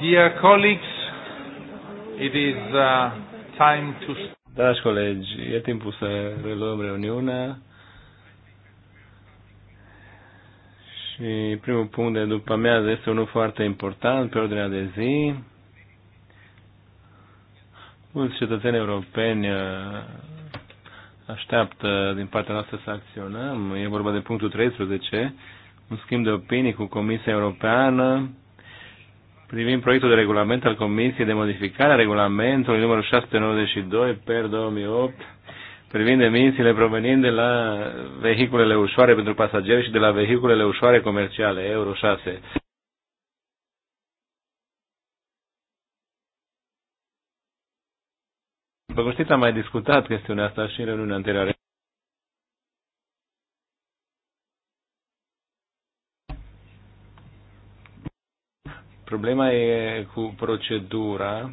Dear colleagues, it is uh, time to... Dragi colegi, e timpul să reluăm reuniunea. Și primul punct de după amiază este unul foarte important pe ordinea de zi. Mulți cetățeni europeni uh, așteaptă din partea noastră să acționăm. E vorba de punctul 13, un schimb de opinii cu Comisia Europeană privind proiectul de regulament al Comisiei de modificare a regulamentului numărul 692 per 2008 privind emisiile provenind de la vehiculele ușoare pentru pasageri și de la vehiculele ușoare comerciale, Euro 6. După cum știți, am mai discutat chestiunea asta și în reuniunea anterioară. Problema e cu procedura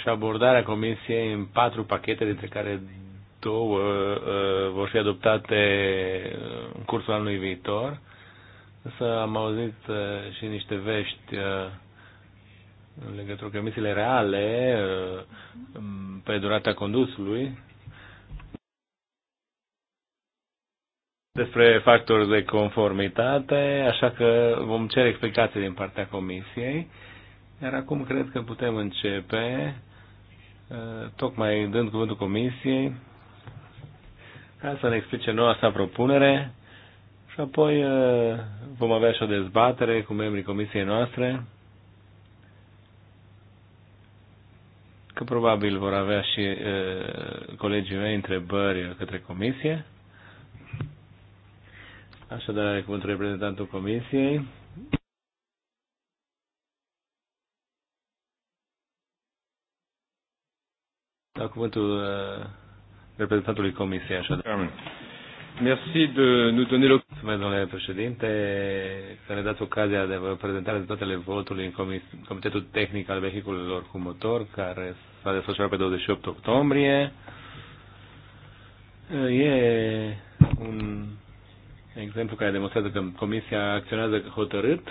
și abordarea Comisiei în patru pachete, dintre care două uh, vor fi adoptate în cursul anului viitor. Însă am auzit uh, și niște vești uh, în legătură cu emisiile reale uh, pe durata condusului, despre factori de conformitate, așa că vom cere explicații din partea Comisiei. Iar acum cred că putem începe, uh, tocmai dând cuvântul Comisiei, ca să ne explice noua sa propunere și apoi uh, vom avea și o dezbatere cu membrii Comisiei noastre că probabil vor avea și uh, colegii mei întrebări către comisie. Așadar, are cuvântul reprezentantul comisiei. Da, cuvântul uh, reprezentantului comisiei, așadar. Merci de nous donner l'occasion. domnule președinte, să ne dați ocazia de a vă prezenta rezultatele votului în Comitetul Tehnic al Vehiculelor cu Motor, care s-a desfășurat pe 28 octombrie. E un exemplu care demonstrează că Comisia acționează hotărât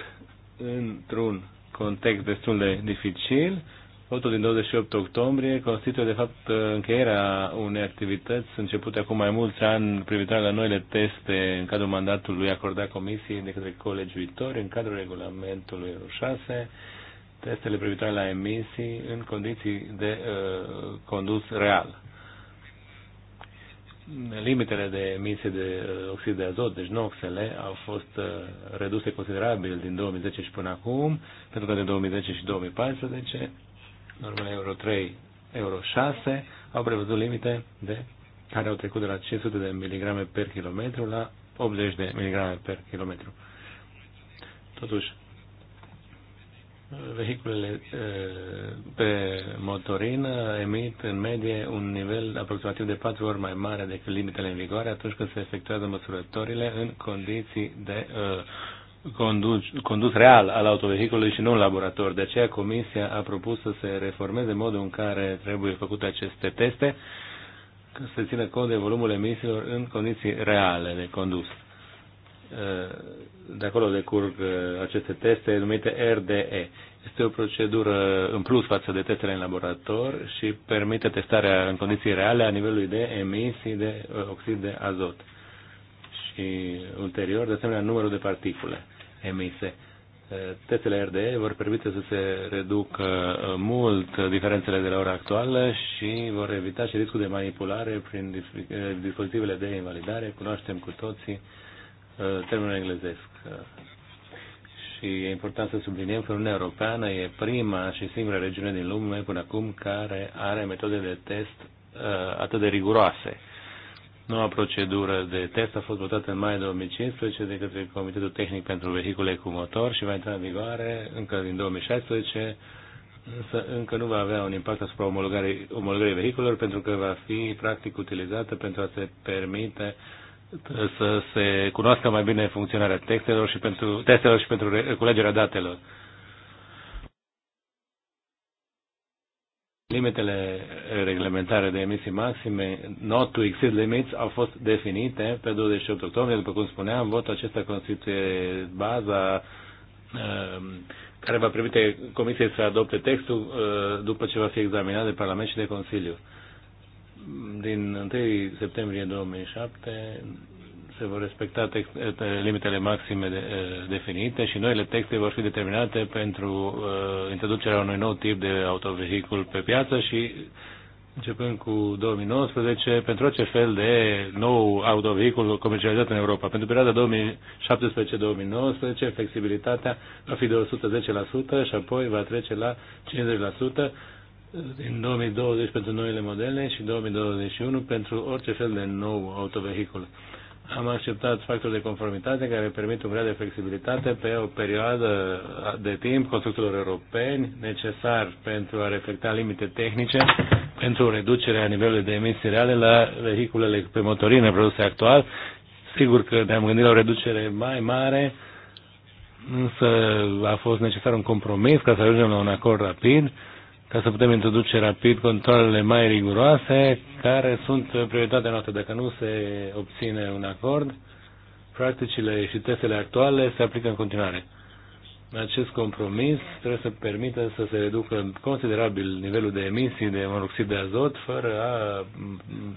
într-un context destul de dificil Votul din 28 octombrie constituie, de fapt, încheierea unei activități începute acum mai mulți ani privitoare la noile teste în cadrul mandatului acordat Comisiei de către colegiuitori în cadrul regulamentului 6, testele privitoare la emisii în condiții de uh, condus real. Limitele de emisie de uh, oxid de azot, deci noxele, au fost uh, reduse considerabil din 2010 și până acum, pentru că de 2010 și 2014 normele Euro 3, Euro 6 au prevăzut limite de care au trecut de la 500 de miligrame per kilometru la 80 de miligrame per kilometru. Totuși, vehiculele pe motorină emit în medie un nivel aproximativ de 4 ori mai mare decât limitele în vigoare atunci când se efectuează măsurătorile în condiții de uh, condus, condus real al autovehiculului și nu în laborator. De aceea Comisia a propus să se reformeze modul în care trebuie făcute aceste teste, să se țină cont de volumul emisiilor în condiții reale de condus. De acolo decurg uh, aceste teste numite RDE. Este o procedură uh, în plus față de testele în laborator și permite testarea în condiții reale a nivelului de emisii de uh, oxid de azot și ulterior, de asemenea, numărul de particule emise. Eh, Testele RDE vor permite să se reducă eh, mult diferențele de la ora actuală și vor evita și riscul de manipulare prin eh, dispozitivele de invalidare. Cunoaștem cu toții termenul englezesc. Și e important să subliniem că Uniunea Europeană e prima și singura regiune din lume până acum care are metode de test atât de riguroase Noua procedură de test a fost votată în mai 2015 de către Comitetul Tehnic pentru Vehicule cu Motor și va intra în vigoare încă din 2016, însă încă nu va avea un impact asupra omologării, omologării vehiculelor pentru că va fi practic utilizată pentru a se permite să se cunoască mai bine funcționarea testelor și pentru, testelor și pentru reculegerea datelor. Limitele reglementare de emisii maxime, not to exceed limits, au fost definite pe 28 octombrie. După cum spuneam, votul acesta constituie baza um, care va permite Comisiei să adopte textul uh, după ce va fi examinat de Parlament și de Consiliu. Din 1 septembrie 2007, se vor respecta text, eh, limitele maxime de, eh, definite și noile texte vor fi determinate pentru uh, introducerea unui nou tip de autovehicul pe piață și începând cu 2019 pentru orice fel de nou autovehicul comercializat în Europa. Pentru perioada 2017-2019 flexibilitatea va fi de 110% și apoi va trece la 50% din 2020 pentru noile modele și 2021 pentru orice fel de nou autovehicul. Am acceptat factori de conformitate care permit un grad de flexibilitate pe o perioadă de timp constructorilor europeni necesar pentru a reflecta limite tehnice pentru reducerea nivelului de emisii reale la vehiculele pe motorină produse actual. Sigur că ne-am gândit la o reducere mai mare, însă a fost necesar un compromis ca să ajungem la un acord rapid ca să putem introduce rapid controlele mai riguroase, care sunt prioritatea noastră. Dacă nu se obține un acord, practicile și testele actuale se aplică în continuare. Acest compromis trebuie să permită să se reducă considerabil nivelul de emisii de monoxid de azot, fără a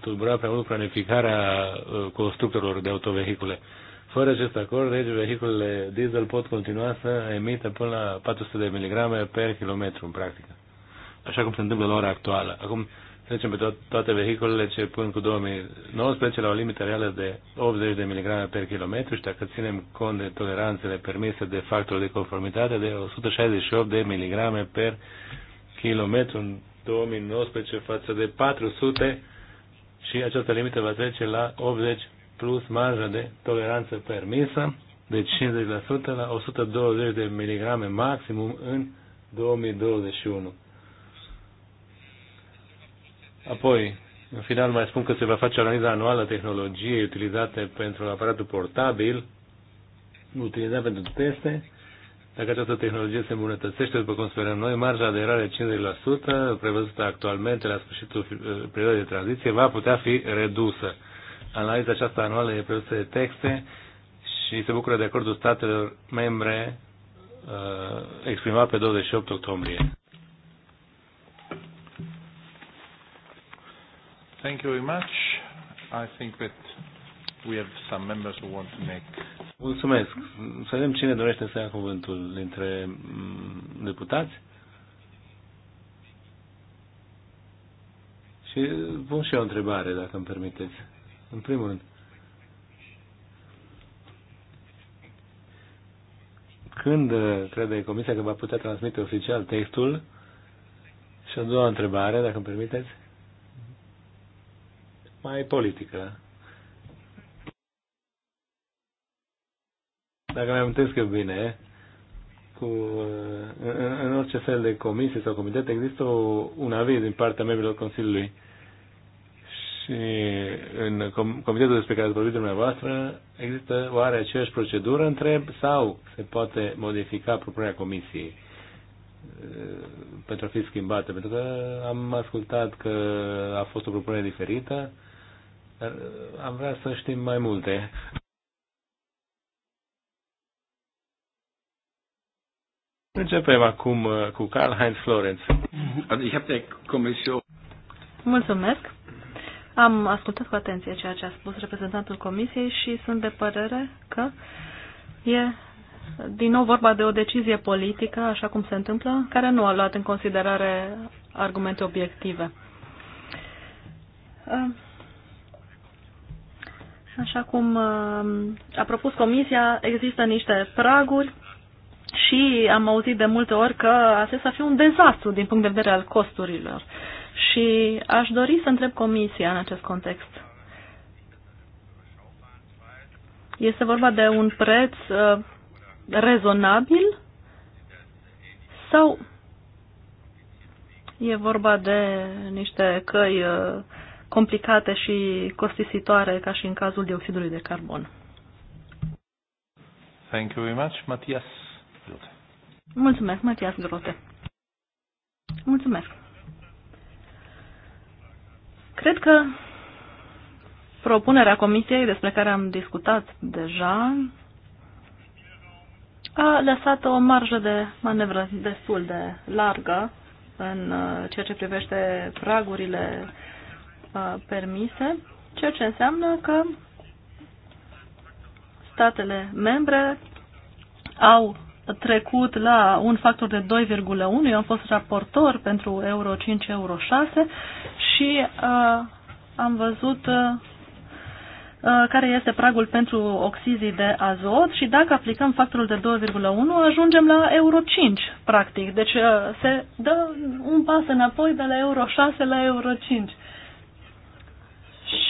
tulbura prea mult planificarea uh, constructorilor de autovehicule. Fără acest acord, regi deci, vehiculele diesel pot continua să emită până la 400 de miligrame per kilometru în practică așa cum se întâmplă la ora actuală. Acum trecem pe to- toate vehiculele ce pun cu 2019 la o limită reală de 80 de mg per kilometru și dacă ținem cont de toleranțele permise de factorul de conformitate de 168 de mg per kilometru în 2019 față de 400 și această limită va trece la 80 plus marja de toleranță permisă deci de 50% la 120 de mg maximum în 2021. Apoi, în final mai spun că se va face analiza anuală a tehnologiei utilizate pentru aparatul portabil, utilizat pentru teste. Dacă această tehnologie se îmbunătățește, după cum sperăm noi, marja de erare 50%, prevăzută actualmente la sfârșitul eh, perioadei de tranziție, va putea fi redusă. Analiza aceasta anuală e prevăzută de texte și se bucură de acordul statelor membre eh, exprimat pe 28 octombrie. Thank you very much. I think that we have some members who want to make... Mulțumesc. Să vedem cine dorește să ia cuvântul dintre mm, deputați. Și pun și eu o întrebare, dacă îmi permiteți. În primul rând, când uh, crede Comisia că va putea transmite oficial textul? Și a doua întrebare, dacă îmi permiteți mai politică. Dacă mi amintesc eu bine, cu, în, în orice fel de comisie sau comitet există o, un aviz din partea membrilor Consiliului și în com comitetul despre care ați vorbit dumneavoastră există oare aceeași procedură, întreb, sau se poate modifica propria comisiei uh, pentru a fi schimbată, pentru că am ascultat că a fost o propunere diferită dar uh, am vrea să știm mai multe. Începem acum uh, cu Karl-Heinz Florenz. Mulțumesc. Am ascultat cu atenție ceea ce a spus reprezentantul Comisiei și sunt de părere că e din nou vorba de o decizie politică, așa cum se întâmplă, care nu a luat în considerare argumente obiective. Uh, Așa cum um, a propus Comisia, există niște praguri și am auzit de multe ori că acesta fi un dezastru din punct de vedere al costurilor. Și aș dori să întreb Comisia în acest context. Este vorba de un preț uh, rezonabil sau e vorba de niște căi uh, complicate și costisitoare ca și în cazul dioxidului de carbon. Thank you very much, Matias Grote. Mulțumesc, Matias Grote. Mulțumesc. Cred că propunerea comisiei despre care am discutat deja a lăsat o marjă de manevră destul de largă în uh, ceea ce privește pragurile Uh, permise, ceea ce înseamnă că statele membre au trecut la un factor de 2,1. Eu am fost raportor pentru euro 5, euro 6 și uh, am văzut uh, uh, care este pragul pentru oxizii de azot și dacă aplicăm factorul de 2,1 ajungem la euro 5, practic. Deci uh, se dă un pas înapoi de la euro 6 la euro 5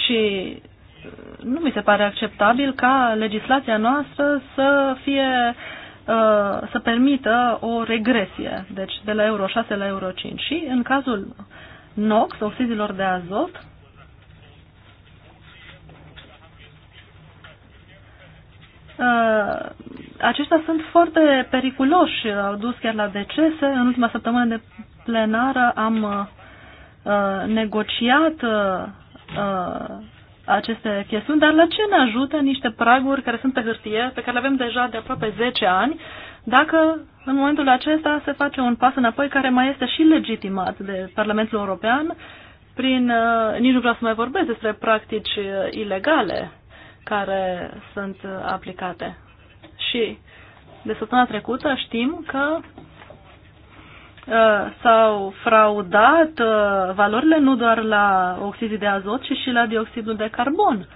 și uh, nu mi se pare acceptabil ca legislația noastră să fie uh, să permită o regresie, deci de la euro 6 la euro 5. Și în cazul NOx, oxizilor de azot, uh, aceștia sunt foarte periculoși, au dus chiar la decese. În ultima săptămână de plenară am negociat uh, aceste chestiuni, dar la ce ne ajută niște praguri care sunt pe hârtie, pe care le avem deja de aproape 10 ani, dacă în momentul acesta se face un pas înapoi care mai este și legitimat de Parlamentul European prin, uh, nici nu vreau să mai vorbesc despre practici uh, ilegale care sunt uh, aplicate. Și de săptămâna trecută știm că Uh, s-au fraudat uh, valorile nu doar la oxizii de azot, ci și la dioxidul de carbon.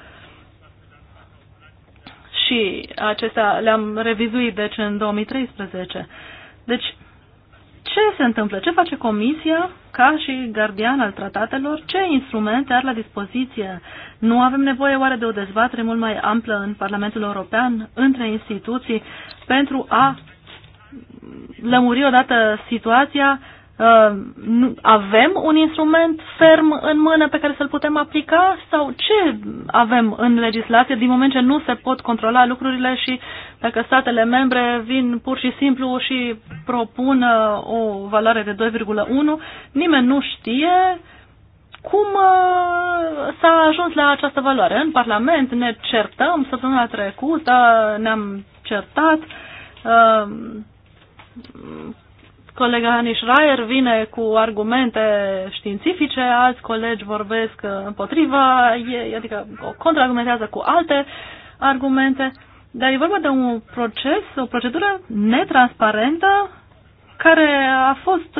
Și acestea le-am revizuit, deci, în 2013. Deci, ce se întâmplă? Ce face Comisia ca și gardian al tratatelor? Ce instrumente are la dispoziție? Nu avem nevoie oare de o dezbatere mult mai amplă în Parlamentul European, între instituții, pentru a lămuri odată situația, uh, avem un instrument ferm în mână pe care să-l putem aplica sau ce avem în legislație din moment ce nu se pot controla lucrurile și dacă statele membre vin pur și simplu și propun uh, o valoare de 2,1, nimeni nu știe cum uh, s-a ajuns la această valoare. În Parlament ne certăm, săptămâna trecută ne-am certat, Colega Ani Schreier vine cu argumente științifice, alți colegi vorbesc împotriva, e, adică contraargumentează cu alte argumente, dar e vorba de un proces, o procedură netransparentă care a fost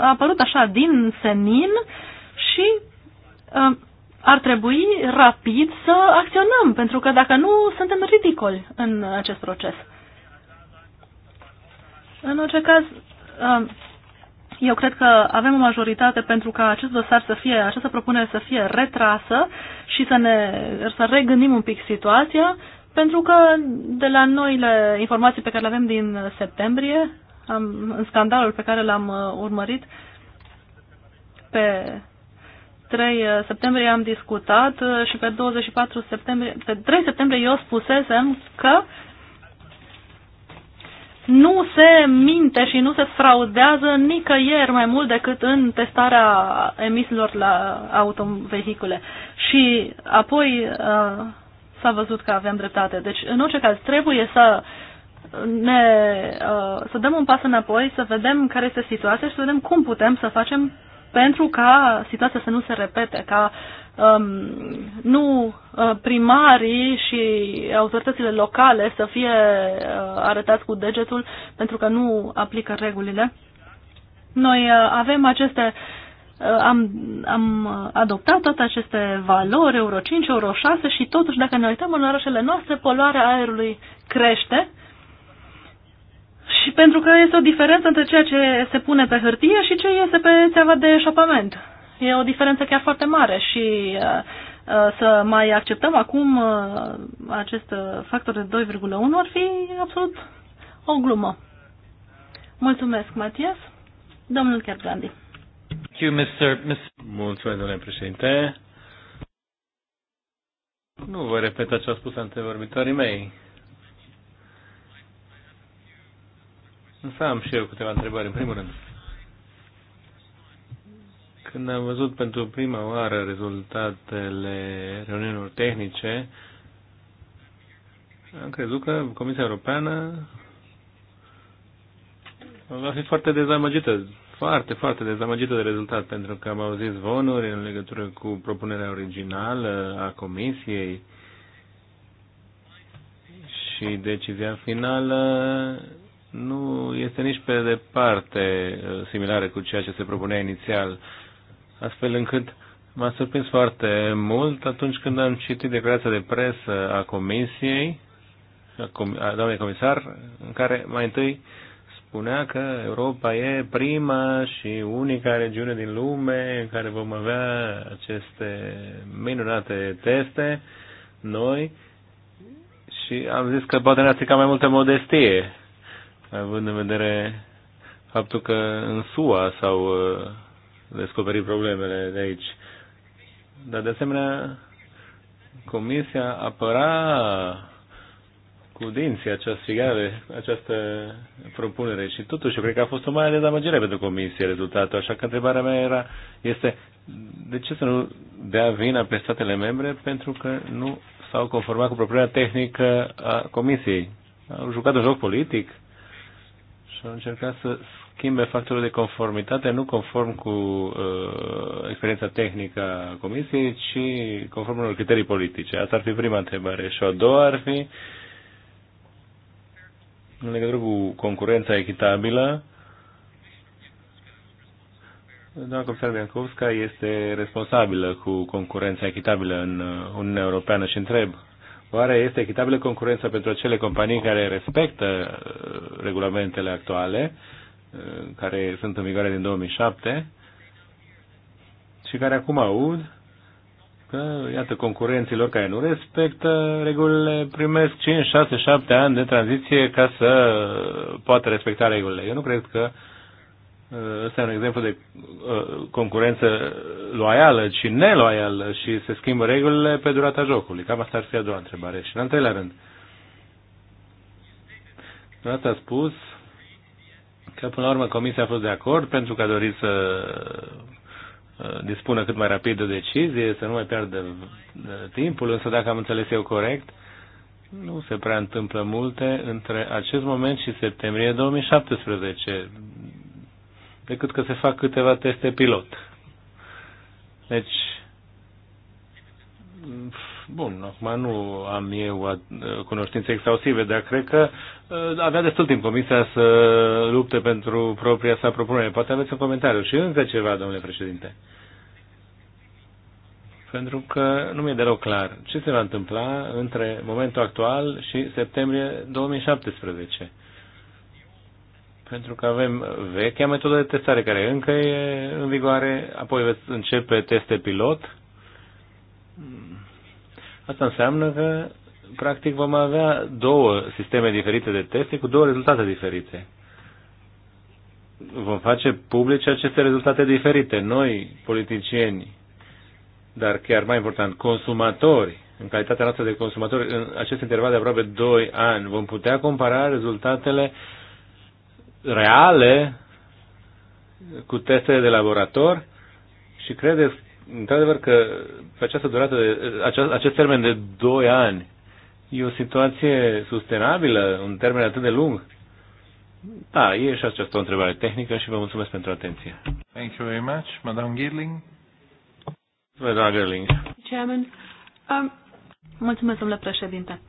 a apărut așa din senin și um, ar trebui rapid să acționăm, pentru că dacă nu, suntem ridicoli în acest proces. În orice caz, um, eu cred că avem o majoritate pentru ca acest dosar să fie, această propunere să fie retrasă și să ne să regândim un pic situația, pentru că de la noile informații pe care le avem din septembrie, am, în scandalul pe care l-am uh, urmărit, pe 3 uh, septembrie am discutat uh, și pe 24 septembrie, pe 3 septembrie eu spusesem că nu se minte și nu se fraudează nicăieri mai mult decât în testarea emisiilor la autovehicule. Și apoi uh, s-a văzut că avem dreptate. Deci, în orice caz, trebuie să ne, uh, să dăm un pas înapoi, să vedem care este situația și să vedem cum putem să facem pentru ca situația să nu se repete, ca Um, nu uh, primarii și autoritățile locale să fie uh, arătați cu degetul pentru că nu aplică regulile. Noi uh, avem aceste am, am adoptat toate aceste valori, Euro 5, Euro 6 și totuși dacă ne uităm în orașele noastre, poluarea aerului crește și pentru că este o diferență între ceea ce se pune pe hârtie și ce iese pe țeava de eșapament. E o diferență chiar foarte mare și uh, uh, să mai acceptăm acum uh, acest factor de 2,1 ar fi absolut o glumă. Mulțumesc, Matias. Domnul Kerbrandi. Mulțumesc, domnule președinte. Nu vă repet ce a spus antevorbitorii mei. Însă am și eu câteva întrebări, în primul rând. Când am văzut pentru prima oară rezultatele reuniunilor tehnice, am crezut că Comisia Europeană va fi foarte dezamăgită, foarte, foarte dezamăgită de rezultat, pentru că am auzit zvonuri în legătură cu propunerea originală a Comisiei și decizia finală nu este nici pe departe uh, similară cu ceea ce se propunea inițial astfel încât m-a surprins foarte mult atunci când am citit declarația de presă a Comisiei, a, com a doamnei comisar, în care mai întâi spunea că Europa e prima și unica regiune din lume în care vom avea aceste minunate teste noi și am zis că poate ne-a ca mai multă modestie, având în vedere faptul că în SUA sau uh, descoperi problemele de aici. Dar de asemenea, Comisia apăra cu dinții această figare, această propunere și totuși eu cred că a fost o mare dezamăgire pentru comisie rezultatul, așa că întrebarea mea era, este de ce să nu dea vina pe statele membre pentru că nu s-au conformat cu propunerea tehnică a comisiei? Au jucat un joc politic și au încercat să schimbe factorul de conformitate nu conform cu uh, experiența tehnică a Comisiei, ci conform unor criterii politice. Asta ar fi prima întrebare. Și a doua ar fi, în legătură cu concurența echitabilă, doamna comisar Biancovska este responsabilă cu concurența echitabilă în Uniunea Europeană și întreb, Oare este echitabilă concurența pentru acele companii care respectă uh, regulamentele actuale Uh, care sunt în vigoare din 2007 și care acum aud că, iată, concurenții lor care nu respectă regulile primesc 5, 6, 7 ani de tranziție ca să poată respecta regulile. Eu nu cred că uh, ăsta e un exemplu de uh, concurență loială, ci neloială și se schimbă regulile pe durata jocului. Cam asta ar fi a doua întrebare. Și în al treilea rând, Asta a spus că până la urmă Comisia a fost de acord pentru că a dorit să uh, dispună cât mai rapid de decizie, să nu mai pierdă uh, timpul, însă dacă am înțeles eu corect, nu se prea întâmplă multe între acest moment și septembrie 2017, decât că se fac câteva teste pilot. Deci, Bun, acum nu am eu cunoștințe exhaustive, dar cred că avea destul timp Comisia să lupte pentru propria sa propunere. Poate aveți un comentariu și încă ceva, domnule președinte. Pentru că nu mi-e deloc clar ce se va întâmpla între momentul actual și septembrie 2017 pentru că avem vechea metodă de testare care încă e în vigoare, apoi veți începe teste pilot Asta înseamnă că, practic, vom avea două sisteme diferite de teste cu două rezultate diferite. Vom face publice aceste rezultate diferite, noi, politicieni, dar chiar mai important, consumatori, în calitatea noastră de consumatori, în acest interval de aproape 2 ani, vom putea compara rezultatele reale cu testele de laborator și credeți într-adevăr că pe această durată, de, acest, acest termen de 2 ani, e o situație sustenabilă, un termen atât de lung? Da, e și această o întrebare tehnică și vă mulțumesc pentru atenție. Thank you very much, Madame Girling. Doamna Girling. Chairman, um... Mulțumesc, domnule președinte.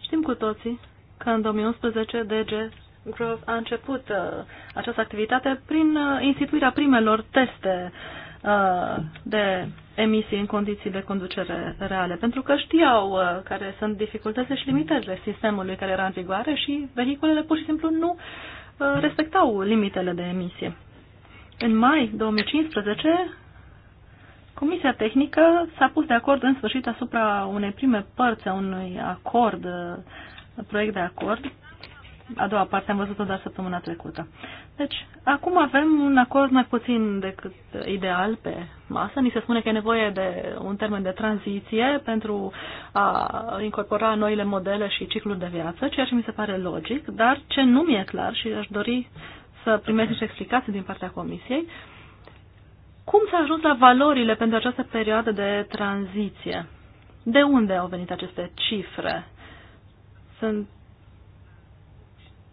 Știm cu toții că în 2011 DG Growth a început uh, această activitate prin uh, instituirea primelor teste uh, Uh, de emisii în condiții de conducere reale, pentru că știau uh, care sunt dificultățile și limitările sistemului care era în vigoare și vehiculele pur și simplu nu uh, respectau limitele de emisie. În mai 2015, Comisia Tehnică s-a pus de acord în sfârșit asupra unei prime părți a unui acord, proiect de acord, a doua parte am văzut-o doar săptămâna trecută. Deci, acum avem un acord mai puțin decât ideal pe masă. Ni se spune că e nevoie de un termen de tranziție pentru a incorpora noile modele și ciclul de viață, ceea ce mi se pare logic, dar ce nu mi-e clar și aș dori să primesc niște explicații din partea Comisiei, cum s-a ajuns la valorile pentru această perioadă de tranziție? De unde au venit aceste cifre? Sunt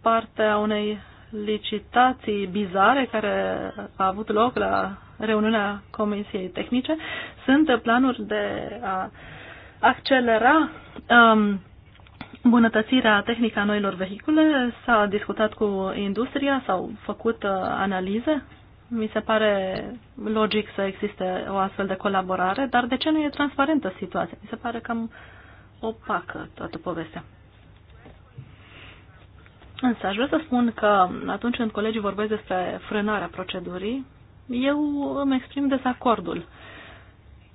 parte a unei licitații bizare care a avut loc la reuniunea Comisiei Tehnice. Sunt planuri de a accelera um, bunătățirea tehnică a noilor vehicule. S-a discutat cu industria, s-au făcut uh, analize. Mi se pare logic să existe o astfel de colaborare, dar de ce nu e transparentă situația? Mi se pare cam opacă toată povestea. Însă aș vrea să spun că atunci când colegii vorbesc despre frânarea procedurii, eu îmi exprim dezacordul.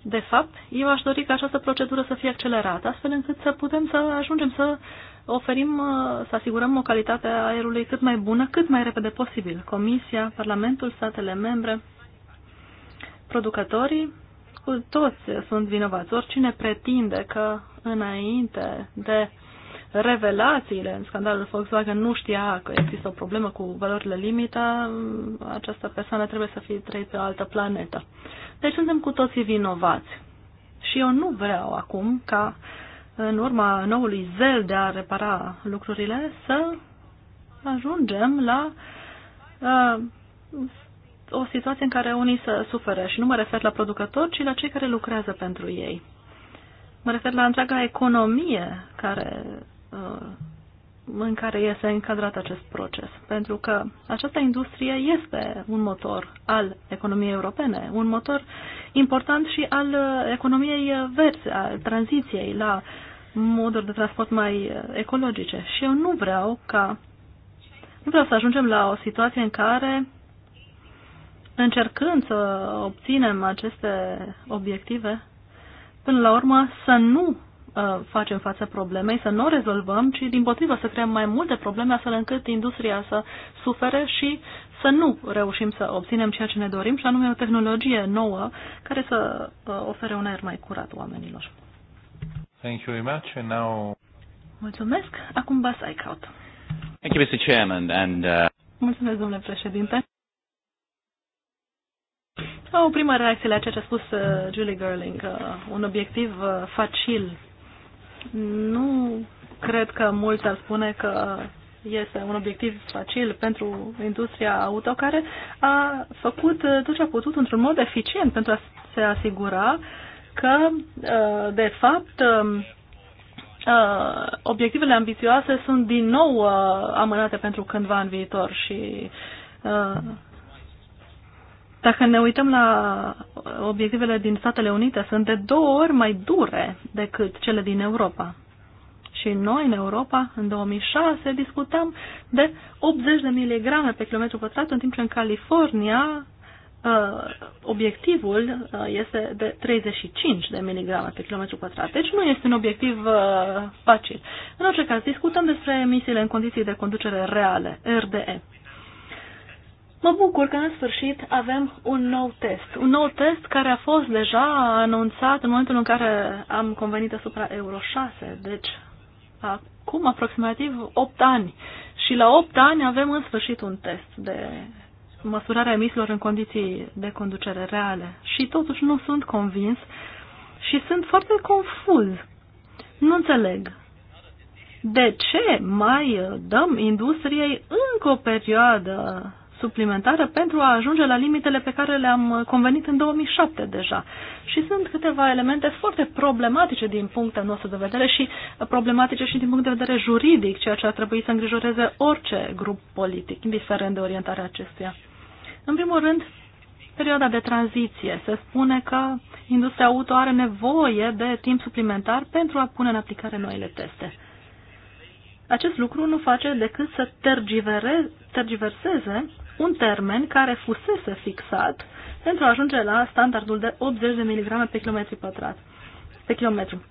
De fapt, eu aș dori ca această procedură să fie accelerată, astfel încât să putem să ajungem să oferim, să asigurăm o calitate a aerului cât mai bună, cât mai repede posibil. Comisia, Parlamentul, statele membre, producătorii, cu toți sunt vinovați. Oricine pretinde că înainte de revelațiile în scandalul Volkswagen nu știa că există o problemă cu valorile limită, această persoană trebuie să fie trăit pe o altă planetă. Deci suntem cu toții vinovați. Și eu nu vreau acum ca în urma noului zel de a repara lucrurile să ajungem la uh, o situație în care unii să sufere. Și nu mă refer la producători, ci la cei care lucrează pentru ei. Mă refer la întreaga economie care Uh, în care este încadrat acest proces. Pentru că această industrie este un motor al economiei europene, un motor important și al uh, economiei verzi, al tranziției la moduri de transport mai uh, ecologice. Și eu nu vreau ca nu vreau să ajungem la o situație în care încercând să obținem aceste obiective, până la urmă să nu Uh, facem față problemei, să nu o rezolvăm, ci din potrivă să creăm mai multe probleme astfel încât industria să sufere și să nu reușim să obținem ceea ce ne dorim și anume o tehnologie nouă care să uh, ofere un aer mai curat oamenilor. Thank you very much and now... Mulțumesc. Acum Bas Eichhout. Thank you, Mr. Chairman. And, uh... Mulțumesc, domnule președinte. O primă reacție la ceea ce a spus uh, Julie Gerling, uh, un obiectiv uh, facil nu cred că mulți ar spune că este un obiectiv facil pentru industria auto care a făcut tot ce a putut într-un mod eficient pentru a se asigura că, uh, de fapt, um, uh, obiectivele ambițioase sunt din nou uh, amânate pentru cândva în viitor și dacă ne uităm la obiectivele din Statele Unite, sunt de două ori mai dure decât cele din Europa. Și noi, în Europa, în 2006, discutam de 80 de miligrame pe kilometru pătrat, în timp ce în California uh, obiectivul uh, este de 35 de miligrame pe kilometru pătrat. Deci nu este un obiectiv uh, facil. În orice caz, discutăm despre emisiile în condiții de conducere reale, RDE. Mă bucur că în sfârșit avem un nou test. Un nou test care a fost deja anunțat în momentul în care am convenit asupra Euro 6. Deci, acum aproximativ 8 ani. Și la 8 ani avem în sfârșit un test de măsurarea emisiilor în condiții de conducere reale. Și totuși nu sunt convins și sunt foarte confuz. Nu înțeleg. De ce mai dăm industriei încă o perioadă suplimentară pentru a ajunge la limitele pe care le-am convenit în 2007 deja. Și sunt câteva elemente foarte problematice din punctul nostru de vedere și problematice și din punct de vedere juridic, ceea ce ar trebui să îngrijoreze orice grup politic, indiferent de orientarea acestuia. În primul rând, perioada de tranziție. Se spune că industria auto are nevoie de timp suplimentar pentru a pune în aplicare noile teste. Acest lucru nu face decât să tergiverseze un termen care fusese fixat pentru a ajunge la standardul de 80 de mg pe kilometru pătrat, pe kilometru.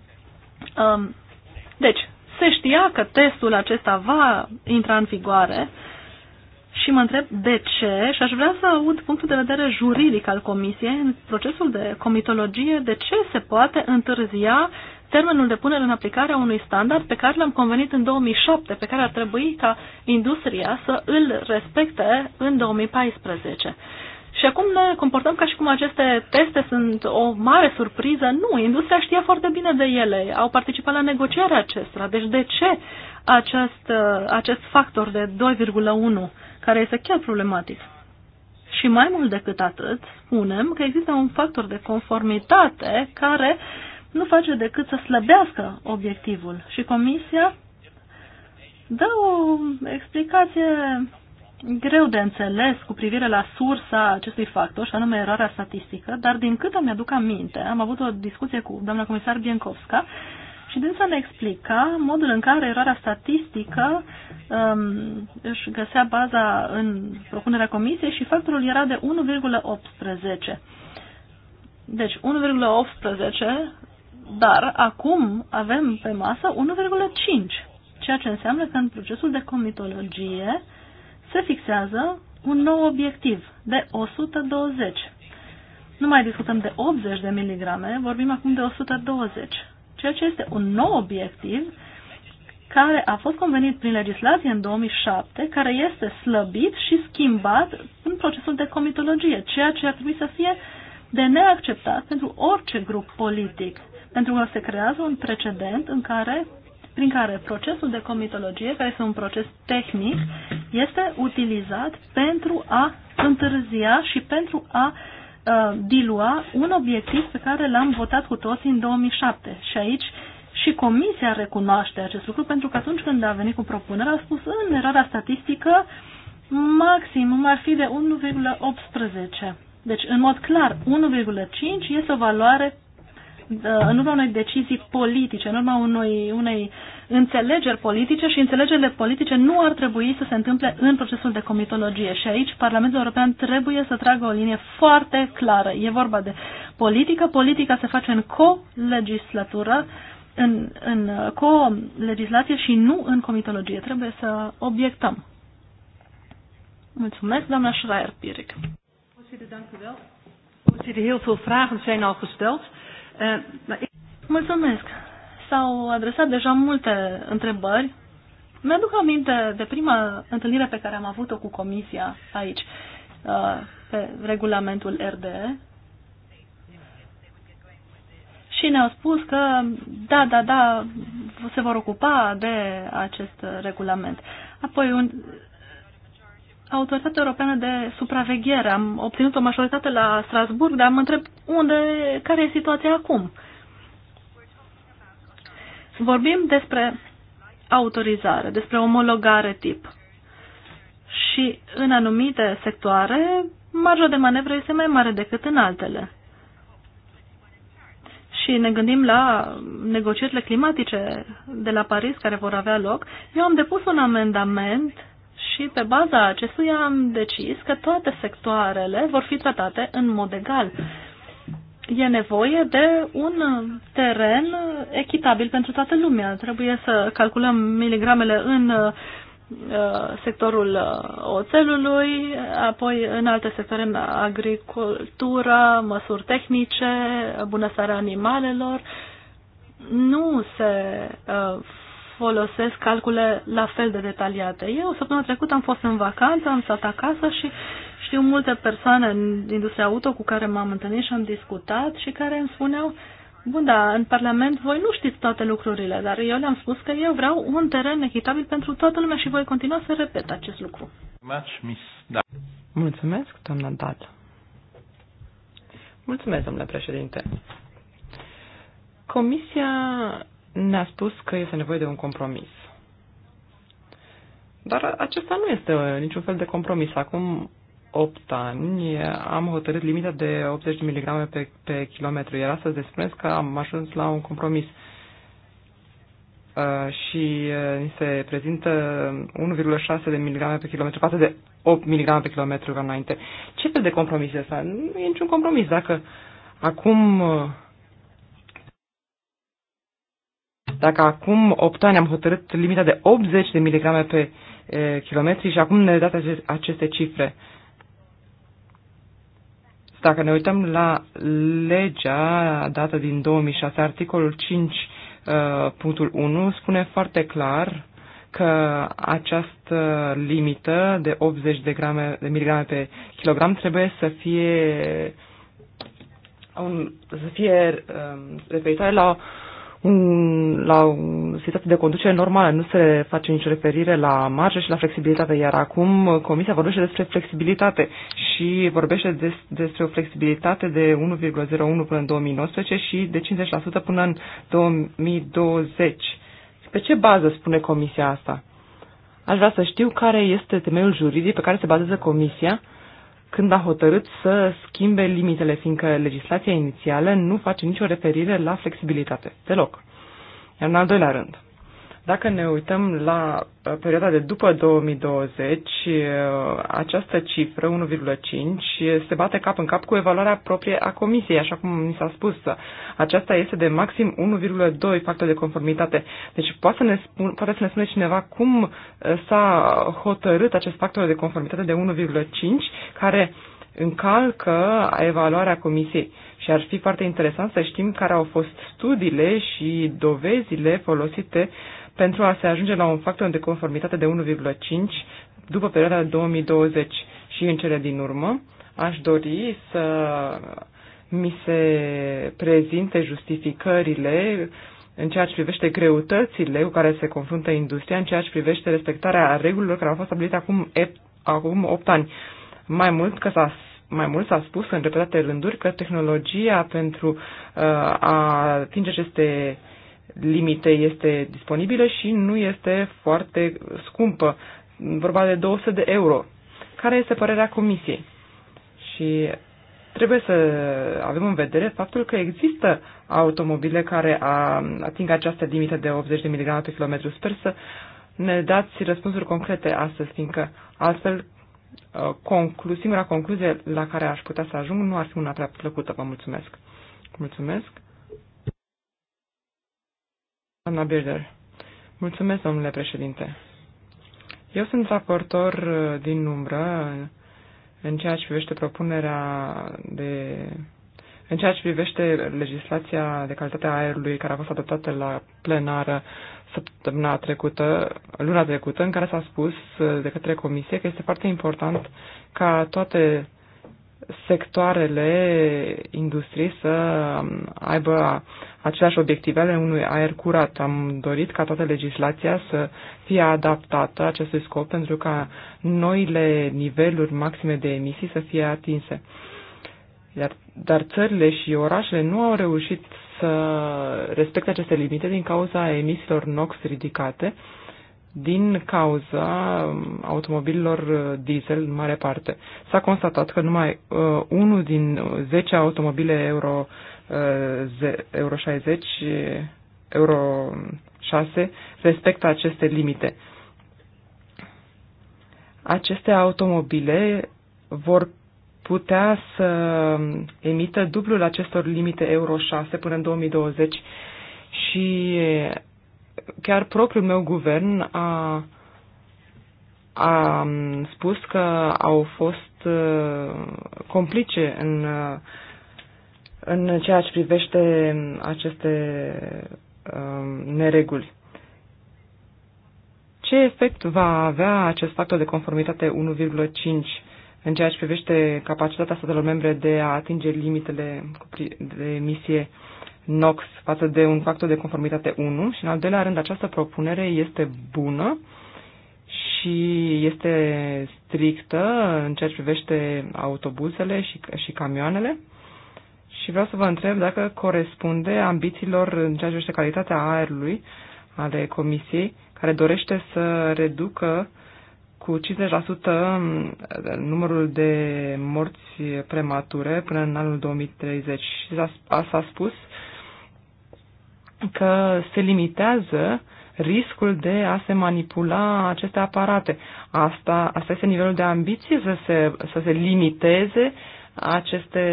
Um, deci, se știa că testul acesta va intra în vigoare și mă întreb de ce și aș vrea să aud punctul de vedere juridic al Comisiei în procesul de comitologie, de ce se poate întârzia termenul de punere în aplicare a unui standard pe care l-am convenit în 2007, pe care ar trebui ca industria să îl respecte în 2014. Și acum ne comportăm ca și cum aceste teste sunt o mare surpriză. Nu, industria știa foarte bine de ele, au participat la negocierea acestora. Deci de ce acest, acest factor de 2,1, care este chiar problematic? Și mai mult decât atât, spunem că există un factor de conformitate care uh, nu face decât să slăbească obiectivul și Comisia dă o explicație greu de înțeles cu privire la sursa acestui factor, și anume eroarea statistică, dar din cât îmi aduc aminte, am avut o discuție cu doamna comisar Biencovska și din să ne explica modul în care eroarea statistică um, își găsea baza în propunerea comisiei și factorul era de 1,18. Deci 1,18 dar acum avem pe masă 1,5, ceea ce înseamnă că în procesul de comitologie se fixează un nou obiectiv de 120. Nu mai discutăm de 80 de miligrame, vorbim acum de 120, ceea ce este un nou obiectiv care a fost convenit prin legislație în 2007, care este slăbit și schimbat în procesul de comitologie, ceea ce ar trebui să fie de neacceptat pentru orice grup politic. Pentru că se creează un precedent în care, prin care procesul de comitologie, care este un proces tehnic, este utilizat pentru a întârzia și pentru a uh, dilua un obiectiv pe care l-am votat cu toții în 2007. Și aici și Comisia recunoaște acest lucru pentru că atunci când a venit cu propunerea a spus în eroarea statistică maximum ar fi de 1,18. Deci, în mod clar, 1,5 este o valoare în urma unei decizii politice, în urma unui, unei înțelegeri politice și înțelegerile politice nu ar trebui să se întâmple în procesul de comitologie. Și aici Parlamentul European trebuie să tragă o linie foarte clară. E vorba de politică. Politica se face în co-legislatură, în, în co-legislație și nu în comitologie. Trebuie să obiectăm. Mulțumesc, doamna Schreier-Pieric. Mulțumesc. doamna schreier wel. Mulțumesc. heel veel vragen Eh, mulțumesc. S-au adresat deja multe întrebări. Mi-aduc aminte de prima întâlnire pe care am avut-o cu comisia aici, eh, pe regulamentul RDE. Și ne-au spus că, da, da, da, se vor ocupa de acest regulament. Apoi, un, Autoritatea Europeană de Supraveghere. Am obținut o majoritate la Strasburg, dar mă întreb unde, care e situația acum? Vorbim despre autorizare, despre omologare tip. Și în anumite sectoare, marja de manevră este mai mare decât în altele. Și ne gândim la negocierile climatice de la Paris care vor avea loc. Eu am depus un amendament și pe baza acestuia am decis că toate sectoarele vor fi tratate în mod egal. E nevoie de un teren echitabil pentru toată lumea. Trebuie să calculăm miligramele în uh, sectorul uh, oțelului, apoi în alte sectoare, agricultura, măsuri tehnice, bunăstarea animalelor. Nu se uh, folosesc calcule la fel de detaliate. Eu, săptămâna trecută, am fost în vacanță, am stat acasă și știu multe persoane în industria auto cu care m-am întâlnit și am discutat și care îmi spuneau, bun, da, în Parlament voi nu știți toate lucrurile, dar eu le-am spus că eu vreau un teren echitabil pentru toată lumea și voi continua să repet acest lucru. Mulțumesc, da. doamna dat. Mulțumesc, domnule președinte. Comisia ne-a spus că este nevoie de un compromis. Dar acesta nu este uh, niciun fel de compromis. Acum 8 ani am hotărât limita de 80 mg pe, pe kilometru, iar astăzi spuneți că am ajuns la un compromis uh, și uh, ni se prezintă 1,6 de mg pe kilometru față de 8 mg pe kilometru ca înainte. Ce fel de compromis este asta? Nu e niciun compromis. Dacă acum Dacă acum 8 ani am hotărât limita de 80 de miligrame pe e, kilometri și acum ne dați aceste, cifre. Dacă ne uităm la legea dată din 2006, articolul 5.1 spune foarte clar că această limită de 80 de, grame, de miligrame pe kilogram trebuie să fie un, să fie um, referitoare la la o situație de conducere normală, nu se face nicio referire la marjă și la flexibilitate, iar acum uh, Comisia vorbește despre flexibilitate și vorbește des, despre o flexibilitate de 1,01 până în 2019 și de 50% până în 2020. Pe ce bază spune Comisia asta? Aș vrea să știu care este temeiul juridic pe care se bazează Comisia când a hotărât să schimbe limitele, fiindcă legislația inițială nu face nicio referire la flexibilitate, deloc. Iar în al doilea rând, dacă ne uităm la uh, perioada de după 2020, uh, această cifră, 1,5, se bate cap în cap cu evaluarea proprie a Comisiei, așa cum mi s-a spus. Aceasta este de maxim 1,2 factor de conformitate. Deci poate să ne, spun, poate să ne spune cineva cum uh, s-a hotărât acest factor de conformitate de 1,5, care încalcă evaluarea Comisiei. Și ar fi foarte interesant să știm care au fost studiile și dovezile folosite uh, pentru a se ajunge la un factor de conformitate de 1,5 după perioada 2020 și în cele din urmă, aș dori să mi se prezinte justificările în ceea ce privește greutățile cu care se confruntă industria, în ceea ce privește respectarea regulilor care au fost stabilite acum, acum 8 ani. Mai mult că s-a mai mult s-a spus în repetate rânduri că tehnologia pentru uh, a atinge aceste uh, limite este disponibilă și nu este foarte scumpă, vorba de 200 de euro. Care este părerea comisiei? Și trebuie să avem în vedere faptul că există automobile care a, ating această limită de 80 de mg pe kilometru. Sper să ne dați răspunsuri concrete astăzi, fiindcă altfel uh, conclu, singura concluzie la care aș putea să ajung nu ar fi una prea plăcută. Vă mulțumesc. Mulțumesc. Doamna Birder. Mulțumesc, domnule președinte. Eu sunt raportor uh, din umbră uh, în ceea ce privește propunerea de. în ceea ce privește legislația de calitate a aerului care a fost adoptată la plenară săptămâna trecută, luna trecută, în care s-a spus uh, de către Comisie că este foarte important ca toate sectoarele industriei să aibă aceleași obiective ale unui aer curat. Am dorit ca toată legislația să fie adaptată acestui scop pentru ca noile niveluri maxime de emisii să fie atinse. Iar, dar țările și orașele nu au reușit să respecte aceste limite din cauza emisiilor NOx ridicate, uh, din cauza um, automobililor uh, diesel în mare parte. S-a constatat că numai uh, unul din 10 uh, automobile Euro, uh, ze, Euro 60, Euro 6 respectă aceste limite. Aceste automobile vor putea să um, emită dublul acestor limite Euro 6 până în 2020 și chiar propriul meu guvern a, a spus că au fost uh, complice în, uh, în ceea ce privește aceste um, nereguli. Ce efect va avea acest factor de conformitate 1,5 în ceea ce privește capacitatea statelor membre de a atinge limitele de emisie NOx față de un factor de conformitate 1 și în al doilea rând această propunere este bună și este strictă în ceea ce privește autobuzele și, și camioanele. Și vreau să vă întreb dacă corespunde ambițiilor în ceea ce privește calitatea aerului ale Comisiei, care dorește să reducă cu 50% numărul de morți premature până în anul 2030. Și s-a spus că se limitează riscul de a se manipula aceste aparate. Asta, asta este nivelul de ambiție să se, să se limiteze aceste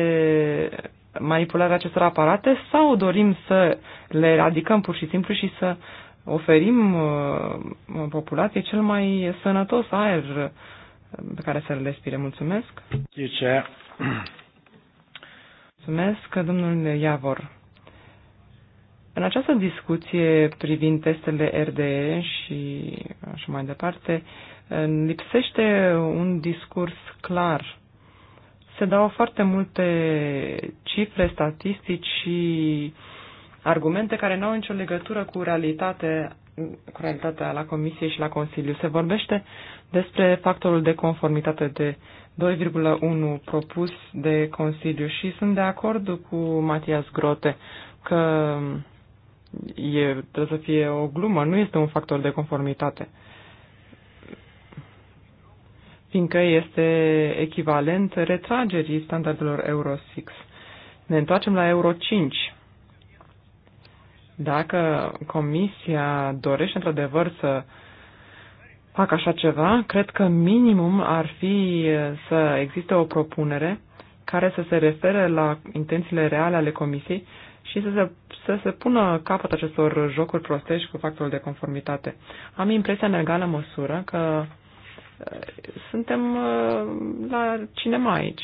manipularea acestor aparate sau dorim să le eradicăm pur și simplu și să oferim uh, populației cel mai sănătos aer uh, pe care să-l respire. Mulțumesc! Mulțumesc, domnul Iavor. În această discuție privind testele RDE și așa mai departe, lipsește un discurs clar. Se dau foarte multe cifre, statistici și argumente care nu au nicio legătură cu realitatea, cu realitatea la Comisie și la Consiliu. Se vorbește despre factorul de conformitate de 2,1 propus de Consiliu și sunt de acord cu Matias Grote că e, trebuie să fie o glumă, nu este un factor de conformitate. Fiindcă este echivalent retragerii standardelor Euro 6. Ne întoarcem la Euro 5. Dacă Comisia dorește într-adevăr să facă așa ceva, cred că minimum ar fi să existe o propunere care să se refere la intențiile reale ale Comisiei și să se, să se pună capăt acestor jocuri prostești cu factorul de conformitate. Am impresia în egală măsură că uh, suntem uh, la cinema aici.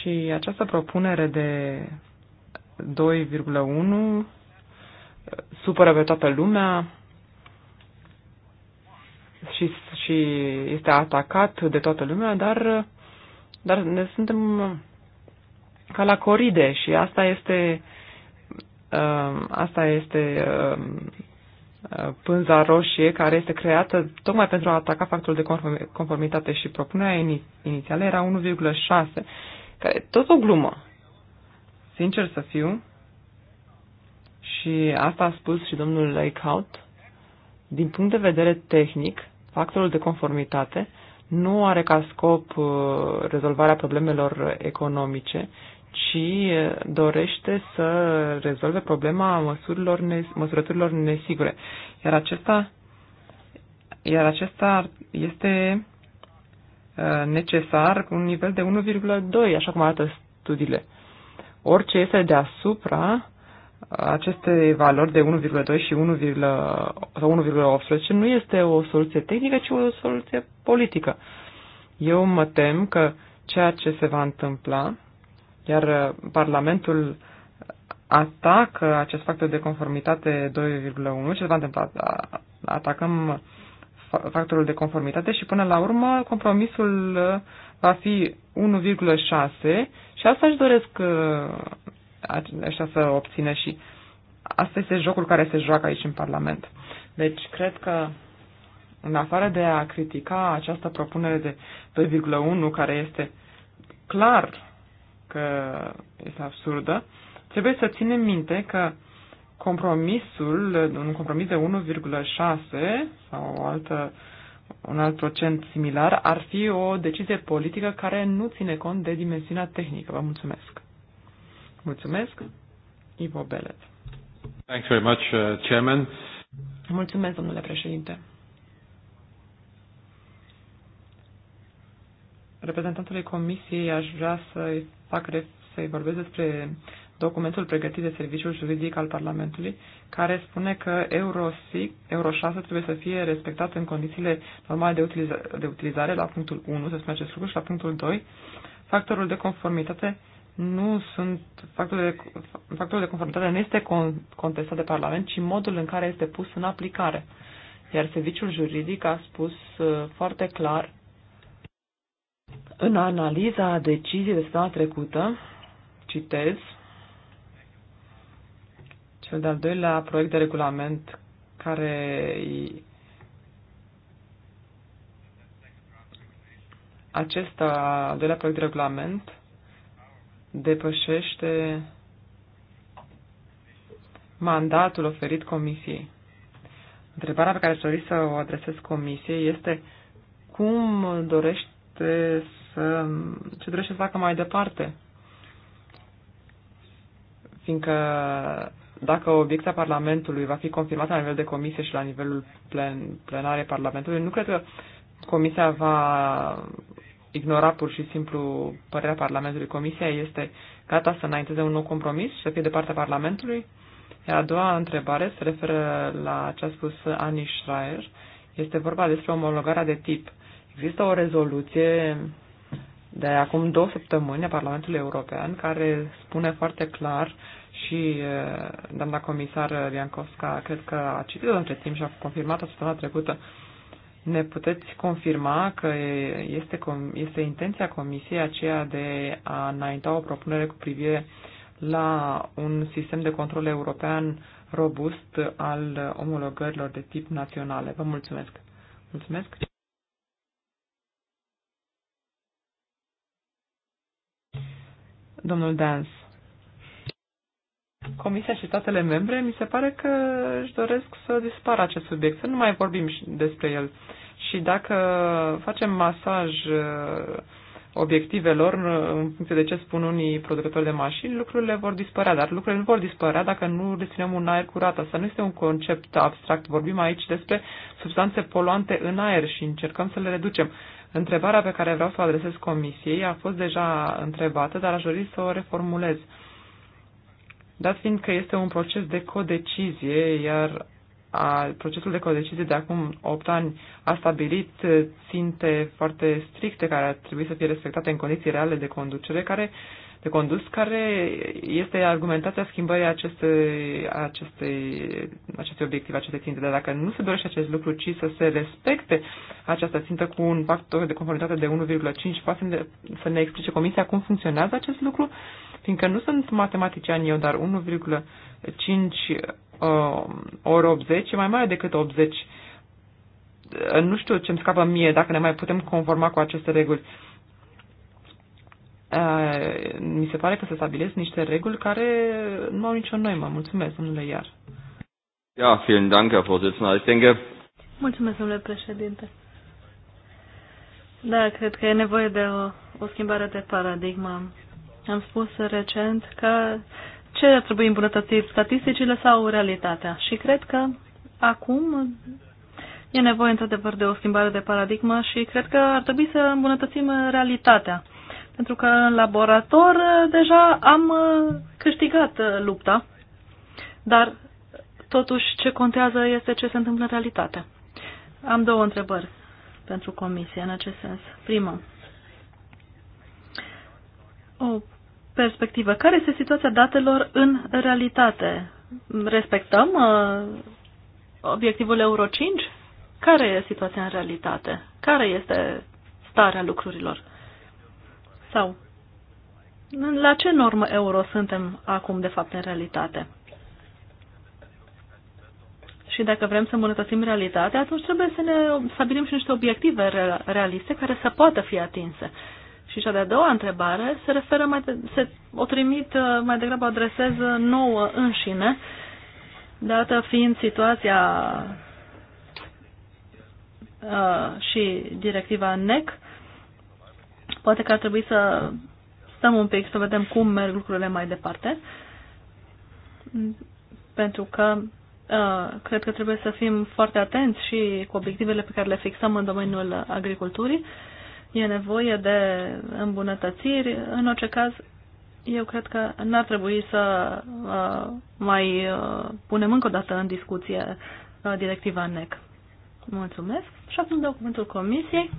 Și această propunere de 2,1 uh, supără pe toată lumea și, și este atacat de toată lumea, dar, dar ne suntem ca la coride și asta este Um, asta este um, uh, pânza roșie care este creată tocmai pentru a ataca factorul de conformitate și propunerea inițială era 1,6, care tot o glumă, sincer să fiu, și asta a spus și domnul Lakeout, din punct de vedere tehnic, factorul de conformitate nu are ca scop uh, rezolvarea problemelor economice, ci dorește să rezolve problema măsurilor ne, măsurăturilor nesigure. Iar acesta, iar acesta este necesar cu un nivel de 1,2, așa cum arată studiile. Orice este deasupra aceste valori de 1,2 și 1,18 nu este o soluție tehnică, ci o soluție politică. Eu mă tem că ceea ce se va întâmpla iar uh, Parlamentul atacă acest factor de conformitate 2,1. Ce s-a întâmplat? Atacăm factorul de conformitate și până la urmă compromisul uh, va fi 1,6 și asta își doresc uh, așa să obțină și asta este jocul care se joacă aici în Parlament. Deci cred că în afară de a critica această propunere de 2,1 care este clar că este absurdă, trebuie să ținem minte că compromisul, un compromis de 1,6 sau o altă, un alt procent similar, ar fi o decizie politică care nu ține cont de dimensiunea tehnică. Vă mulțumesc. Mulțumesc, Ivo Belet. Thanks very much, uh, Chairman. Mulțumesc, domnule președinte. reprezentantului Comisiei aș vrea să-i fac să-i vorbesc despre documentul pregătit de Serviciul Juridic al Parlamentului, care spune că Euro, 6, Euro 6 trebuie să fie respectat în condițiile normale de, utiliza, de utilizare, la punctul 1, să spune acest lucru, și la punctul 2, factorul de conformitate nu sunt factorul de, factorul de conformitate nu este contestat de Parlament, ci modul în care este pus în aplicare. Iar serviciul juridic a spus uh, foarte clar în analiza deciziei de săptămâna trecută, citez, cel de-al doilea proiect de regulament care acest al doilea proiect de regulament depășește mandatul oferit comisiei. Întrebarea pe care aș dori să o adresez comisiei este cum dorește să, ce trebuie să facă mai departe. Fiindcă dacă obiecția Parlamentului va fi confirmată la nivel de comisie și la nivelul plen, plenare Parlamentului, nu cred că comisia va ignora pur și simplu părerea Parlamentului. Comisia este gata să înainteze un nou compromis și să fie de partea Parlamentului. Iar a doua întrebare se referă la ce a spus Ani Schreier. Este vorba despre omologarea de tip. Există o rezoluție de acum două săptămâni a Parlamentului European, care spune foarte clar și doamna comisar Biancovska cred că a citit între timp și a confirmat o săptămâna trecută ne puteți confirma că este, este intenția Comisiei aceea de a înainta o propunere cu privire la un sistem de control european robust al omologărilor de tip naționale. Vă mulțumesc! Mulțumesc! Domnul Dans. Comisia și statele membre mi se pare că își doresc să dispară acest subiect, să nu mai vorbim despre el. Și dacă facem masaj uh, obiectivelor în funcție de ce spun unii producători de mașini, lucrurile vor dispărea, dar lucrurile nu vor dispărea dacă nu respirăm un aer curat. Asta nu este un concept abstract. Vorbim aici despre substanțe poluante în aer și încercăm să le reducem. Întrebarea pe care vreau să o adresez comisiei a fost deja întrebată, dar aș dori să o reformulez. Dat fiind că este un proces de codecizie, iar a, procesul de codecizie de acum 8 ani a stabilit ținte foarte stricte care ar trebui să fie respectate în condiții reale de conducere, care de condus, care este argumentația schimbării acestei, acestei, acestui obiectiv, acestei ținte. Dar dacă nu se dorește acest lucru, ci să se respecte această țintă cu un factor de conformitate de 1,5, poate să ne explice Comisia cum funcționează acest lucru, fiindcă nu sunt matematician eu, dar 1,5 uh, ori 80 e mai mare decât 80. Uh, nu știu ce-mi scapă mie dacă ne mai putem conforma cu aceste reguli mi se pare că se stabilesc niște reguli care nu au nicio noimă. Mulțumesc, domnule Iar. Ja, vielen Dank, Herr Vorsitzender. Ich denke... Mulțumesc, domnule președinte. Da, cred că e nevoie de o, o schimbare de paradigmă. Am spus recent că ce ar trebui îmbunătățit, statisticile sau realitatea? Și cred că acum e nevoie într-adevăr de o schimbare de paradigmă și cred că ar trebui să îmbunătățim realitatea. Pentru că în laborator uh, deja am uh, câștigat uh, lupta, dar totuși ce contează este ce se întâmplă în realitate. Am două întrebări pentru comisie în acest sens. Prima, o perspectivă. Care este situația datelor în realitate? Respectăm uh, obiectivul Euro 5? Care e situația în realitate? Care este starea lucrurilor? Sau la ce normă euro suntem acum, de fapt, în realitate? Și dacă vrem să îmbunătățim realitatea, atunci trebuie să ne stabilim și niște obiective realiste care să poată fi atinse. Și cea de-a doua întrebare se referă mai de, se, o trimit, uh, mai degrabă adresez nouă înșine, dată fiind situația uh, și directiva NEC, Poate că ar trebui să stăm un pic, să vedem cum merg lucrurile mai departe, pentru că uh, cred că trebuie să fim foarte atenți și cu obiectivele pe care le fixăm în domeniul agriculturii. E nevoie de îmbunătățiri. În orice caz, eu cred că n-ar trebui să uh, mai uh, punem încă o dată în discuție uh, directiva NEC. Mulțumesc. Și acum dau cuvântul Comisiei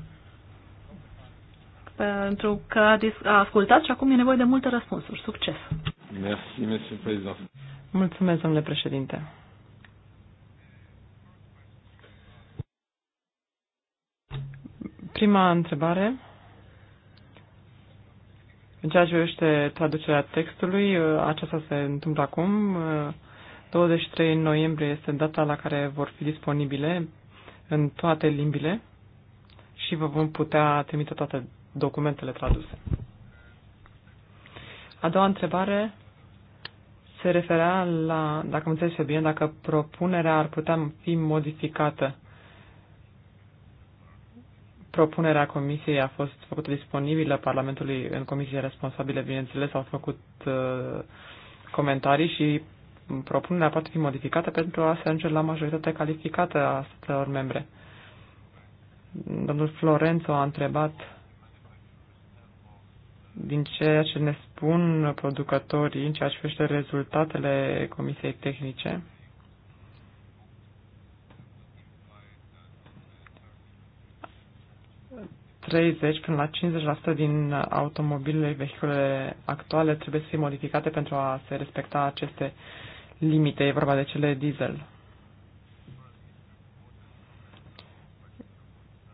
pentru că a, ascultat și acum e nevoie de multe răspunsuri. Succes! Merci, monsieur président. Mulțumesc, domnule președinte. Prima întrebare. În ceea ce privește traducerea textului, aceasta se întâmplă acum. 23 noiembrie este data la care vor fi disponibile în toate limbile și vă vom putea trimite toate documentele traduse. A doua întrebare se referea la, dacă mă înțeles bine, dacă propunerea ar putea fi modificată. Propunerea comisiei a fost făcută disponibilă Parlamentului în comisie responsabile, bineînțeles, au făcut uh, comentarii și propunerea poate fi modificată pentru a se ajunge la majoritatea calificată a statelor membre. Domnul Florențo a întrebat din ceea ce ne spun producătorii în ceea ce privește rezultatele Comisiei Tehnice, până la 50% din automobilele, vehiculele actuale trebuie să fie modificate pentru a se respecta aceste limite. E vorba de cele diesel.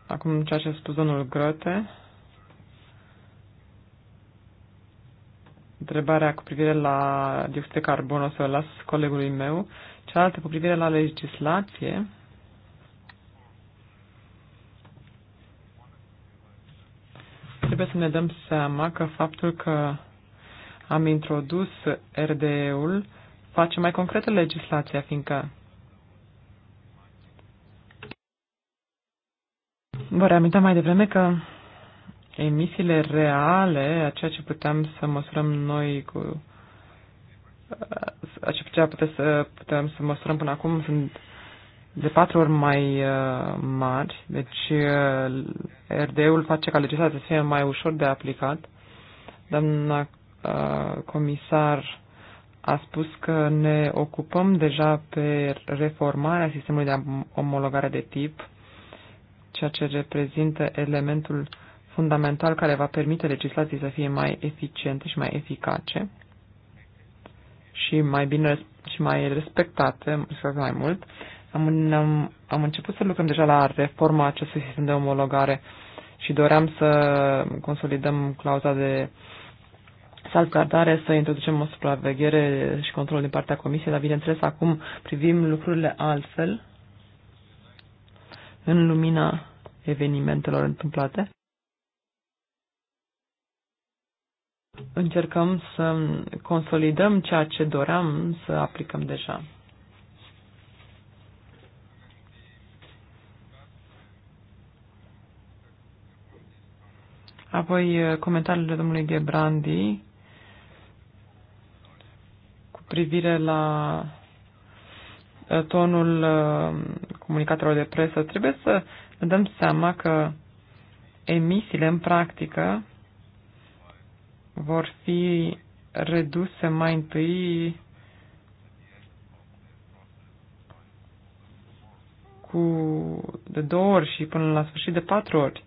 Acum ceea ce a spus domnul Grote... întrebarea cu privire la dioxid de carbon o să o las colegului meu, cealaltă cu privire la legislație. Trebuie să ne dăm seama că faptul că am introdus RDE-ul face mai concretă legislația, fiindcă Vă reaminteam mai devreme că emisiile reale, a ceea ce puteam să măsurăm noi cu ce putea ce să putem să măsurăm până acum sunt de patru ori mai mari, deci RDE-ul face ca legislația să fie mai ușor de aplicat. Doamna comisar a spus că ne ocupăm deja pe reformarea sistemului de omologare de tip, ceea ce reprezintă elementul uh, fundamental care va permite legislației să fie mai eficiente și mai eficace și mai bine și mai respectate, respectate mai mult. Am, am, am început să lucrăm deja la reforma acestui sistem de omologare și doream să consolidăm clauza de salvgardare, să introducem o supraveghere și control din partea Comisiei, dar bineînțeles acum privim lucrurile altfel în lumina evenimentelor întâmplate. Încercăm să consolidăm ceea ce doream să aplicăm deja. Apoi comentariile domnului Gebrandi cu privire la uh, tonul uh, comunicatelor de presă. Trebuie să ne dăm seama că emisiile în practică vor fi reduse mai întâi cu de două ori și până la sfârșit de patru ori.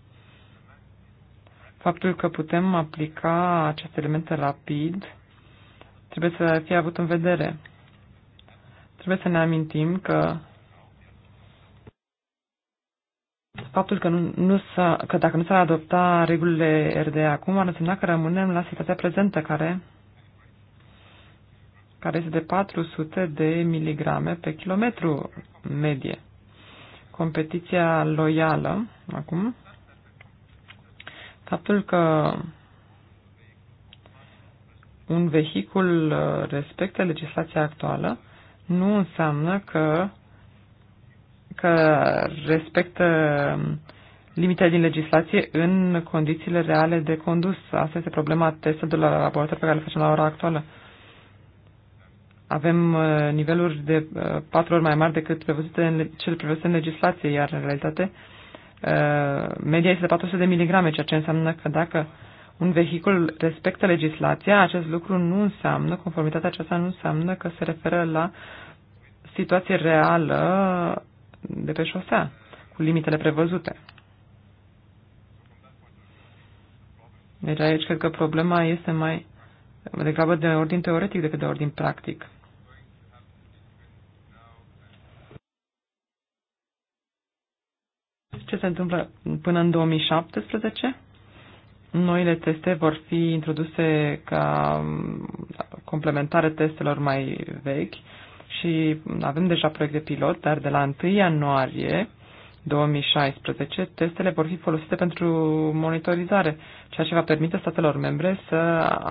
Faptul că putem aplica aceste elemente rapid trebuie să fie avut în vedere. Trebuie să ne amintim că faptul că, nu, nu s-a, că dacă nu s-ar adopta regulile RD acum, ar însemna că rămânem la situația prezentă, care, care este de 400 de miligrame pe kilometru medie. Competiția loială, acum, faptul că un vehicul uh, respectă legislația actuală, nu înseamnă că că respectă limitele din legislație în condițiile reale de condus. Asta este problema testelor la laborator pe care le facem la ora actuală. Avem uh, niveluri de uh, patru ori mai mari decât prevăzute în, cele prevăzute în legislație, iar în realitate uh, media este de 400 de miligrame, ceea ce înseamnă că dacă un vehicul respectă legislația, acest lucru nu înseamnă, conformitatea aceasta nu înseamnă că se referă la situație reală de pe șosea, cu limitele prevăzute. Deci aici cred că problema este mai degrabă de ordin teoretic decât de ordin practic. Ce se întâmplă până în 2017? Noile teste vor fi introduse ca complementare testelor mai vechi, și avem deja proiecte de pilot, dar de la 1 ianuarie 2016 testele vor fi folosite pentru monitorizare, ceea ce va permite statelor membre să,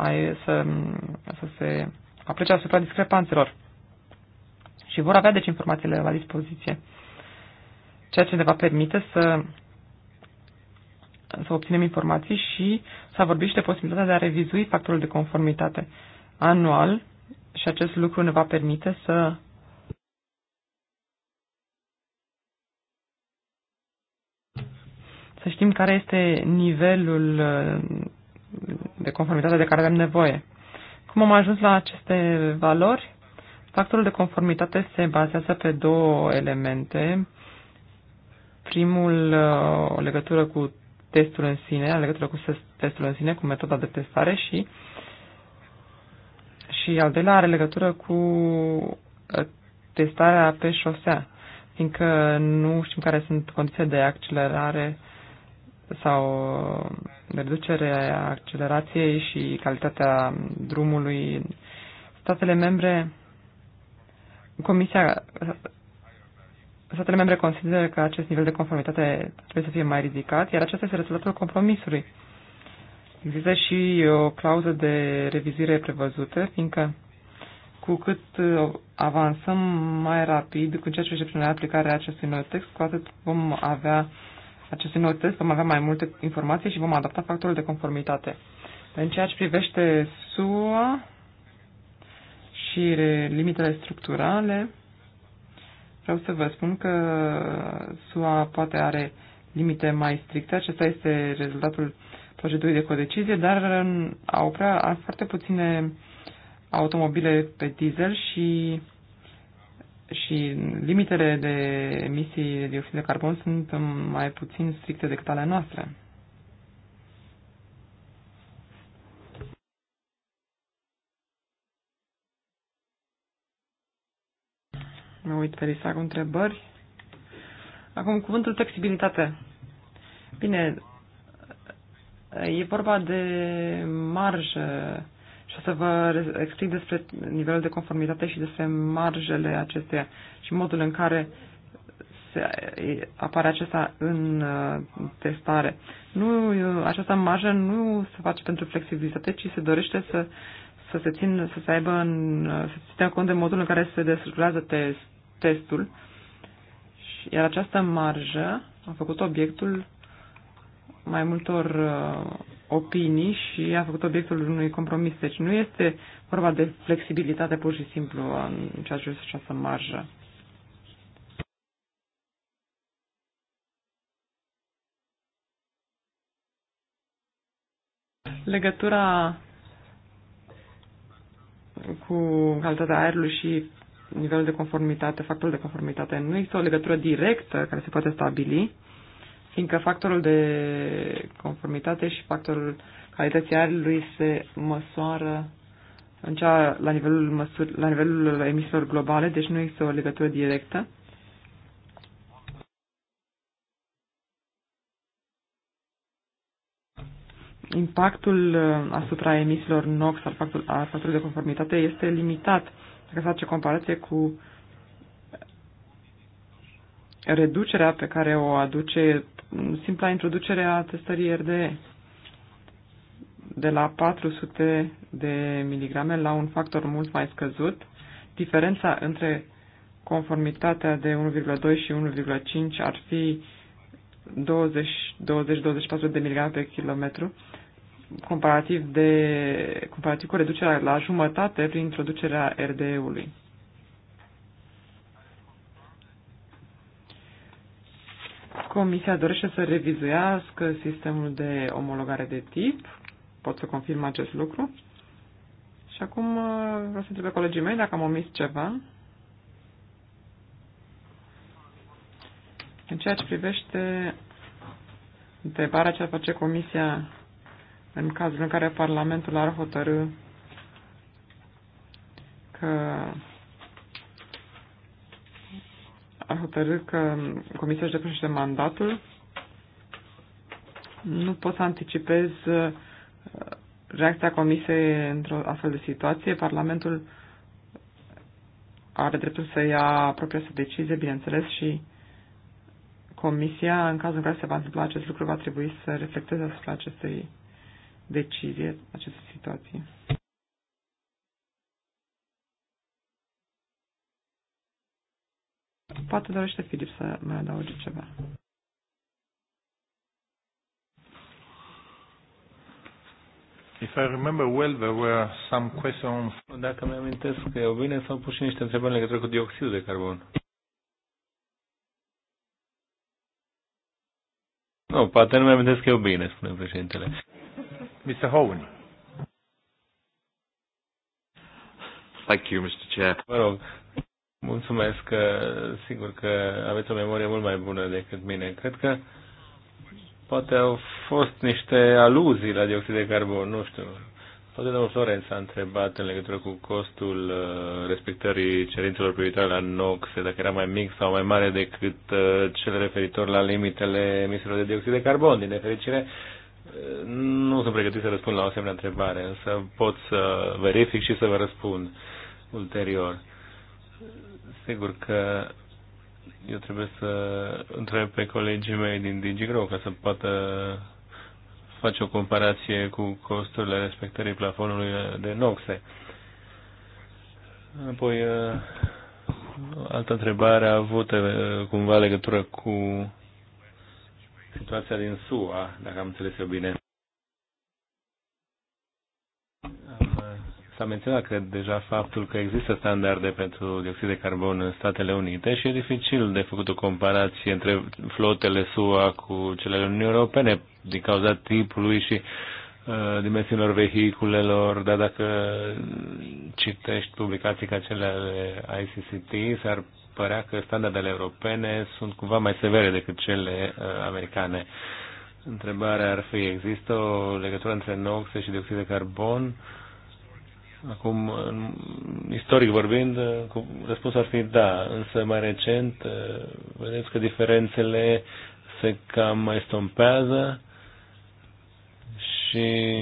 ai, să, să se aplice asupra discrepanțelor și vor avea deci informațiile la dispoziție, ceea ce ne va permite să să obținem informații și s-a vorbit și de posibilitatea de a revizui factorul de conformitate anual și acest lucru ne va permite să să știm care este nivelul uh, de conformitate de care avem nevoie. Cum am ajuns la aceste valori? Factorul de conformitate se bazează pe două elemente. Primul, uh, o legătură cu testul în sine, legătură cu testul în sine, cu metoda de testare și și al doilea are legătură cu uh, testarea pe șosea, fiindcă nu știm care sunt condițiile de accelerare sau de reducere a accelerației și calitatea drumului. Statele membre, Comisia, statele membre consideră că acest nivel de conformitate trebuie să fie mai ridicat, iar acesta este rezultatul compromisului. Există și uh, o clauză de revizire prevăzută, fiindcă cu cât uh, avansăm mai rapid cu ceea ce privește aplicarea acestui nou text, cu atât vom avea acest nou test, vom avea mai multe informații și vom adapta factorul de conformitate. În ceea ce privește SUA și limitele structurale, vreau să vă spun că SUA poate are limite mai stricte. Acesta este rezultatul uh, proceduri de codecizie, dar au prea foarte puține automobile pe diesel și și limitele de emisii de dioxid de carbon sunt mai puțin stricte decât ale noastre. Mă uit pe lista cu întrebări. Acum, cuvântul flexibilitate. Bine, E vorba de marjă și o să vă explic despre nivelul de conformitate și despre marjele acestea și modul în care se apare acesta în uh, testare. Nu, uh, această marjă nu se face pentru flexibilitate, ci se dorește să, să se țin, să se aibă în, uh, să se țină cont de modul în care se desfășurează test, testul. Iar această marjă a făcut obiectul mai multor uh, opinii și a făcut obiectul unui compromis. Deci nu este vorba de flexibilitate pur și simplu în ceea ce este această marjă. Legătura cu calitatea aerului și nivelul de conformitate, factorul de conformitate, nu există o legătură directă care se poate stabili. Uh, fiindcă factorul de conformitate și factorul calității aerului se măsoară în cea, la, nivelul măsur, la nivelul emisiilor globale, deci nu există o legătură directă. Impactul uh, asupra emisiilor NOx al factorului de conformitate este limitat. Dacă se face comparație cu reducerea pe care o aduce simpla introducere a testării RDE de la 400 de miligrame la un factor mult mai scăzut. Diferența între conformitatea de 1,2 și 1,5 ar fi 20-24 de miligrame pe kilometru, comparativ, de, comparativ cu reducerea la jumătate prin introducerea RDE-ului. Comisia dorește să revizuiască sistemul de omologare de tip. Pot să confirm acest lucru. Și acum uh, vreau să întreb pe colegii mei dacă am omis ceva. În ceea ce privește întrebarea ce ar face Comisia în cazul în care Parlamentul ar hotărâ că a hotărât că Comisia își depășește mandatul, nu pot să anticipez uh, reacția Comisiei într-o astfel de situație. Parlamentul are dreptul să ia propria sa decizie, bineînțeles, și Comisia, în cazul în care se va întâmpla acest lucru, va trebui să reflecteze asupra acestei decizie, acestei situații. Poate dorește Filip să mai adauge ceva. If I remember well, there were some questions. Dacă mi amintesc că eu bine, s-au pus și niște întrebări în legătură cu dioxidul de carbon. Nu, poate nu mi amintesc eu bine, spune președintele. Mr. Howen. Thank you, Mr. Chair. Vă rog. Mulțumesc, că, sigur că aveți o memorie mult mai bună decât mine. Cred că poate au fost niște aluzii la dioxid de carbon, nu știu. Poate domnul Florenț a întrebat în legătură cu costul uh, respectării cerințelor privitoare la NOx, dacă era mai mic sau mai mare decât uh, cel referitor la limitele emisiilor de dioxid de carbon. Din nefericire, uh, nu sunt pregătit să răspund la o asemenea întrebare, însă pot să verific și să vă răspund ulterior. Sigur că eu trebuie să întreb pe colegii mei din DigiGro ca să poată face o comparație cu costurile respectării plafonului de noxe. Apoi, eh, altă întrebare a avut eh, cumva legătură cu situația din SUA, dacă am înțeles eu bine. S-a menționat, cred, deja faptul că există standarde pentru dioxid de carbon în Statele Unite și e dificil de făcut o comparație între flotele SUA cu cele ale Uniunii Europene din cauza tipului și uh, dimensiunilor vehiculelor, dar dacă citești publicații ca cele ale ICCT, s-ar părea că standardele europene sunt cumva mai severe decât cele uh, americane. Întrebarea ar fi, există o legătură între noxe și dioxid de carbon? Uh, Acum, istoric vorbind, răspunsul ar fi da, însă mai recent eh, vedeți că diferențele se cam mai stompează și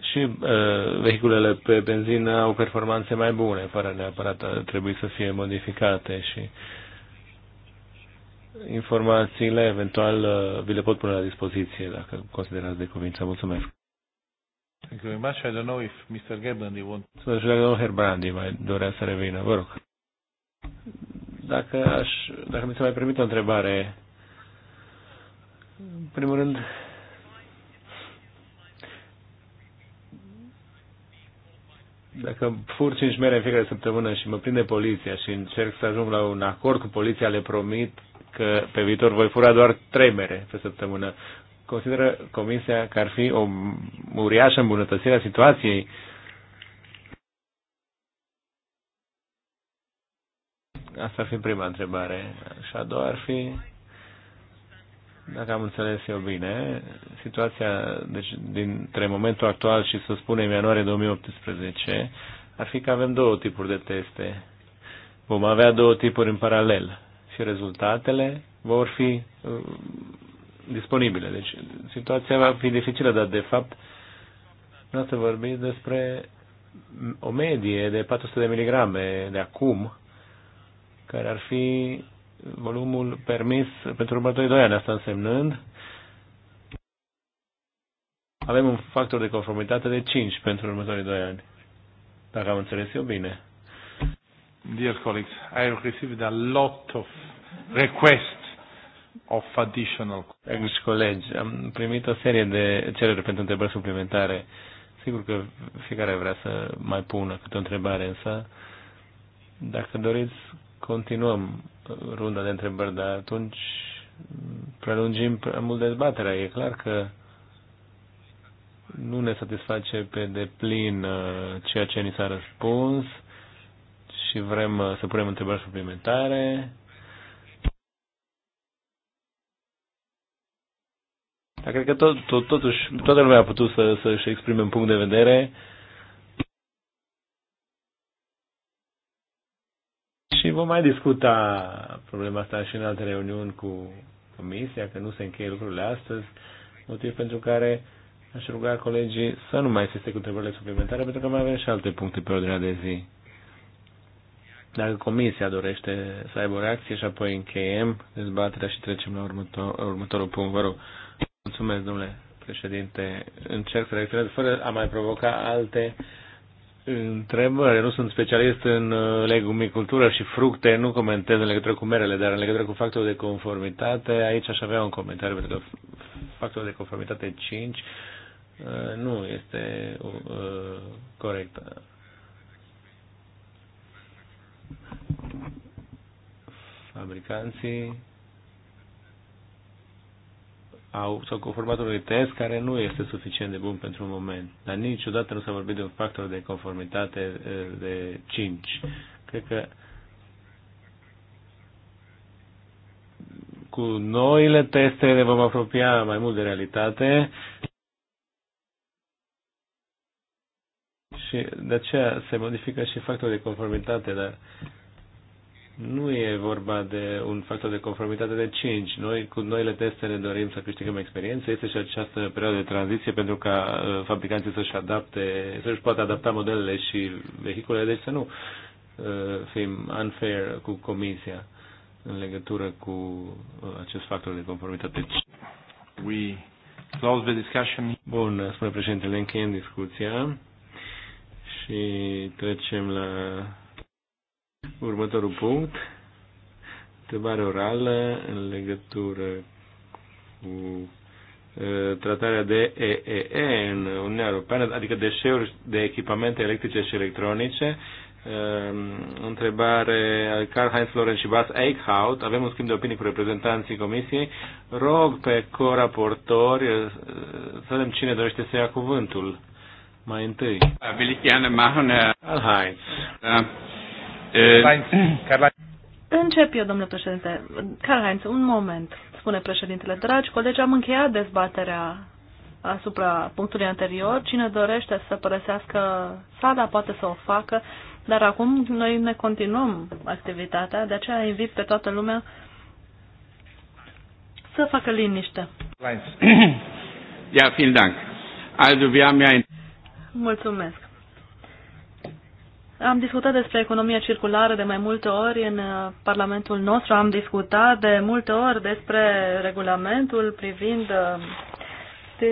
și uh, vehiculele pe benzină au performanțe mai bune, fără neapărat trebuie să fie modificate și informațiile eventual uh, vi le pot pune la dispoziție dacă considerați de cuvință. Mulțumesc! Thank you very much. I don't know if Mr. Gebrandi wants... Să știu dacă domnul Herbrandi mai dorea să revină. Vă rog. Dacă, aș, dacă mi se mai permite o întrebare, în primul rând, dacă fur cinci mere în fiecare săptămână și mă prinde poliția și încerc să ajung la un acord cu poliția, le promit că pe viitor voi fura doar trei mere pe săptămână consideră Comisia că ar fi o uriașă îmbunătățire a situației Asta ar fi prima întrebare. Și a doua ar fi, dacă am înțeles eu bine, situația deci, dintre momentul actual și să spunem ianuarie 2018 ar fi că avem două tipuri de teste. Vom avea două tipuri în paralel și rezultatele vor fi disponibile. Deci situația va fi dificilă, dar de fapt Nu să vorbiți despre o medie de 400 de miligrame de acum, care ar fi volumul permis pentru următorii doi ani, asta însemnând avem un factor de conformitate de 5 pentru următorii doi ani, dacă am înțeles eu bine. Dear colleagues, I received a lot of requests of additional. Dragi colegi, am primit o serie de cereri pentru întrebări suplimentare. Sigur că fiecare vrea să mai pună câte o întrebare, însă dacă doriți, continuăm runda de întrebări, dar atunci prelungim prea mult dezbaterea. E clar că nu ne satisface pe deplin uh, ceea ce ni s-a răspuns și vrem uh, să punem întrebări suplimentare Dar cred că tot, tot, totuși toată lumea a putut să, să-și exprime un punct de vedere. Și vom mai discuta problema asta și în alte reuniuni cu comisia, că nu se încheie lucrurile astăzi, motiv pentru care aș ruga colegii să nu mai asiste cu întrebările suplimentare, pentru că mai avem și alte puncte pe ordinea de zi. Dacă comisia dorește să aibă o reacție și apoi încheiem dezbaterea și trecem la următor, următorul punct, vă rog. Mulțumesc, domnule președinte. Încerc să reacționez fără a mai provoca alte întrebări. Nu sunt specialist în uh, legumicultură și fructe, nu comentez în legătură cu merele, dar în legătură cu factorul de conformitate, aici aș avea un comentariu, pentru că factorul de conformitate 5 uh, nu este uh, corect. Fabricanții au, s-au conformat unui test care nu este suficient de bun pentru un moment. Dar niciodată nu s-a vorbit de un factor de conformitate eh, de 5. Cred că cu noile teste ne vom apropia mai mult de realitate și de aceea se modifică și factorul de conformitate, dar nu e vorba de un factor de conformitate de 5. Noi, cu noile teste, ne dorim să câștigăm experiență. Este și această perioadă de tranziție pentru ca uh, fabricanții să-și adapte, să-și poată adapta modelele și vehiculele, deci să nu uh, fim unfair cu comisia în legătură cu uh, acest factor de conformitate. We close the discussion. Bun, spune președintele, încheiem discuția și trecem la Următorul punct, întrebare orală în legătură cu tratarea de EEE în Uniunea Europeană, adică deșeuri de echipamente electrice și electronice. Întrebare al Karl Heinz Florenz și Bas Eichhout. Avem un schimb de opinii cu reprezentanții Comisiei. Rog pe coraportori să vedem cine dorește să ia cuvântul. Mai întâi. Da, Carl Heinz. Da. Încep eu, domnule președinte. Karl-Heinz, un moment, spune președintele. Dragi colegi, am încheiat dezbaterea asupra punctului anterior. Cine dorește să părăsească sala poate să o facă, dar acum noi ne continuăm activitatea, de aceea invit pe toată lumea să facă liniște. Ja, vielen Dank. Also, wir haben ja ein Mulțumesc. Am discutat despre economia circulară de mai multe ori în uh, Parlamentul nostru, am discutat de multe ori despre regulamentul privind uh,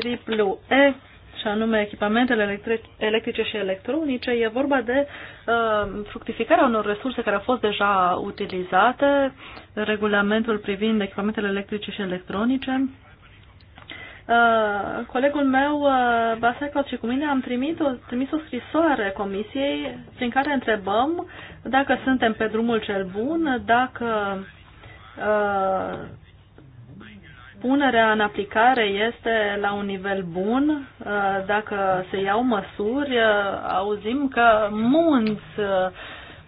triplu E, și anume echipamentele electrice și electronice. E vorba de uh, fructificarea unor resurse care au fost deja utilizate, regulamentul privind echipamentele electrice și electronice. Uh, colegul meu, uh, și cu mine am primit o, trimis o scrisoare comisiei prin care întrebăm dacă suntem pe drumul cel bun, dacă uh, punerea în aplicare este la un nivel bun, uh, dacă se iau măsuri. Uh, auzim că munți uh,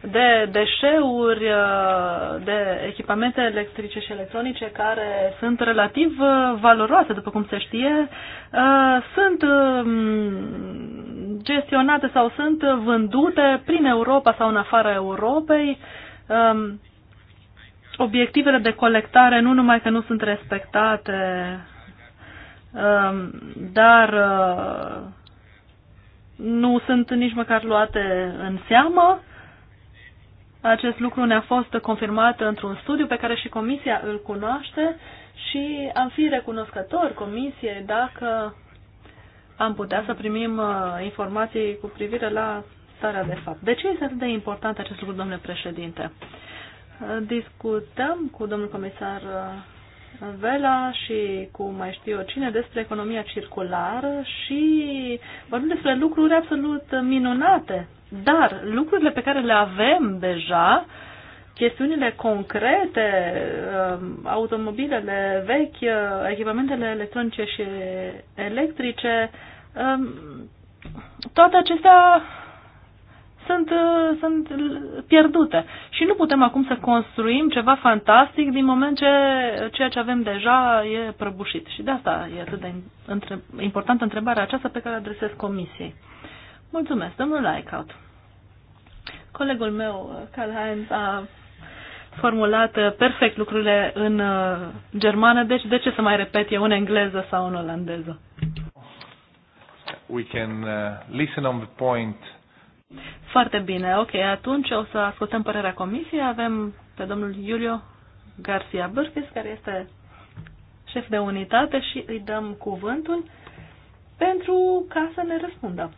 de deșeuri, uh, de echipamente electrice și electronice care sunt relativ uh, valoroase, după cum se știe, uh, sunt um, gestionate sau sunt vândute prin Europa sau în afara Europei. Um, obiectivele de colectare nu numai că nu sunt respectate, um, dar nu sunt nici măcar luate în seamă acest lucru ne-a fost confirmat într-un studiu pe care și Comisia îl cunoaște și am fi recunoscători Comisiei dacă am putea să primim uh, informații cu privire la starea de fapt. De ce este atât de important acest lucru, domnule președinte? Uh, discutăm cu domnul comisar uh, Vela și cu mai știu eu cine despre economia circulară și vorbim despre lucruri absolut minunate. Dar lucrurile pe care le avem deja, chestiunile concrete, um, automobilele vechi, uh, echipamentele electronice și electrice, um, toate acestea sunt, uh, sunt pierdute. Și nu putem acum să construim ceva fantastic din moment ce ceea ce avem deja e prăbușit. Și de asta e atât de între, importantă întrebarea aceasta pe care o adresez Comisiei. Mulțumesc, domnul Laicaut. Colegul meu, uh, Karl Heinz, a formulat uh, perfect lucrurile în germană, deci de ce să mai repet eu în engleză sau în olandeză? We can uh, listen on the point foarte bine, ok. Atunci o să ascultăm părerea comisiei. Avem pe domnul Iulio Garcia Bârfis, care este șef de unitate și îi dăm cuvântul pentru ca să ne răspundă.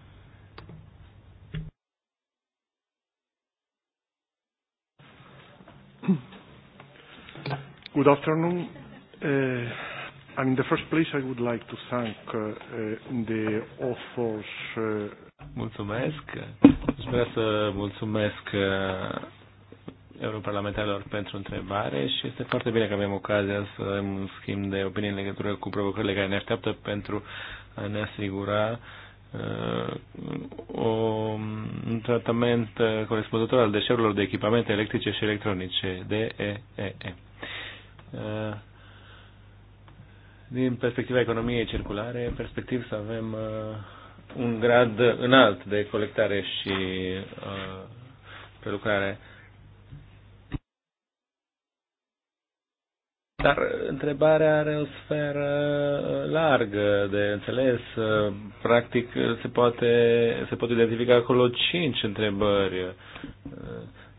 Good afternoon. Uh, In the first place, I would like to thank uh, uh, the authors. Uh, mulțumesc. Aș vrea să mulțumesc europarlamentarilor pentru întrebare și este foarte bine că avem ocazia să avem un schimb de opinii în legătură cu provocările care ne așteaptă pentru a ne asigura o, un tratament corespunzător al deșeurilor de echipamente electrice și electronice, DEEE din perspectiva economiei circulare, perspectiv să avem uh, un grad înalt de colectare și uh, prelucrare. Dar întrebarea are o sferă uh, largă de înțeles. Uh, practic se, poate, se poate identifica acolo cinci întrebări uh,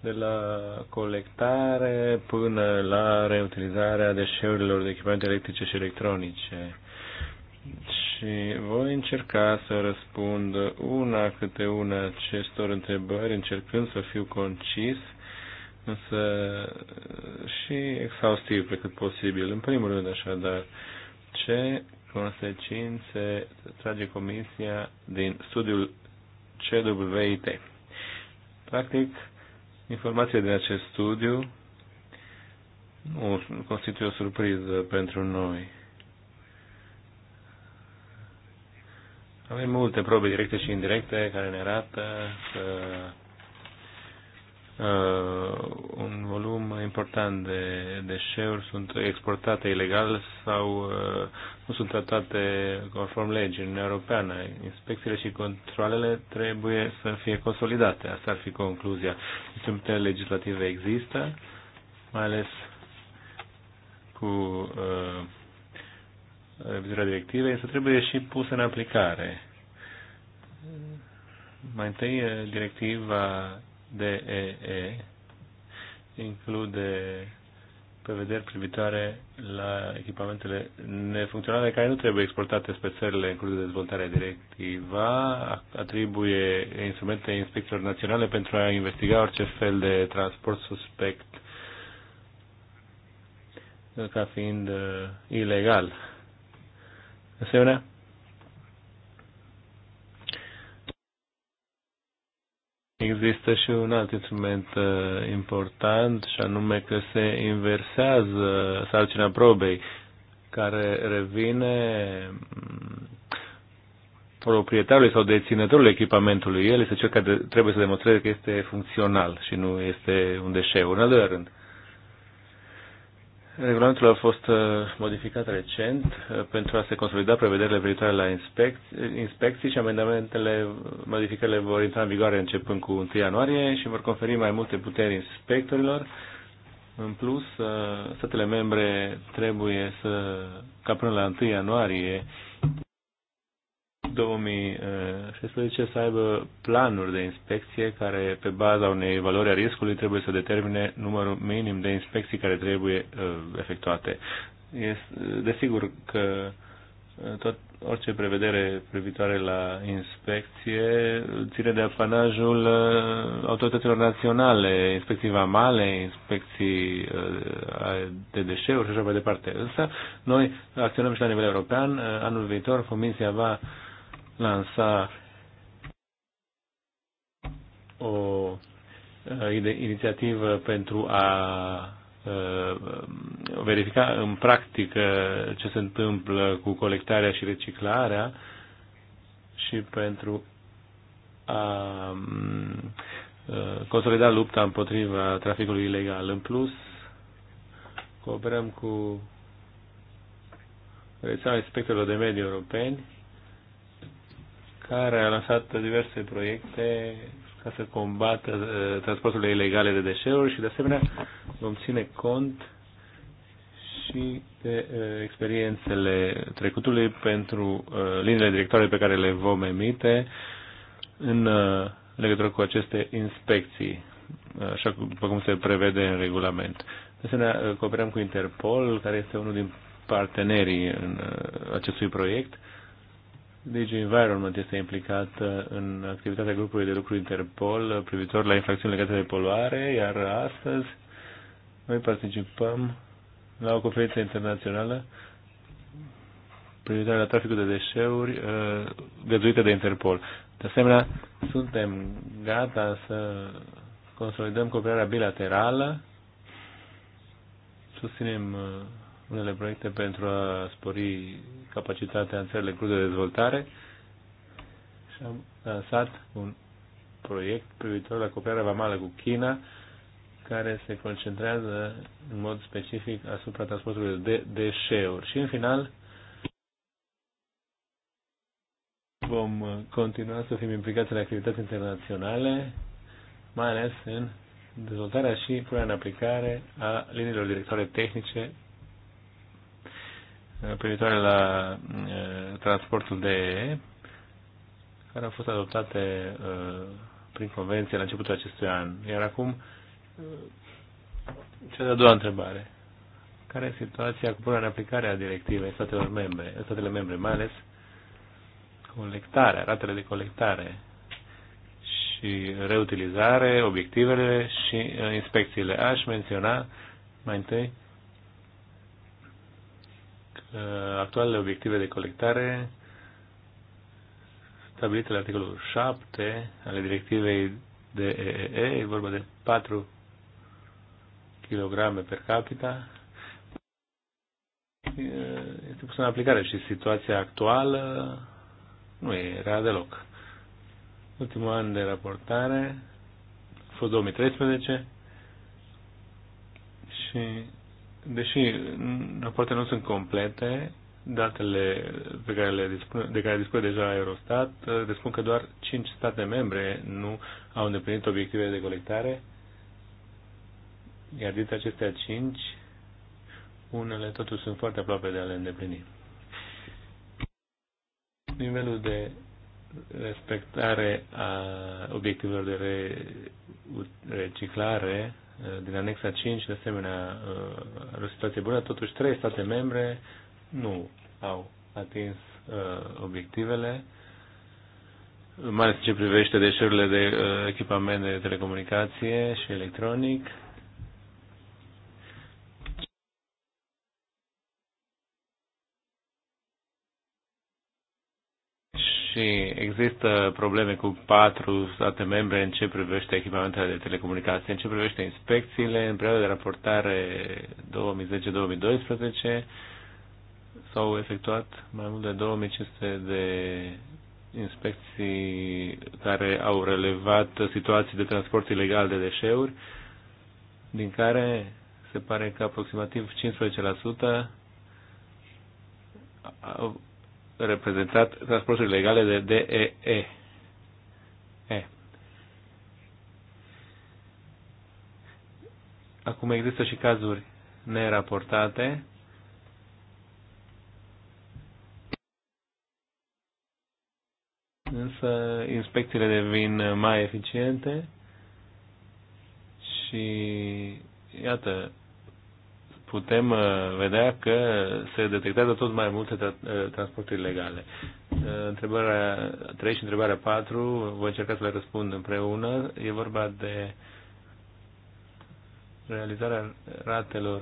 de la colectare până la reutilizarea deșeurilor de echipamente electrice și electronice. Și voi încerca să răspund una câte una acestor întrebări, încercând să fiu concis, însă și exhaustiv pe cât posibil. În primul rând, așadar, ce consecințe trage Comisia din studiul CWIT? Practic, Informația de acest studiu nu constituie o surpriză pentru noi. Avem multe probe directe și indirecte care ne arată că Uh, un volum important de deșeuri sunt exportate ilegal sau uh, nu sunt tratate conform legii în Europeană. Inspecțiile și controlele trebuie să fie consolidate. Asta ar fi concluzia. Instrumentele legislative există, mai ales cu uh, revizuirea directivei, însă trebuie și puse în aplicare. Mai întâi, uh, directiva DEE include prevederi privitoare la echipamentele nefuncționale care nu trebuie exportate spre țările în curs de dezvoltare. Directiva atribuie instrumente inspectorilor naționale pentru a investiga orice fel de transport suspect ca fiind uh, ilegal. Asemenea, există și un alt instrument uh, important și anume că se inversează sarcina probei care revine mm, proprietarului sau deținătorului echipamentului. El este cel care trebuie să demonstreze că este funcțional și nu este un deșeu. În al doilea rând, Regulamentul a fost uh, modificat recent uh, pentru a se consolida prevederile privitoare la inspecții, inspecții și amendamentele, modificările vor intra în vigoare începând cu 1 ianuarie și vor conferi mai multe puteri inspectorilor. În plus, uh, statele membre trebuie să, ca până la 1 ianuarie, 2016 să aibă planuri de inspecție care, pe baza unei valori a riscului, trebuie să determine numărul minim de inspecții care trebuie uh, efectuate. Desigur că uh, tot, orice prevedere privitoare la inspecție ține de apanajul uh, autorităților naționale, inspecții vamale, inspecții de deșeuri și așa mai departe. Însă, noi acționăm și la nivel european. Anul viitor, Comisia va lansa o uh, inițiativă pentru a uh, verifica în practică ce se întâmplă cu colectarea și reciclarea și pentru a uh, consolida lupta împotriva traficului ilegal. În plus, cooperăm cu rețeaua inspectorilor de mediu europeni care a lansat diverse proiecte ca să combată uh, transporturile ilegale de deșeuri și, de asemenea, vom ține cont și de uh, experiențele trecutului pentru uh, liniile directoare pe care le vom emite în legătură cu aceste inspecții, așa cum se prevede în regulament. De asemenea, cooperăm cu Interpol, care este unul din partenerii în acestui proiect DG Environment este implicat uh, în activitatea grupului de lucru Interpol uh, privitor la infracțiuni legate de poluare, iar astăzi noi participăm la o conferință internațională privitoare la traficul de deșeuri uh, găzduite de Interpol. De asemenea, suntem gata să consolidăm cooperarea bilaterală, susținem unele proiecte pentru a spori capacitatea în țările crude de dezvoltare și am lansat un proiect privitor la cooperarea vamală cu China care se concentrează în mod specific asupra transportului de deșeuri. Și în final vom continua să fim implicați în activități internaționale, mai ales în dezvoltarea și punerea în aplicare a liniilor directoare tehnice privitoare la transportul de care au fost adoptate prin convenție la începutul acestui an. Iar acum, cea de-a doua întrebare. Care e situația cu punerea în aplicare a directivei statelor membre, statele membre, mai ales colectarea, ratele de colectare și reutilizare, obiectivele și inspecțiile. Aș menționa mai întâi Uh, actualele obiective de colectare stabilite la articolul 7 ale directivei de EEE, e vorba de 4 kg per capita, uh, este pusă în aplicare și situația actuală nu e rea deloc. Ultimul an de raportare a fost 2013 și deși rapoartele nu sunt complete, datele pe care le dispune, de care dispune deja Eurostat le uh, spun că doar 5 state membre nu au îndeplinit obiectivele de colectare, iar dintre acestea 5, unele totuși sunt foarte aproape de a le îndeplini. Nivelul de respectare a obiectivelor de reciclare Uh, din anexa 5, de asemenea, uh, o situație bună, totuși trei state membre nu au atins uh, obiectivele, mai ales ce privește deșeurile de echipament de telecomunicație și electronic, și există probleme cu patru state membre în ce privește echipamentele de telecomunicații, în ce privește inspecțiile, în perioada de raportare 2010-2012 s-au efectuat mai mult de 2500 de inspecții care au relevat situații de transport ilegal de deșeuri, din care se pare că aproximativ 15% reprezentat transporturi legale de DEE. E. Acum există și cazuri neraportate. Însă inspecțiile devin mai eficiente și iată, putem uh, vedea că se detectează tot mai multe tra uh, transporturi ilegale. Uh, întrebarea 3 și întrebarea 4, voi încerca să le răspund împreună. E vorba de realizarea ratelor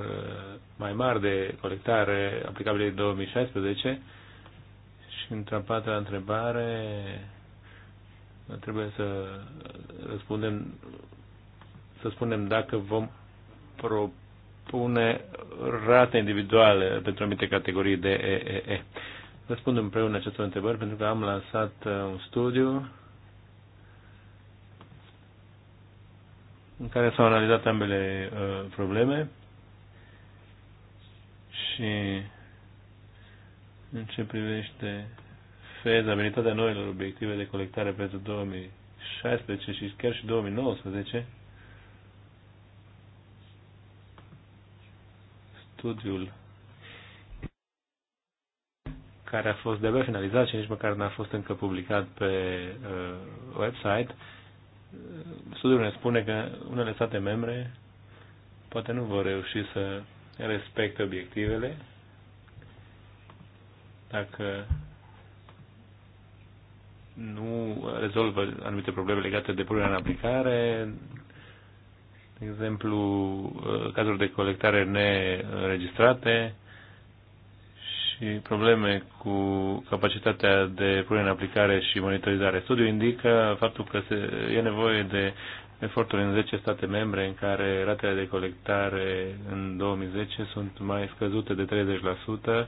mai mari de colectare aplicabile 2016 și într-a patra întrebare trebuie să răspundem să spunem dacă vom propune pune rate individuale pentru anumite categorii de EEE. Răspund împreună acestor întrebări pentru că am lansat uh, un studiu în care s-au analizat ambele uh, probleme și în ce privește fezabilitatea noilor obiective de colectare pentru 2016 și chiar și 2019, studiul care a fost de finalizat și nici măcar n-a fost încă publicat pe uh, website, uh, studiul ne spune că unele state membre poate nu vor reuși să respecte obiectivele dacă nu rezolvă anumite probleme legate de punerea în aplicare, de exemplu, ă, cazuri de colectare neregistrate și probleme cu capacitatea de punere în aplicare și monitorizare. Studiul indică faptul că se, e nevoie de eforturi în 10 state membre în care ratele de colectare în 2010 sunt mai scăzute de 30%.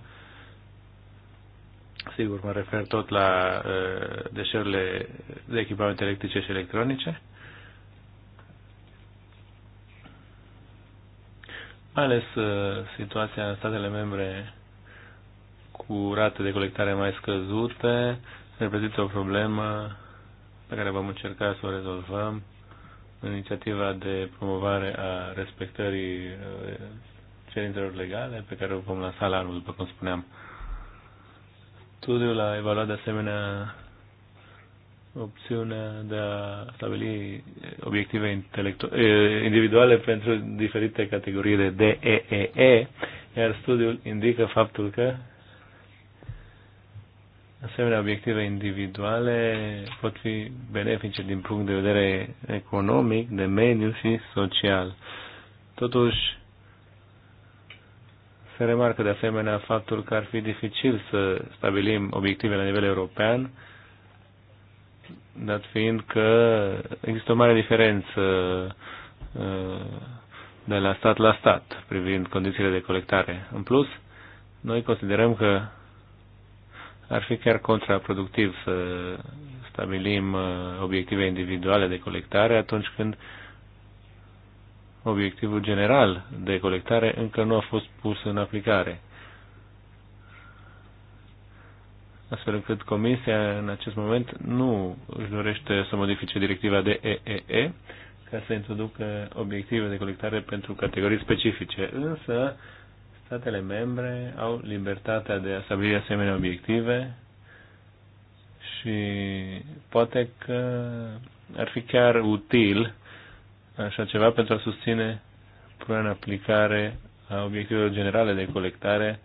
Sigur, mă refer tot la uh, deșeurile de echipamente electrice și electronice mai ales uh, situația în statele membre cu rate de colectare mai scăzute reprezintă o problemă pe care vom încerca să o rezolvăm în inițiativa de promovare a respectării uh, cerințelor legale pe care o vom lansa la anul, după cum spuneam. Studiul a evaluat de asemenea opțiunea de a stabili obiective individuale pentru diferite categorii de DEEE, iar studiul indică faptul că asemenea obiective individuale pot fi benefice din punct de vedere economic, de mediu și social. Totuși, se remarcă de asemenea faptul că ar fi dificil să stabilim obiective la nivel european, dat fiind că există o mare diferență uh, de la stat la stat privind condițiile de colectare. În plus, noi considerăm că ar fi chiar contraproductiv să stabilim uh, obiective individuale de colectare atunci când obiectivul general de colectare încă nu a fost pus în aplicare. astfel încât Comisia în acest moment nu își dorește să modifice directiva de EEE ca să introducă obiective de colectare pentru categorii specifice, însă statele membre au libertatea de a stabili asemenea obiective și poate că ar fi chiar util așa ceva pentru a susține până în aplicare a obiectivelor generale de colectare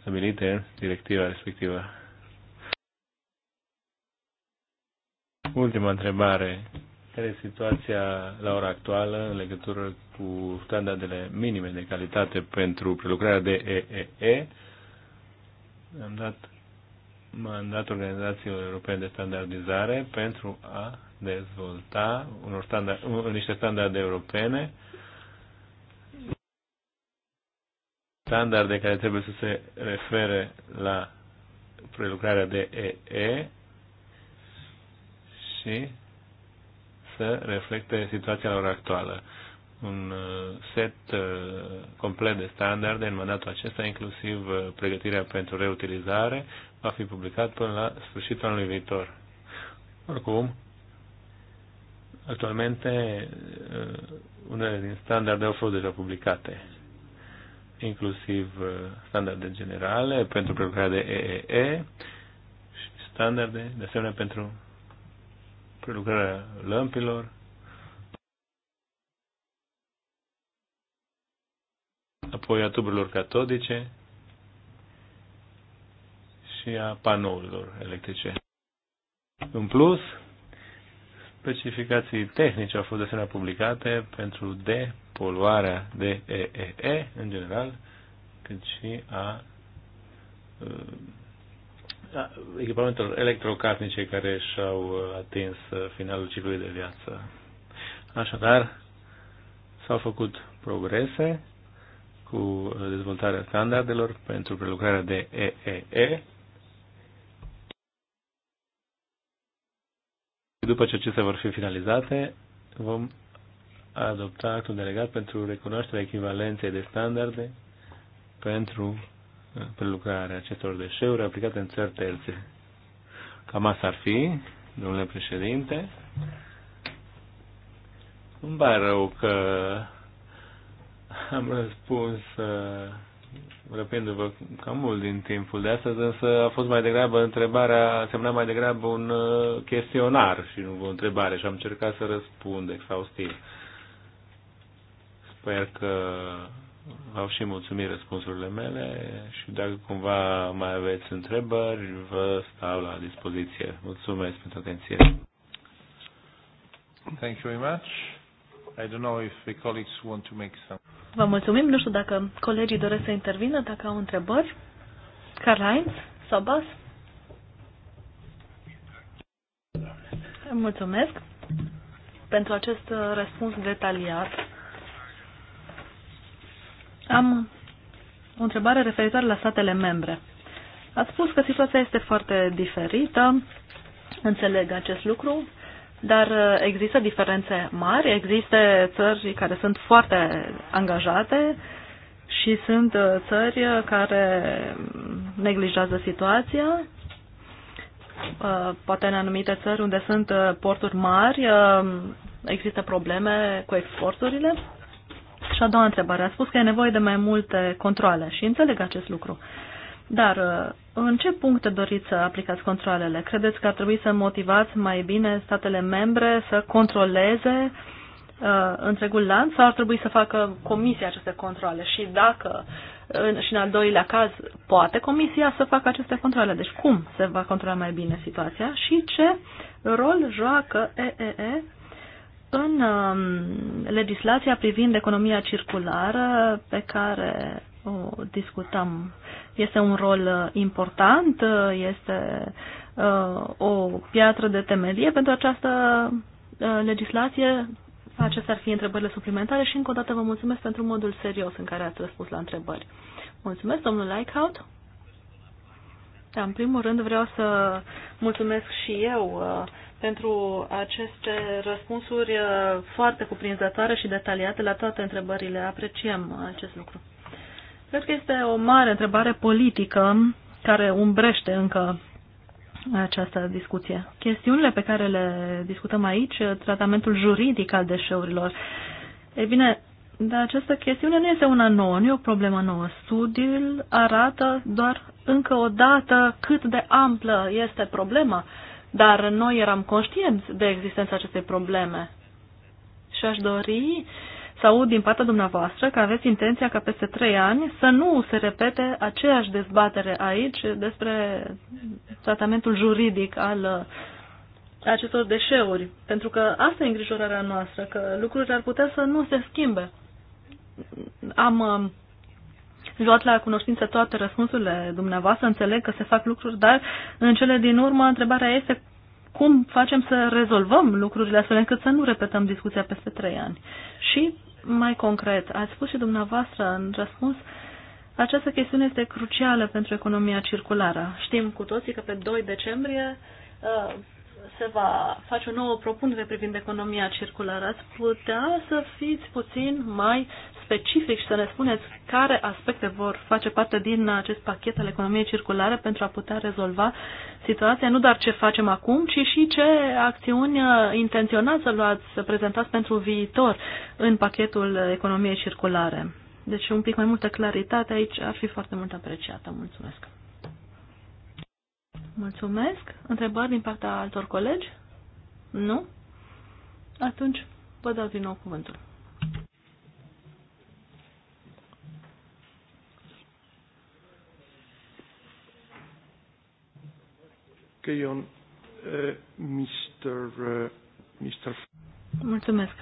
stabilite în directiva respectivă. Ultima întrebare. Care e situația la ora actuală în legătură cu standardele minime de calitate pentru prelucrarea de EEE? Am dat mandat organizațiilor europene de standardizare pentru a dezvolta unor standard, niște standarde europene standarde care trebuie să se refere la prelucrarea de EE și să reflecte situația lor actuală. Un uh, set uh, complet de standarde în mandatul acesta, inclusiv uh, pregătirea pentru reutilizare, va fi publicat până la sfârșitul anului viitor. Oricum, actualmente unele din standarde au fost deja publicate, inclusiv standarde generale pentru prelucrarea de EEE și standarde de asemenea pentru prelucrarea lămpilor. apoi a tuburilor catodice și a panourilor electrice. În plus, specificații tehnice au fost de asemenea publicate pentru depoluarea de EEE în general, cât și a uh, da, echipamentelor electrocasnice care și-au uh, atins uh, finalul ciclului de viață. Așadar, s-au făcut progrese cu uh, dezvoltarea standardelor pentru prelucrarea de EEE. După ce acestea vor fi finalizate, vom adopta actul delegat pentru recunoașterea echivalenței de standarde pentru prelucrarea acestor deșeuri aplicate în țări terțe. Cam asta ar fi, domnule președinte. Îmi pare rău că am răspuns uh, răpindu-vă cam mult din timpul de astăzi, însă a fost mai degrabă întrebarea, semna mai degrabă un uh, chestionar și nu o întrebare și am încercat să răspund exhaustiv. Sper că v-au și mulțumit răspunsurile mele și dacă cumva mai aveți întrebări, vă stau la dispoziție. Mulțumesc pentru atenție. Thank you very much. I don't know if the colleagues want to make some. Vă mulțumim. Nu știu dacă colegii doresc să intervină, dacă au întrebări. Karl-Heinz sau Bas? Mulțumesc pentru acest uh, răspuns detaliat am o întrebare referitoare la statele membre. Ați spus că situația este foarte diferită, înțeleg acest lucru, dar uh, există diferențe mari, există țări care sunt foarte angajate și sunt uh, țări uh, care neglijează situația. Poate în anumite țări unde sunt porturi mari există probleme cu exporturile și a doua întrebare. A spus că e nevoie de mai multe controle și înțeleg acest lucru. Dar uh, în ce puncte doriți să aplicați controlele? Credeți că ar trebui să motivați mai bine statele membre să controleze uh, întregul lanț sau ar trebui să facă comisia aceste controle? Și dacă, în, și în al doilea caz, poate comisia să facă aceste controle? Deci cum se va controla mai bine situația și ce rol joacă EEE în um, legislația privind economia circulară pe care o discutăm, este un rol uh, important, uh, este uh, o piatră de temelie pentru această legislație. Acestea ar fi întrebările suplimentare și încă o dată vă mulțumesc pentru modul serios în care ați răspuns la întrebări. Mulțumesc, domnul Leichhout. Da, în primul rând vreau să mulțumesc și eu uh, pentru aceste răspunsuri uh, foarte cuprinzătoare și detaliate la toate întrebările. Apreciem acest lucru. Cred că este o mare întrebare politică care umbrește încă această discuție. Chestiunile pe care le discutăm aici, tratamentul juridic al deșeurilor. e bine, dar această chestiune nu este una nouă, nu e o problemă nouă. Studiul arată doar încă o dată cât de amplă este problema. Uh, dar noi eram conștienți de existența acestei probleme. Și aș dori să aud din partea dumneavoastră că aveți intenția ca peste trei ani să nu se repete aceeași dezbatere aici despre tratamentul juridic al uh, acestor deșeuri. Pentru că asta e îngrijorarea noastră, că lucrurile ar putea să nu se schimbe. Am uh, luat la cunoștință toate răspunsurile dumneavoastră, înțeleg că se fac lucruri, dar în cele din urmă întrebarea este cum facem să rezolvăm lucrurile astfel încât să nu repetăm discuția peste trei ani. Și, mai concret, ați spus și dumneavoastră în răspuns, această chestiune este crucială pentru economia circulară. Știm cu toții că pe 2 decembrie uh, se va face o nouă propunere privind economia circulară. Ați putea să fiți puțin mai specific și să ne spuneți care aspecte vor face parte din acest pachet al economiei circulare pentru a putea rezolva situația, nu doar ce facem acum, ci și ce acțiuni intenționați să luați, să prezentați pentru viitor în pachetul economiei circulare. Deci un pic mai multă claritate aici ar fi foarte mult apreciată. Mulțumesc. Mulțumesc. Întrebări din partea altor colegi? Nu? Atunci vă dau din nou cuvântul. Mr. Mr. Mulțumesc.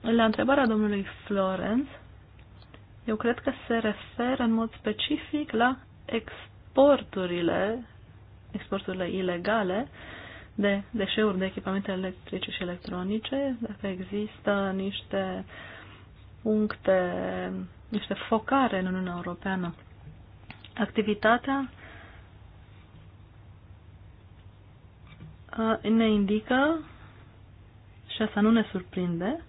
La întrebarea domnului Florence, eu cred că se referă în mod specific la exporturile, exporturile ilegale de deșeuri de echipamente electrice și electronice, dacă există niște puncte, niște focare în Uniunea Europeană. Activitatea ne indică, și asta nu ne surprinde,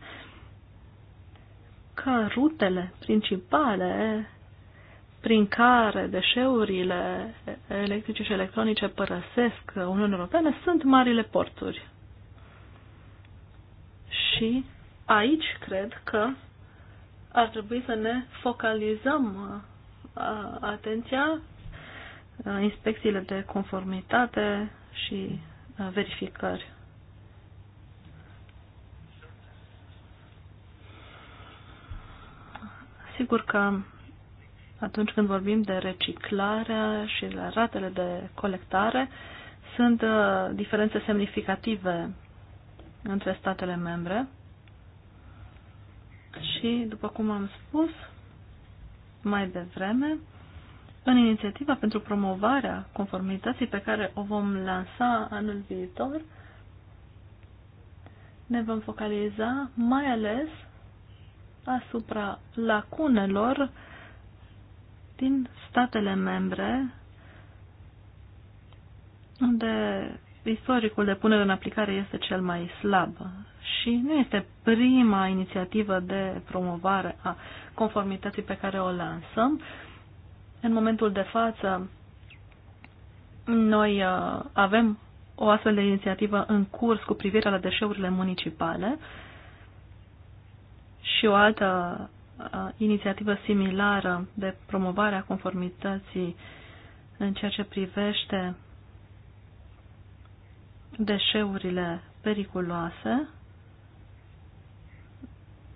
că rutele principale prin care deșeurile electrice și electronice părăsesc Uniunea Europeană sunt marile porturi. Și aici cred că ar trebui să ne focalizăm atenția, inspecțiile de conformitate și verificări. Sigur că atunci când vorbim de reciclare și de ratele de colectare, sunt uh, diferențe semnificative între statele membre și, după cum am spus mai devreme, în inițiativa pentru promovarea conformității pe care o vom lansa anul viitor, ne vom focaliza mai ales asupra lacunelor din statele membre unde istoricul de punere în aplicare este cel mai slab și nu este prima inițiativă de promovare a conformității pe care o lansăm. În momentul de față, noi uh, avem o astfel de inițiativă în curs cu privire la deșeurile municipale și o altă uh, inițiativă similară de promovare a conformității în ceea ce privește deșeurile periculoase.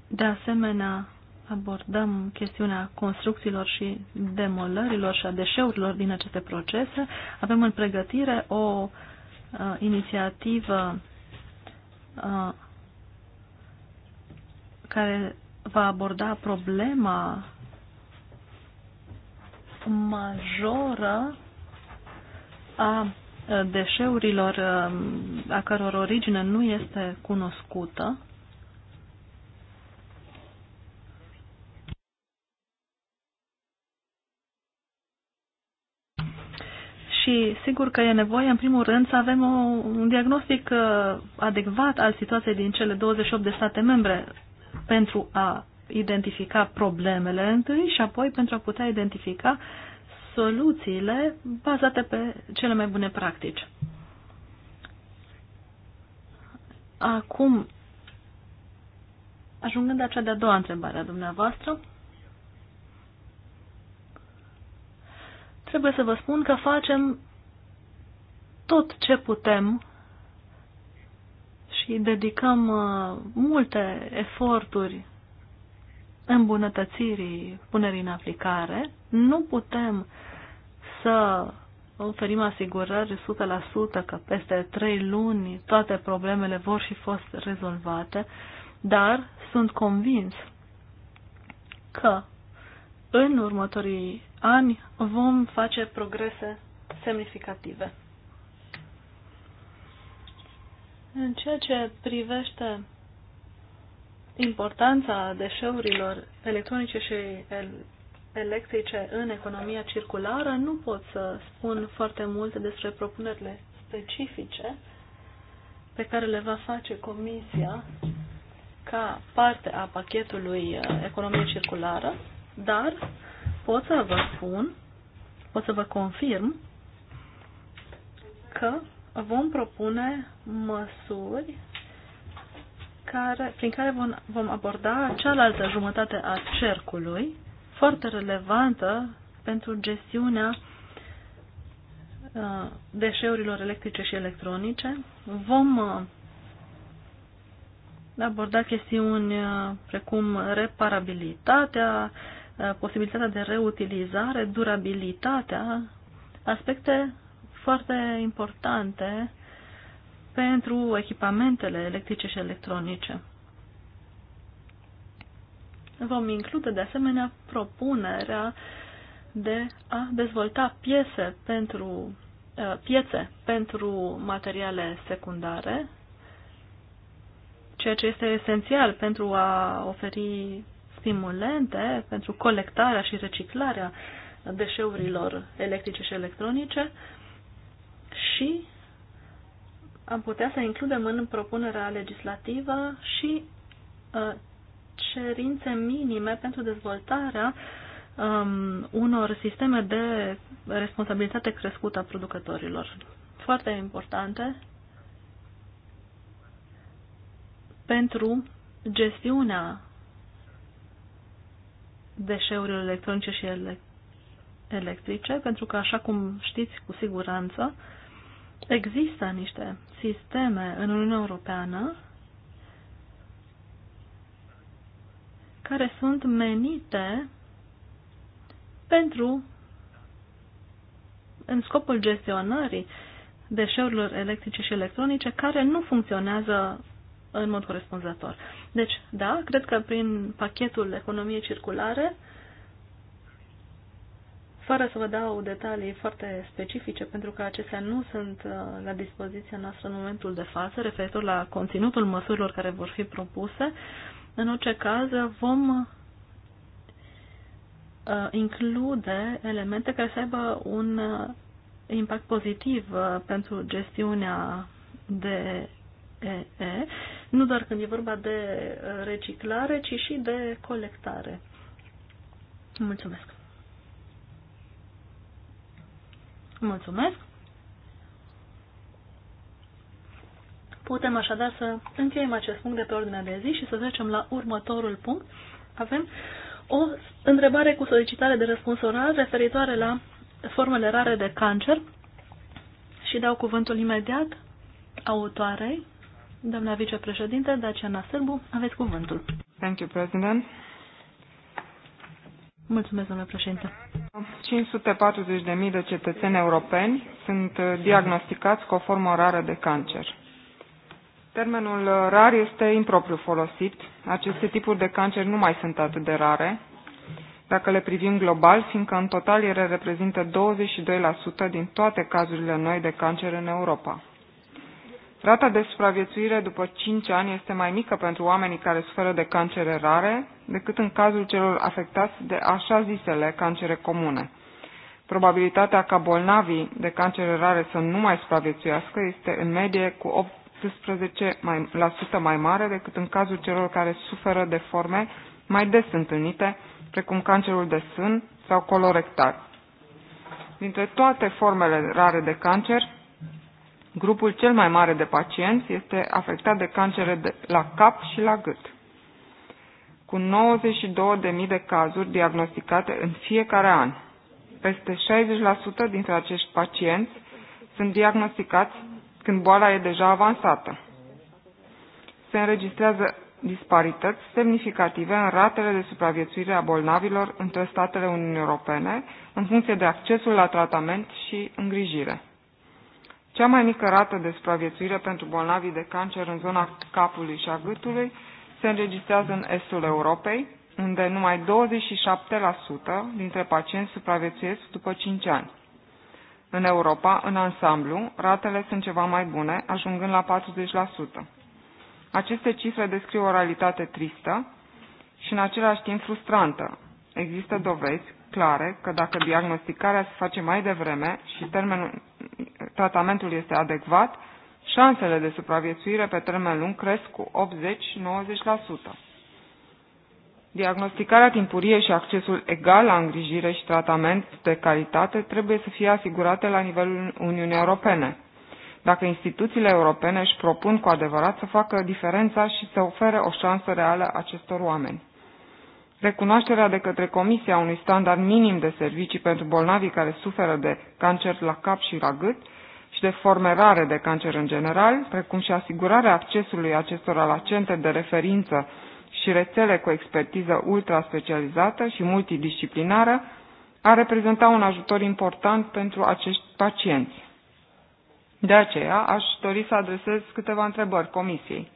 De asemenea, abordăm chestiunea construcțiilor și demolărilor și a deșeurilor din aceste procese. Avem în pregătire o uh, inițiativă uh, care va aborda problema majoră a uh, deșeurilor uh, a căror origine nu este cunoscută Și sigur că e nevoie, în primul rând, să avem o, un diagnostic uh, adecvat al situației din cele 28 de state membre pentru a identifica problemele întâi și apoi pentru a putea identifica soluțiile bazate pe cele mai bune practici. Acum, ajungând la cea de-a doua întrebare a dumneavoastră, trebuie să vă spun că facem tot ce putem și dedicăm uh, multe eforturi îmbunătățirii punerii în aplicare. Nu putem să oferim asigurări 100% că peste 3 luni toate problemele vor fi fost rezolvate, dar sunt convins că în următorii ani vom face progrese semnificative. În ceea ce privește importanța deșeurilor electronice și electrice în economia circulară, nu pot să spun foarte multe despre propunerile specifice pe care le va face Comisia ca parte a pachetului uh, economie circulară, dar pot să vă spun, pot să vă confirm că vom propune măsuri care, prin care vom, vom aborda cealaltă jumătate a cercului, foarte relevantă pentru gestiunea uh, deșeurilor electrice și electronice. Vom uh, aborda chestiuni uh, precum reparabilitatea, Uh, posibilitatea de reutilizare, durabilitatea, aspecte foarte importante pentru echipamentele electrice și electronice. Vom include de asemenea propunerea de a dezvolta piese pentru, uh, piețe pentru materiale secundare, ceea ce este esențial pentru a oferi stimulente pentru colectarea și reciclarea deșeurilor electrice și electronice și am putea să includem în propunerea legislativă și uh, cerințe minime pentru dezvoltarea um, unor sisteme de responsabilitate crescută a producătorilor. Foarte importante pentru gestiunea deșeurile electronice și ele electrice, pentru că, așa cum știți cu siguranță, există niște sisteme în Uniunea Europeană care sunt menite pentru în scopul gestionării deșeurilor electrice și electronice care nu funcționează în mod corespunzător. Deci, da, cred că prin pachetul economie circulare, fără să vă dau detalii foarte specifice, pentru că acestea nu sunt uh, la dispoziția noastră în momentul de față, referitor la conținutul măsurilor care vor fi propuse, în orice caz vom uh, include elemente care să aibă un uh, impact pozitiv pentru gestiunea de PEE, nu doar când e vorba de reciclare, ci și de colectare. Mulțumesc! Mulțumesc! Putem așadar să încheiem acest punct de pe ordinea de zi și să trecem la următorul punct. Avem o întrebare cu solicitare de răspuns oral referitoare la formele rare de cancer și dau cuvântul imediat autoarei, Doamna vicepreședinte Daciana Sârbu, aveți cuvântul. Thank you, President. Mulțumesc, domnule președinte. 540.000 de cetățeni europeni sunt uh, diagnosticați cu o formă rară de cancer. Termenul uh, rar este impropriu folosit. Aceste tipuri de cancer nu mai sunt atât de rare, dacă le privim global, fiindcă în total ele reprezintă 22% din toate cazurile noi de cancer în Europa. Rata de supraviețuire după 5 ani este mai mică pentru oamenii care suferă de cancere rare decât în cazul celor afectați de așa zisele cancere comune. Probabilitatea ca bolnavii de cancere rare să nu mai supraviețuiască este în medie cu 18% mai, mare decât în cazul celor care suferă de forme mai des întâlnite, precum cancerul de sân sau colorectal. Dintre toate formele rare de cancer, Grupul cel mai mare de pacienți este afectat de cancere de la cap și la gât. Cu 92.000 de cazuri diagnosticate în fiecare an, peste 60% dintre acești pacienți sunt diagnosticați când boala e deja avansată. Se înregistrează disparități semnificative în ratele de supraviețuire a bolnavilor între statele Uniunii Europene în funcție de accesul la tratament și îngrijire. Cea mai mică rată de supraviețuire pentru bolnavii de cancer în zona capului și a gâtului se înregistrează în estul Europei, unde numai 27% dintre pacienți supraviețuiesc după 5 ani. În Europa, în ansamblu, ratele sunt ceva mai bune, ajungând la 40%. Aceste cifre descriu o realitate tristă și în același timp frustrantă. Există dovezi clare că dacă diagnosticarea se face mai devreme și termenul, tratamentul este adecvat, șansele de supraviețuire pe termen lung cresc cu 80-90%. Diagnosticarea timpurie și accesul egal la îngrijire și tratament de calitate trebuie să fie asigurate la nivelul Uniunii Europene. Dacă instituțiile europene își propun cu adevărat să facă diferența și să ofere o șansă reală acestor oameni. Recunoașterea de către Comisia unui standard minim de servicii pentru bolnavii care suferă de cancer la cap și la gât și de forme rare de cancer în general, precum și asigurarea accesului acestora la centre de referință și rețele cu expertiză specializată și multidisciplinară, a reprezenta un ajutor important pentru acești pacienți. De aceea, aș dori să adresez câteva întrebări Comisiei.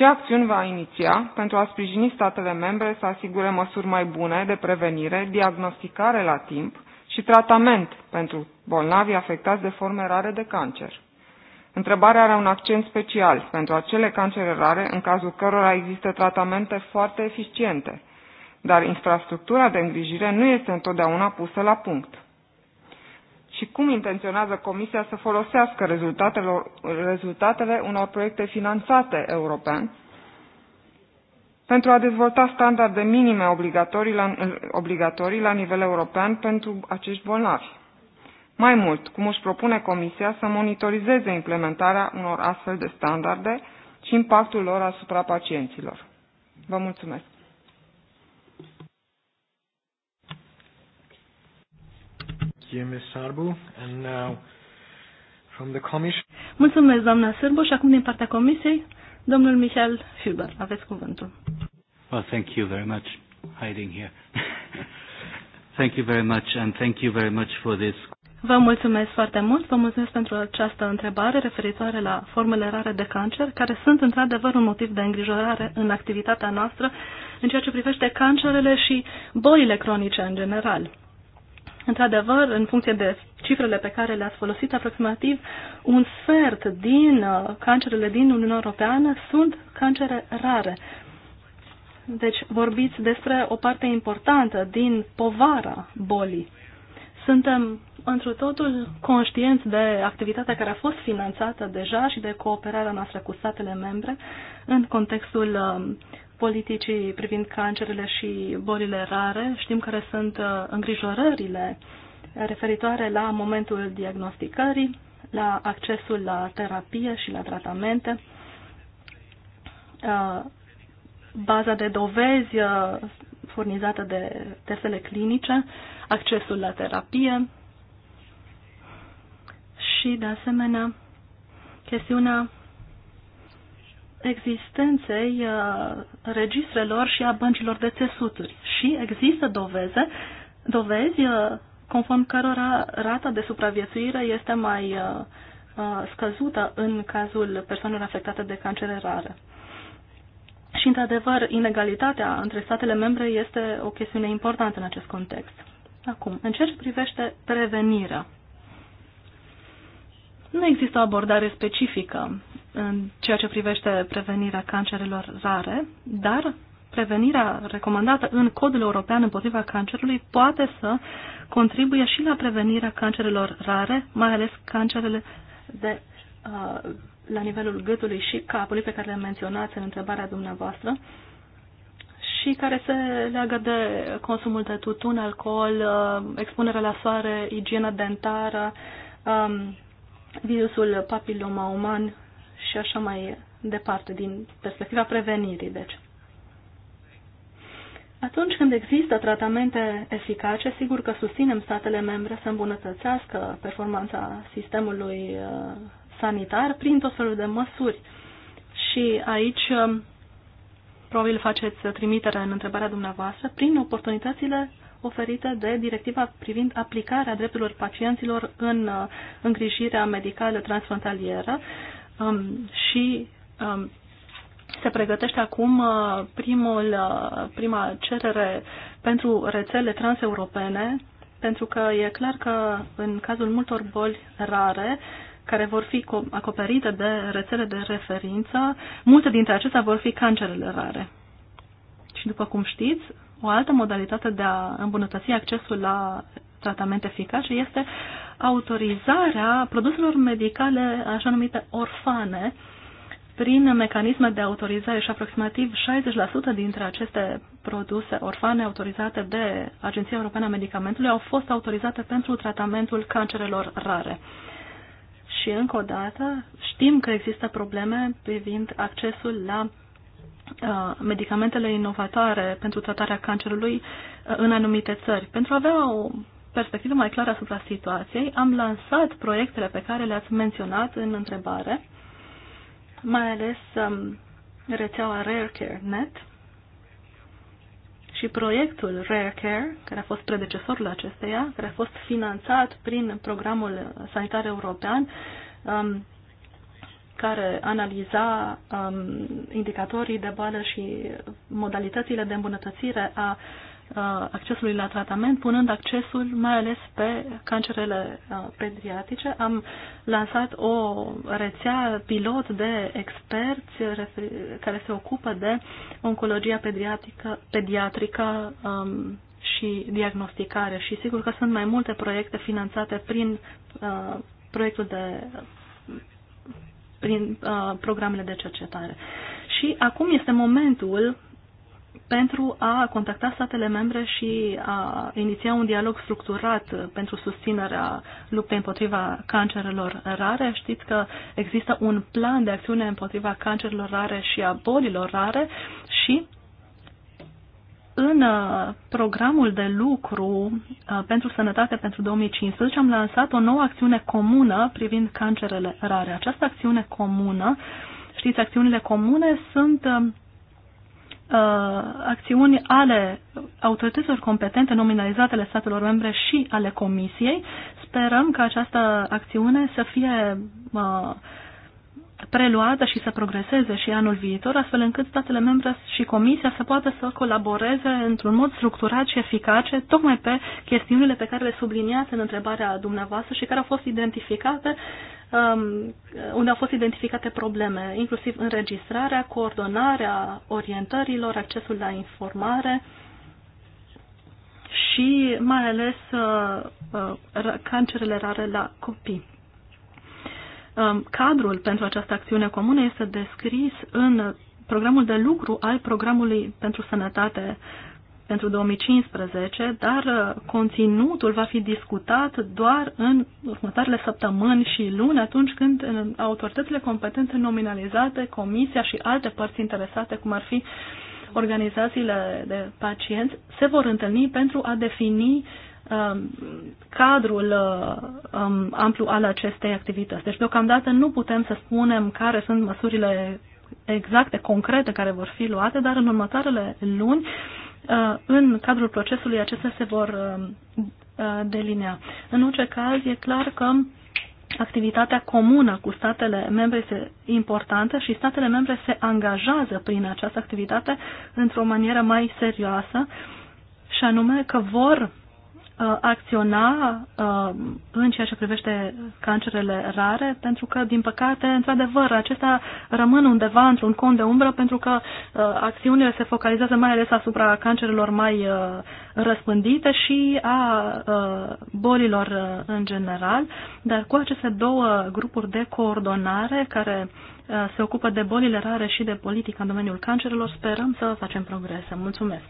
Ce acțiuni va iniția pentru a sprijini statele membre să asigure măsuri mai bune de prevenire, diagnosticare la timp și tratament pentru bolnavi afectați de forme rare de cancer? Întrebarea are un accent special pentru acele cancere rare în cazul cărora există tratamente foarte eficiente, dar infrastructura de îngrijire nu este întotdeauna pusă la punct și cum intenționează Comisia să folosească rezultatele unor proiecte finanțate european pentru a dezvolta standarde minime obligatorii la, obligatorii la nivel european pentru acești bolnavi. Mai mult, cum își propune Comisia să monitorizeze implementarea unor astfel de standarde și impactul lor asupra pacienților. Vă mulțumesc! you, Ms. Sarbu. And now, from the commission... Mulțumesc, doamna Sârbu, și acum din partea comisiei, domnul Michel Huber. Aveți cuvântul. Well, thank you very much. Hiding here. thank you very much and thank you very much for this. Vă mulțumesc foarte mult, vă mulțumesc pentru această întrebare referitoare la formele rare de cancer, care sunt într-adevăr un motiv de îngrijorare în activitatea noastră în ceea ce privește cancerele și bolile cronice în general. Într-adevăr, în funcție de cifrele pe care le-ați folosit, aproximativ un sfert din uh, cancerele din Uniunea Europeană sunt cancere rare. Deci vorbiți despre o parte importantă din povara bolii. Suntem întru totul conștienți de activitatea care a fost finanțată deja și de cooperarea noastră cu statele membre în contextul uh, politicii privind cancerele și bolile rare, știm care sunt uh, îngrijorările referitoare la momentul diagnosticării, la accesul la terapie și la tratamente, uh, baza de dovezi uh, furnizată de testele clinice, accesul la terapie și, de asemenea, chestiunea existenței uh, registrelor și a băncilor de țesuturi și există doveze, dovezi uh, conform cărora rata de supraviețuire este mai uh, scăzută în cazul persoanelor afectate de cancere rare. Și, într-adevăr, inegalitatea între statele membre este o chestiune importantă în acest context. Acum, în ceea ce privește prevenirea nu există o abordare specifică în ceea ce privește prevenirea cancerelor rare, dar prevenirea recomandată în codul european împotriva cancerului poate să contribuie și la prevenirea cancerelor rare, mai ales cancerele de, uh, la nivelul gâtului și capului pe care le menționați în întrebarea dumneavoastră și care se leagă de consumul de tutun, alcool, uh, expunerea la soare, igiena dentară, um, virusul papiloma uman și așa mai departe, din perspectiva prevenirii, deci. Atunci când există tratamente eficace, sigur că susținem statele membre să îmbunătățească performanța sistemului uh, sanitar prin tot felul de măsuri. Și aici um, probabil faceți trimitere în întrebarea dumneavoastră prin oportunitățile oferită de directiva privind aplicarea drepturilor pacienților în uh, îngrijirea medicală transfrontalieră um, și um, se pregătește acum uh, primul, uh, prima cerere pentru rețele transeuropene, pentru că e clar că în cazul multor boli rare, care vor fi acoperite de rețele de referință, multe dintre acestea vor fi cancerele rare. Și după cum știți, o altă modalitate de a îmbunătăți accesul la tratament eficace este autorizarea produselor medicale așa numite orfane prin mecanisme de autorizare și aproximativ 60% dintre aceste produse orfane autorizate de Agenția Europeană a Medicamentului au fost autorizate pentru tratamentul cancerelor rare. Și încă o dată știm că există probleme privind accesul la Uh, medicamentele inovatoare pentru tratarea cancerului uh, în anumite țări. Pentru a avea o perspectivă mai clară asupra situației, am lansat proiectele pe care le-ați menționat în întrebare, mai ales um, rețeaua RareCare.net Net și proiectul RareCare, care a fost predecesorul acesteia, care a fost finanțat prin programul sanitar european, um, care analiza um, indicatorii de boală și modalitățile de îmbunătățire a uh, accesului la tratament, punând accesul mai ales pe cancerele uh, pediatrice. Am lansat o rețea pilot de experți care se ocupă de oncologia pediatrică, pediatrică um, și diagnosticare și sigur că sunt mai multe proiecte finanțate prin uh, proiectul de prin uh, programele de cercetare. Și acum este momentul pentru a contacta statele membre și a iniția un dialog structurat pentru susținerea luptei împotriva cancerelor rare. Știți că există un plan de acțiune împotriva cancerelor rare și a bolilor rare și în uh, programul de lucru uh, pentru sănătate pentru 2015 am lansat o nouă acțiune comună privind cancerele rare. Această acțiune comună, știți, acțiunile comune sunt uh, acțiuni ale autorităților competente nominalizate ale statelor membre și ale Comisiei. Sperăm că această acțiune să fie uh, preluată și să progreseze și anul viitor, astfel încât statele membre și Comisia să poată să colaboreze într-un mod structurat și eficace, tocmai pe chestiunile pe care le subliniați în întrebarea dumneavoastră și care au fost identificate, um, unde au fost identificate probleme, inclusiv înregistrarea, coordonarea orientărilor, accesul la informare și mai ales uh, uh, cancerele rare la copii. Um, cadrul pentru această acțiune comună este descris în programul de lucru al programului pentru sănătate pentru 2015, dar uh, conținutul va fi discutat doar în următoarele săptămâni și luni, atunci când uh, autoritățile competente nominalizate, comisia și alte părți interesate, cum ar fi organizațiile de pacienți, se vor întâlni pentru a defini Um, cadrul uh, um, amplu al acestei activități. Deci, deocamdată, nu putem să spunem care sunt măsurile exacte, concrete, care vor fi luate, dar în următoarele luni, uh, în cadrul procesului, acestea se vor um, uh, delinea. În orice caz, e clar că activitatea comună cu statele membre este importantă și statele membre se angajează prin această activitate într-o manieră mai serioasă și anume că vor Uh, acționa uh, în ceea ce privește cancerele rare, pentru că, din păcate, într-adevăr, acestea rămân undeva într-un cont de umbră, pentru că uh, acțiunile se focalizează mai ales asupra cancerelor mai răspândite și a bolilor în general, dar cu aceste două grupuri de coordonare care se ocupă de bolile rare și de politica în domeniul cancerelor, sperăm să facem progrese. Mulțumesc!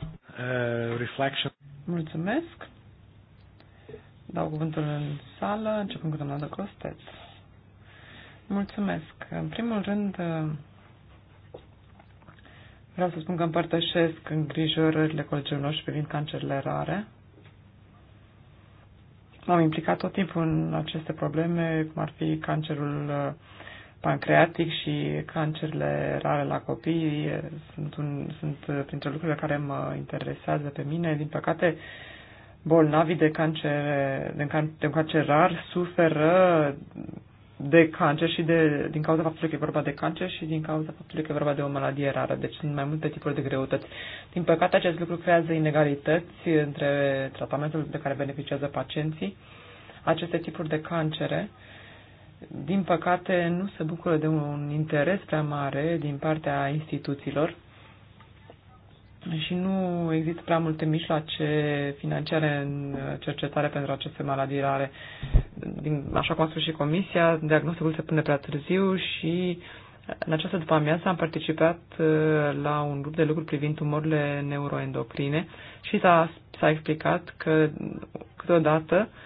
Uh, reflection Mulțumesc. Dau cuvântul în sală, începând cu doamna de Costeț. Mulțumesc. În primul rând, vreau să spun că împărtășesc îngrijorările colegilor noștri privind cancerele rare. M-am implicat tot timpul în aceste probleme, cum ar fi cancerul uh, pancreatic și cancerele rare la copii sunt, un, sunt printre lucrurile care mă interesează pe mine. Din păcate, bolnavii de cancer, de, can, de cancer rar suferă de cancer și de, din cauza faptului că e vorba de cancer și din cauza faptului că e vorba de o maladie rară. Deci sunt mai multe tipuri de greutăți. Din păcate, acest lucru creează inegalități între tratamentul de care beneficiază pacienții. Aceste tipuri de cancere uh, din păcate, nu se bucură de un interes prea mare din partea instituțiilor și nu există prea multe mijloace financiare în cercetare pentru aceste maladii rare. Din, așa cum a spus și comisia, diagnosticul se pune prea târziu și în această după amiază am participat uh, la un grup de lucru privind tumorile neuroendocrine și s-a, s-a explicat că câteodată uh,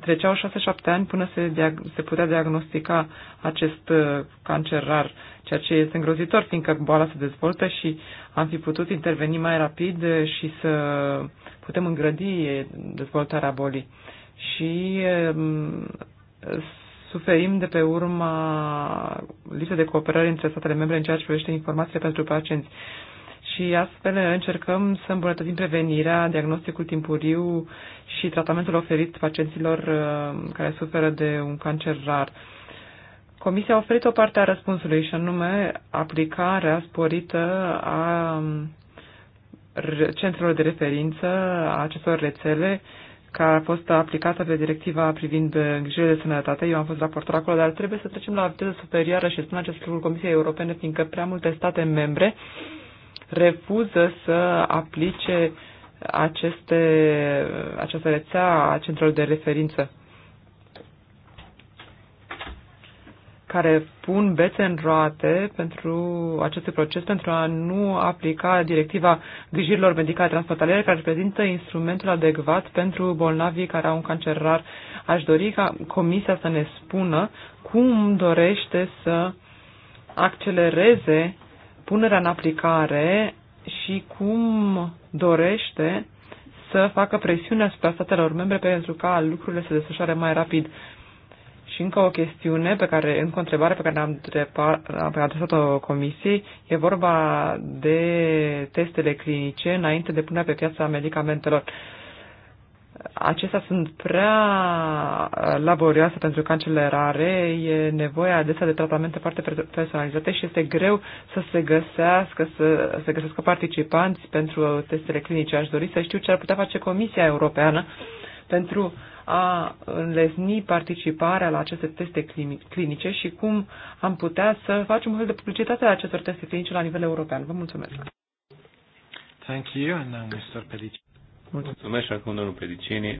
treceau 6-7 ani până se, diag- se putea diagnostica acest uh, cancer rar, ceea ce este îngrozitor, fiindcă boala se dezvoltă și am fi putut interveni mai rapid uh, și să putem îngrădi dezvoltarea bolii. Și um, suferim de pe urma lipsă de cooperare între statele membre în ceea ce privește informațiile pentru pacienți și astfel încercăm să îmbunătățim prevenirea, diagnosticul timpuriu și tratamentul oferit pacienților uh, care suferă de un cancer rar. Comisia a oferit o parte a răspunsului și anume aplicarea sporită a um, centrelor de referință a acestor rețele care a fost aplicată pe directiva privind uh, îngrijirile de sănătate. Eu am fost raportor acolo, dar trebuie să trecem la viteză superioară și spun acest lucru Comisiei Europene, fiindcă prea multe state membre uh, refuză să aplice aceste, această rețea a centrelor de referință care pun bețe în roate pentru acest proces pentru a nu aplica directiva grijirilor medicale transportaliere, care reprezintă instrumentul adecvat pentru bolnavii care au un cancer rar. Aș dori ca comisia să ne spună cum dorește să accelereze punerea în aplicare și cum dorește să facă presiune asupra statelor membre pentru ca lucrurile să desfășoare mai rapid. Și încă o chestiune pe care, încă o întrebare pe care am, am adresat-o comisiei, e vorba de testele clinice înainte de punerea pe piața medicamentelor. Uh, acestea sunt prea uh, laborioase pentru cancelerare, e nevoie adesea de tratamente foarte personalizate și este greu să se găsească, să se găsească participanți pentru testele clinice. Aș dori să știu ce ar putea face Comisia Europeană pentru a înlesni participarea la aceste teste clinice și cum am putea să facem un fel de publicitate la acestor teste clinice la nivel european. Vă mulțumesc! Thank you, and now Mr. Pelici. Mulțumesc acum domnul Pedicini.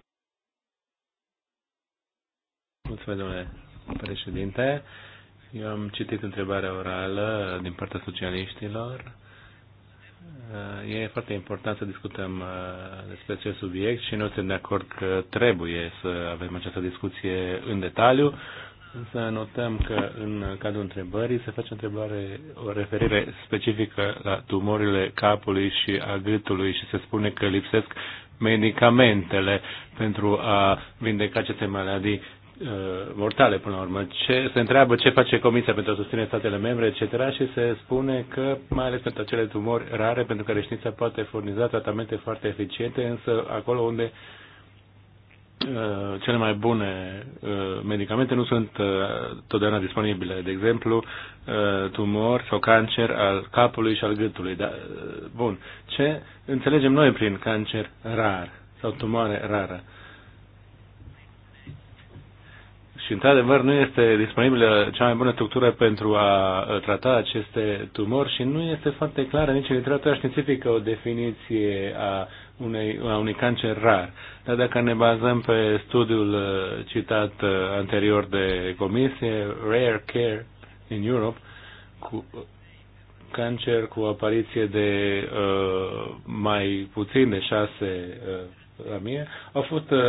Mulțumesc, domnule președinte. Eu am citit întrebarea orală din partea socialiștilor. Uh, e foarte important să discutăm uh, despre acest subiect și nu suntem de acord că trebuie să avem această discuție în detaliu, însă notăm că în cadrul întrebării se face întrebare, o referire specifică la tumorile capului și a gâtului și se spune că lipsesc medicamentele pentru a vindeca aceste maladii uh, mortale până la urmă. Ce, se întreabă ce face Comisia pentru a susține statele membre, etc. și se spune că, mai ales pentru acele tumori rare, pentru care știința poate furniza tratamente foarte eficiente, însă acolo unde uh, Uh, cele mai bune uh, medicamente nu sunt uh, totdeauna disponibile. De exemplu, tumori sau cancer al capului și al gâtului. Da, bun. Ce înțelegem noi prin cancer rar sau tumoare rară? Și, într-adevăr, nu este disponibilă cea mai bună structură pentru a trata aceste tumori și nu este foarte clară nici în literatura științifică o definiție a unei, a unui cancer rar. Dar dacă ne bazăm pe studiul uh, citat uh, anterior de comisie, Rare Care in Europe, cu uh, cancer cu apariție de uh, mai puțin de 6 uh, la mie, au fost uh,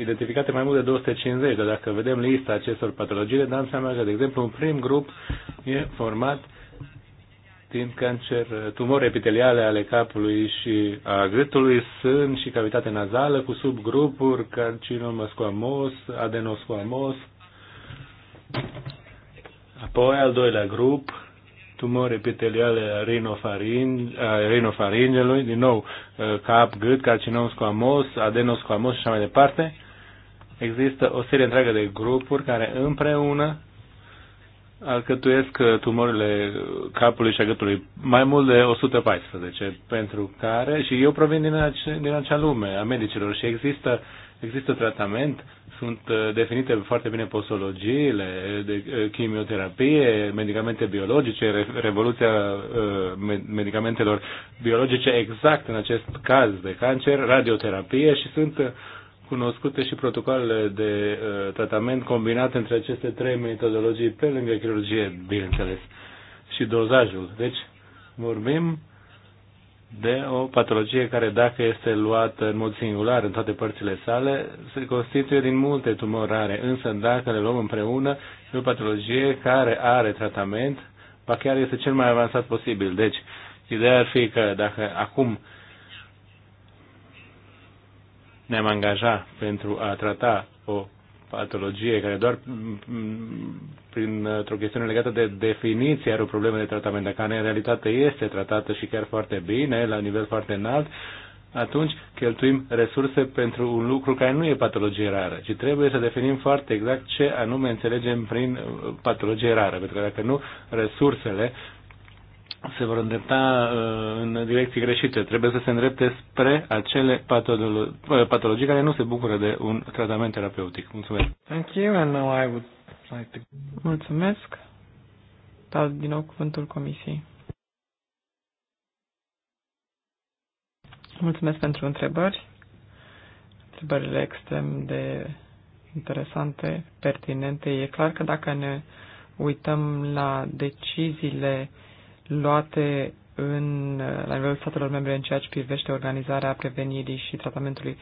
identificate mai mult de 250, dar dacă vedem lista acestor patologii, dăm seama că, de exemplu, un prim grup e format uh, din cancer, tumori epiteliale ale capului și a gâtului, sân și cavitate nazală cu subgrupuri carcinom squamos, adenosquamos. Apoi al doilea grup, tumori epiteliale rinofaringelui, din nou ă, cap, gât, carcinom squamos, adenosquamos și așa mai departe. Există o serie întreagă de grupuri care împreună alcătuiesc uh, tumorile capului și a gâtului, mai mult de 114, pentru care, și eu provin din, ace, din acea lume a medicilor și există, există tratament, sunt uh, definite foarte bine posologiile de uh, chimioterapie, medicamente biologice, revoluția medicamentelor biologice exact în acest caz de cancer, radioterapie și sunt cunoscute și protocoalele de uh, tratament combinat între aceste trei metodologii, pe lângă chirurgie, bineînțeles, și dozajul. Deci, vorbim de o patologie care, dacă este luată în mod singular în toate părțile sale, se constituie din multe tumori rare, însă dacă le luăm împreună, e o patologie care are tratament, ba chiar este cel mai avansat posibil. Deci, ideea ar fi că dacă acum uh, ne-am angaja pentru a trata o patologie care doar printr-o chestiune legată de definiție are o problemă de tratament, Dacă în realitate este tratată și chiar foarte bine, la nivel foarte înalt, atunci cheltuim resurse pentru un lucru care nu e patologie rară, ci trebuie să definim foarte exact ce anume înțelegem prin patologie rară, pentru că dacă nu, resursele se vor îndrepta uh, în direcții greșite. Trebuie să se îndrepte spre acele patolo uh, patologii care nu se bucură de un tratament terapeutic. Mulțumesc. Thank you and now I would like to... Mulțumesc. Dau din nou cuvântul comisiei. Mulțumesc pentru întrebări. Întrebările extrem de interesante, pertinente. E clar că dacă ne uităm la deciziile luate în, la nivelul statelor membre în ceea ce privește organizarea prevenirii și tratamentului.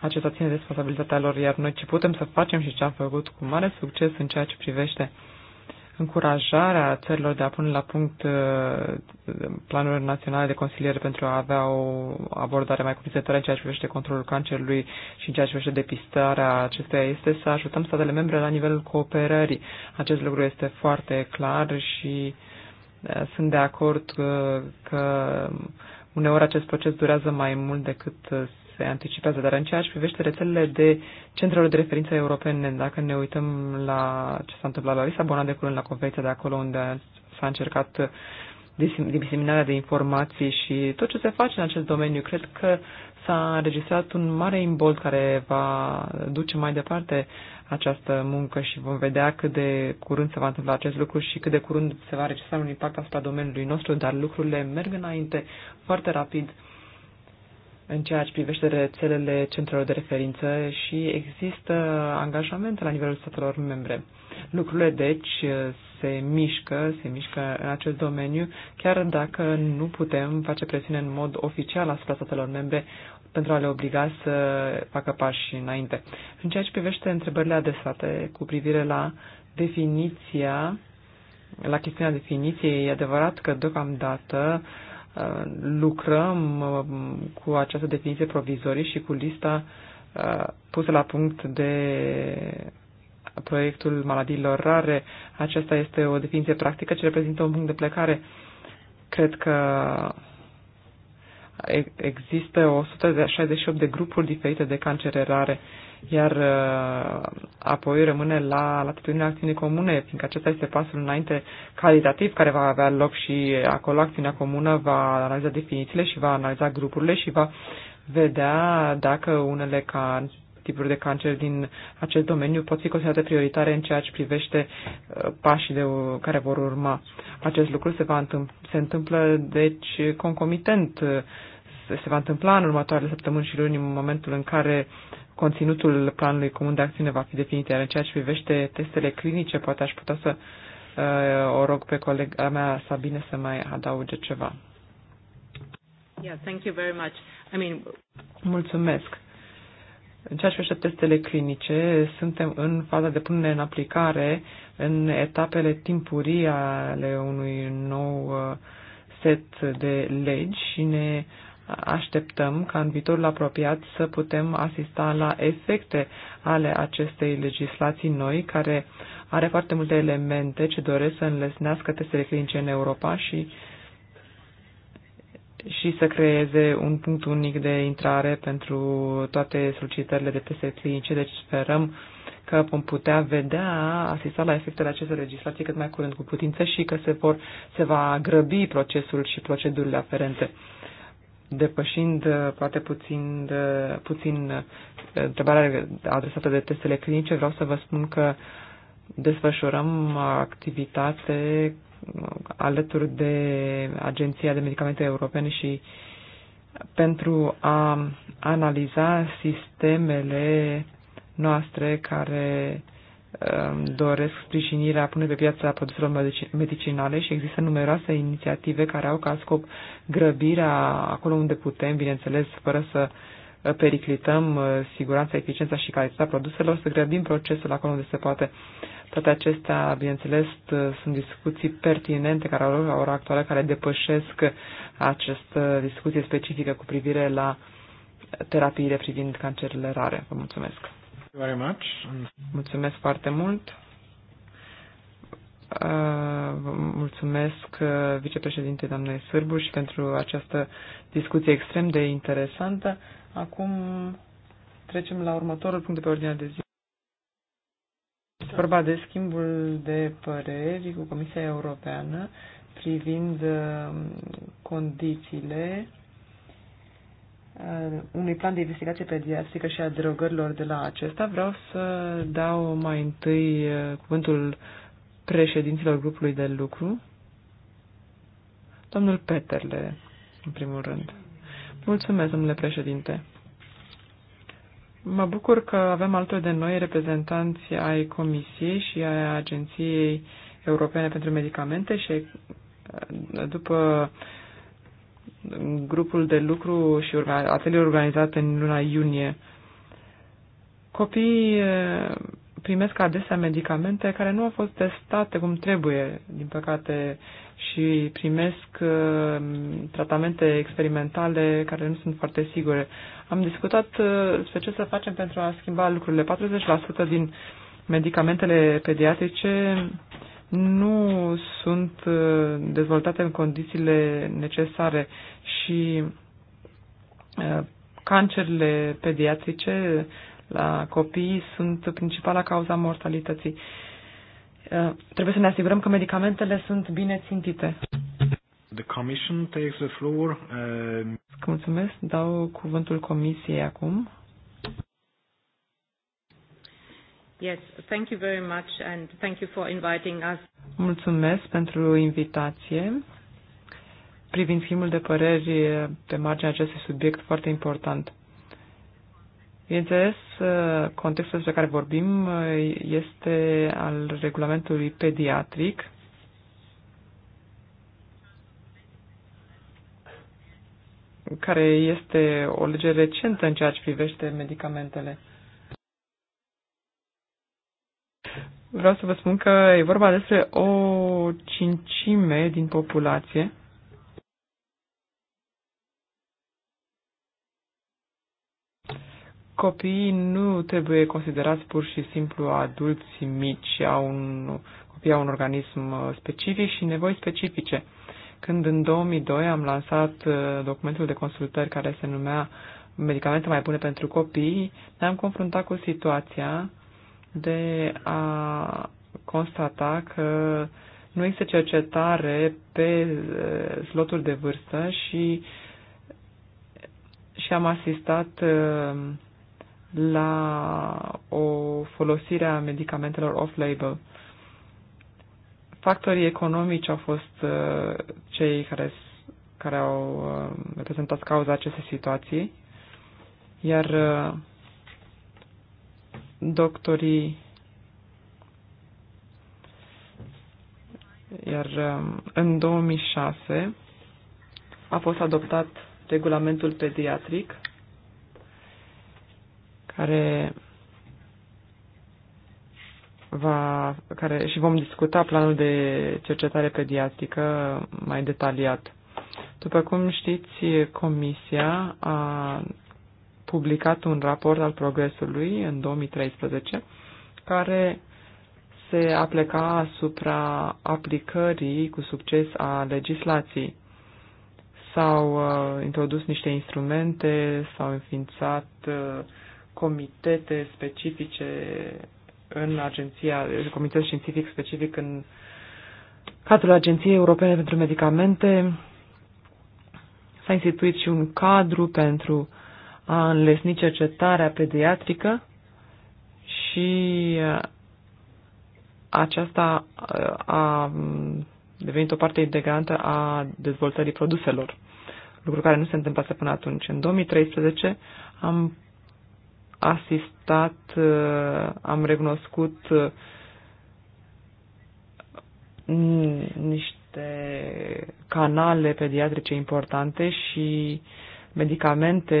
Acesta ține de responsabilitatea lor, iar noi ce putem să facem și ce am făcut cu mare succes în ceea ce privește încurajarea țărilor de a pune la punct uh, planurile naționale de consiliere pentru a avea o abordare mai cuprinzătoare în ceea ce privește controlul cancerului și în ceea ce privește depistarea acesteia este să ajutăm statele membre la nivelul cooperării. Acest lucru este foarte clar și uh, sunt de acord că, uh, că uneori acest proces durează mai mult decât uh, se anticipează, dar în ceea ce privește rețelele de centrele de referință europene, dacă ne uităm la ce s-a întâmplat la Lisabona de curând, la conferința de acolo unde s-a încercat uh, diseminarea de informații și tot ce se face în acest domeniu, cred că s-a înregistrat un mare imbold care va duce mai departe această muncă și vom vedea cât de curând se va întâmpla acest lucru și cât de curând se va recesa un impact asupra domeniului nostru, dar lucrurile merg înainte foarte rapid în ceea ce privește rețelele centrelor de referință și există angajamente la nivelul statelor membre. Lucrurile, deci, se mișcă, se mișcă în acest domeniu, chiar dacă nu putem face presiune în mod oficial asupra statelor membre, pentru a le obliga să facă pași înainte. În ceea ce privește întrebările adresate cu privire la definiția, la chestiunea definiției, e adevărat că deocamdată uh, lucrăm uh, cu această definiție provizorie și cu lista uh, pusă la punct de proiectul maladiilor rare. Aceasta este o definiție practică ce reprezintă un punct de plecare. Cred că există 168 de grupuri diferite de rare, iar uh, apoi rămâne la latitudinea acțiunii comune, fiindcă acesta este pasul înainte calitativ care va avea loc și acolo acțiunea comună va analiza definițiile și va analiza grupurile și va vedea dacă unele can tipuri de cancer din acest domeniu pot fi considerate prioritare în ceea ce privește uh, pașii de, care vor urma. Acest lucru se, va întâmpl, se întâmplă, deci, concomitent uh, se va întâmpla în următoarele săptămâni și luni, în momentul în care conținutul planului comun de acțiune va fi definit. Iar în ceea ce privește testele clinice, poate aș putea să uh, o rog pe colega mea, Sabine, să mai adauge ceva. Yeah, thank you very much. I mean... Mulțumesc. În ceea ce privește testele clinice, suntem în faza de punere în aplicare, în etapele timpurii ale unui nou uh, set de legi și ne așteptăm ca în viitorul apropiat să putem asista la efecte ale acestei legislații noi, care are foarte multe elemente ce doresc să înlesnească testele clinice în Europa și uh, și să creeze un punct unic de intrare pentru toate solicitările de teste clinice, deci sperăm că vom putea vedea, asista la efectele acestei legislații cât mai curând cu putință și că se, vor, se va grăbi procesul și procedurile aferente depășind uh, poate puțin, uh, puțin uh, întrebarea adresată de testele clinice, vreau să vă spun că desfășurăm activitate alături de Agenția de Medicamente Europene și pentru a analiza sistemele noastre care um, doresc sprijinirea punerii pe piața produselor medicinale și există numeroase inițiative care au ca scop grăbirea acolo unde putem, bineînțeles, fără să uh, periclităm uh, siguranța, eficiența și calitatea produselor, să grăbim procesul acolo unde se poate. Toate acestea, bineînțeles, uh, sunt discuții pertinente care au loc la ora actuală, care depășesc această discuție specifică cu privire la terapiile privind cancerele rare. Vă mulțumesc! Very much. Mulțumesc foarte mult! Uh, mulțumesc vicepreședinte doamnei Sârbu și pentru această discuție extrem de interesantă. Acum trecem la următorul punct de pe ordinea de zi. Este vorba de schimbul de păreri cu Comisia Europeană privind um, condițiile uh, unui plan de investigație pediatrică și a drogărilor de la acesta. Vreau să dau mai întâi uh, cuvântul președinților grupului de lucru, domnul Peterle, în primul rând. Mulțumesc, domnule președinte. Mă bucur că avem alături de noi reprezentanți ai Comisiei și ai Agenției Europene pentru Medicamente și eh, după grupul de lucru și atelier organizat în luna iunie. Copiii eh, primesc adesea medicamente care nu au fost testate cum trebuie. Din păcate, și primesc uh, tratamente experimentale care nu sunt foarte sigure. Am discutat uh, despre ce să facem pentru a schimba lucrurile. 40% din medicamentele pediatrice nu sunt uh, dezvoltate în condițiile necesare și cancerele pediatrice la copii sunt principala cauza mortalității. Eh, trebuie să ne asigurăm că medicamentele sunt bine țintite. The commission takes the floor. Uh... Mulțumesc. Dau cuvântul comisiei acum. Yes, thank you very much and thank you for inviting us. Mulțumesc pentru invitație. Privind schimbul de păreri pe marginea acestui subiect foarte important. Bineînțeles, contextul despre care vorbim uh, este al regulamentului pediatric. care este o lege recentă în ceea ce privește medicamentele. Vreau să vă spun că e vorba despre o cincime din populație copiii nu trebuie considerați pur și simplu adulți mici, au un, copiii au un organism uh, specific și nevoi specifice. Când în 2002 am lansat uh, documentul de consultări care se numea Medicamente mai bune pentru copii, ne-am confruntat cu situația de a constata că nu există cercetare pe uh, sloturi de vârstă și, și am asistat la o folosire a medicamentelor off-label. Factorii economici au fost uh, cei care, care au uh, reprezentat cauza acestei situații, iar uh, doctorii iar um, în 2006 a fost adoptat regulamentul pediatric care va, care, și vom discuta planul de cercetare pediatrică mai detaliat. După cum știți, Comisia a publicat un raport al progresului în 2013 care se apleca asupra aplicării cu succes a legislației. S-au uh, introdus niște instrumente, s-au înființat uh, comitete specifice în agenția, comitet științific specific în cadrul Agenției Europene pentru Medicamente. S-a instituit și un cadru pentru a înlesni cercetarea pediatrică și uh, aceasta uh, a mm, devenit o parte integrantă a dezvoltării produselor, lucru care nu se întâmplase până atunci. În 2013 am asistat, uh, am recunoscut uh, niște canale pediatrice importante și medicamente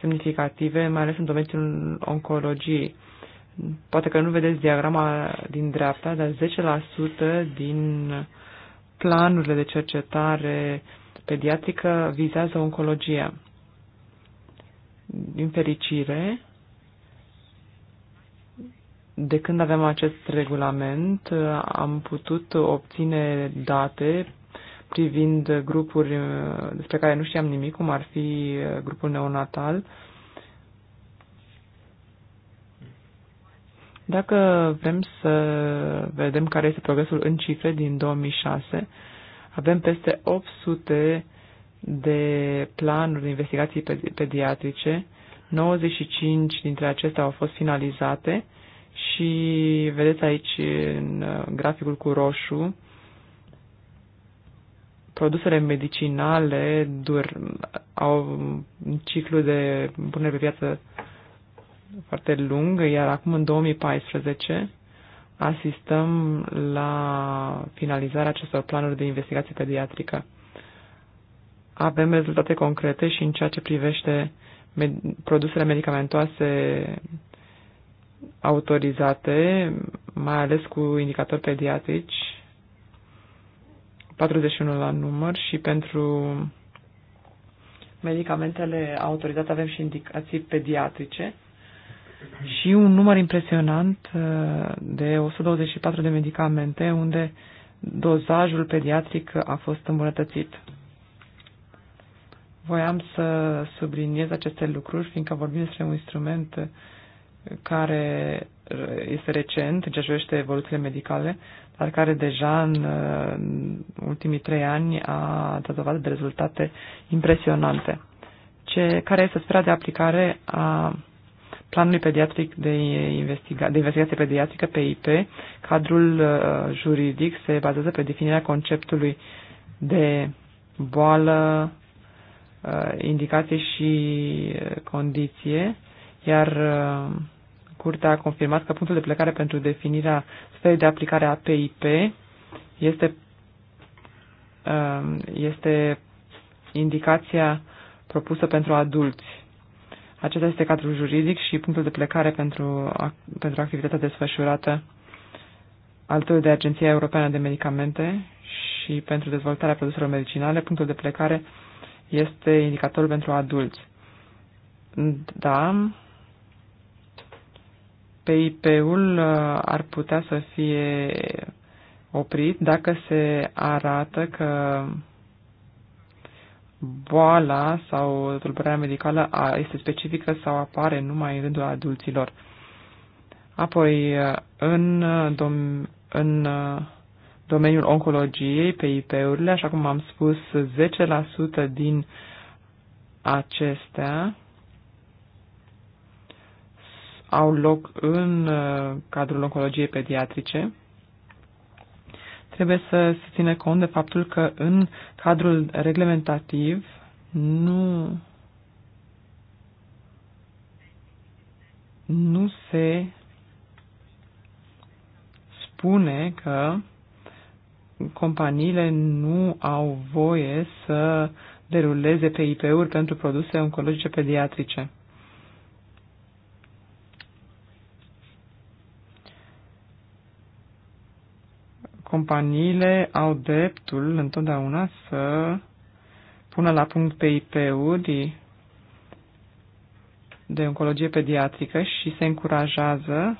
semnificative, mai ales în domeniul oncologiei. Poate că nu vedeți diagrama din dreapta, dar 10% din planurile de cercetare pediatrică vizează oncologia din fericire, de când avem acest regulament, am putut obține date privind grupuri uh, despre care nu știam nimic, cum ar fi uh, grupul neonatal. Dacă vrem să vedem care este progresul în cifre din 2006, avem peste 800 de planuri de investigații pediatrice, 95 dintre acestea au fost finalizate și vedeți aici în uh, graficul cu roșu produsele medicinale dur, au un ciclu de punere pe piață foarte lung, iar acum în 2014 asistăm la finalizarea acestor planuri de investigație pediatrică avem rezultate concrete și în ceea ce privește med- produsele medicamentoase autorizate, mai ales cu indicatori pediatrici, 41 la număr și pentru medicamentele autorizate avem și indicații pediatrice și un număr impresionant uh, de 124 de medicamente unde dozajul pediatric a fost îmbunătățit. Voiam să subliniez aceste lucruri, fiindcă vorbim despre un instrument care este recent, în ce privește evoluțiile medicale, dar care deja în ultimii trei ani a dat dovadă de rezultate impresionante. Ce, care este sfera de aplicare a planului pediatric de, investiga- de investigație pediatrică PIP, cadrul uh, juridic se bazează pe definirea conceptului de boală Uh, indicație și uh, condiție, iar uh, Curtea a confirmat că punctul de plecare pentru definirea sferei de aplicare a PIP este, este indicația propusă pentru adulți. Acesta este cadrul juridic și punctul de plecare pentru, pentru activitatea desfășurată altul de Agenția Europeană de Medicamente și pentru dezvoltarea produselor medicinale, punctul de plecare uh, este indicatorul pentru adulți. Da, PIP-ul uh, ar putea să fie oprit dacă se arată că boala sau tulburarea medicală este specifică sau apare numai în rândul adulților. Apoi, uh, în, dom- în uh, domeniul oncologiei, ip urile așa cum am spus, 10% din acestea au loc în uh, cadrul oncologiei pediatrice. Trebuie să se ține cont de faptul că în cadrul reglementativ nu nu se spune că companiile nu au voie să deruleze PIP-uri pentru produse oncologice pediatrice. Companiile au dreptul întotdeauna să pună la punct PIP-uri de oncologie pediatrică și se încurajează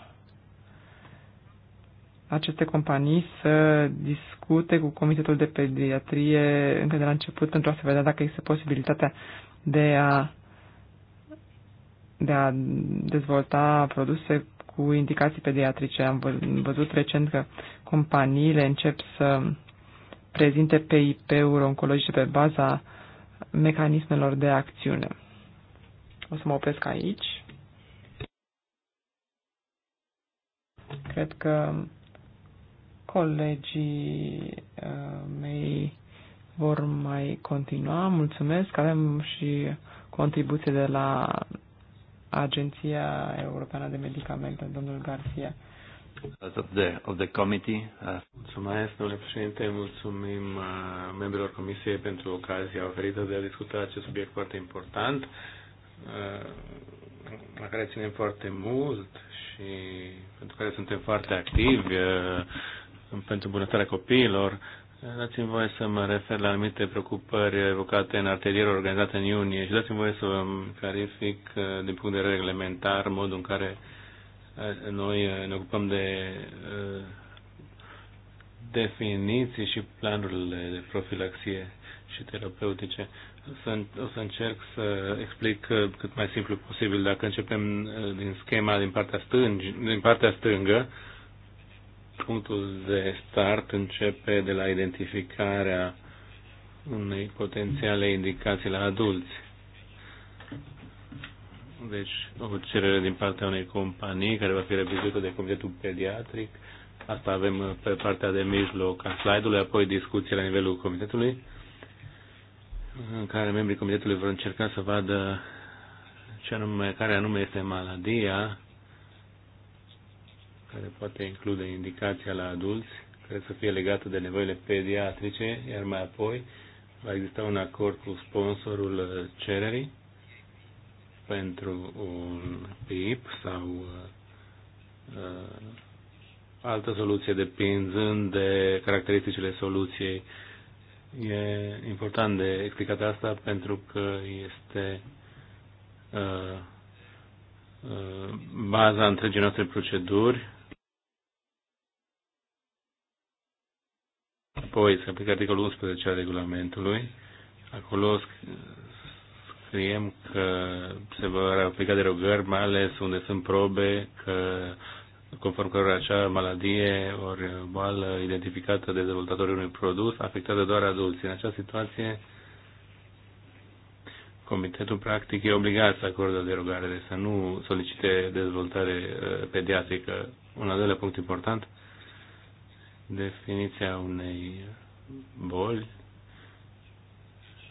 aceste companii să discute cu Comitetul de Pediatrie încă de la început pentru a se vedea dacă există posibilitatea de a, de a dezvolta produse cu indicații pediatrice. Am văzut recent că companiile încep să prezinte PIP-uri oncologice pe baza mecanismelor de acțiune. O să mă opresc aici. Cred că Colegii uh, mei vor mai continua. Mulțumesc. Avem și contribuții de la Agenția Europeană de Medicamente, domnul Garcia. Of the, of the committee. Uh, Mulțumesc, domnule președinte, mulțumim uh, membrilor comisiei pentru ocazia oferită de a discuta acest subiect foarte important, la care ținem foarte mult și pentru care suntem foarte activi pentru bunăstarea copiilor, dați-mi voie să mă refer la anumite preocupări evocate în artelierul organizat în iunie și dați-mi voie să vă clarific uh, din punct de vedere reglementar modul în care uh, noi uh, ne ocupăm de definiții și planurile de profilaxie și terapeutice. O să, o să încerc să explic cât mai simplu posibil. Dacă începem din schema din partea, stângi, din partea stângă, punctul de start începe de la identificarea unei potențiale indicații la adulți. Deci, o cerere din partea unei companii care va fi revizuită de Comitetul Pediatric. Asta avem uh, pe partea de mijloc a slide-ului, apoi discuții la nivelul Comitetului, în care membrii Comitetului vor încerca să vadă ce anume, care anume este maladia care poate include indicația la adulți, care să fie legată de nevoile pediatrice, iar mai apoi va exista un acord cu sponsorul uh, cererii pentru un PIP sau uh, uh, altă soluție depinzând de caracteristicile soluției. E important de explicat asta pentru că este uh, uh, baza întregii noastre proceduri Apoi se aplică articolul 11 al regulamentului. Acolo scriem că se vor aplica derogări, mai ales unde sunt probe că conform cărora acea maladie ori boală identificată de dezvoltatorul unui produs afectează doar adulți. În acea situație, comitetul practic e obligat să acorde derogare, să nu solicite dezvoltare uh, pediatrică. Un al doilea punct important, Definiția unei boli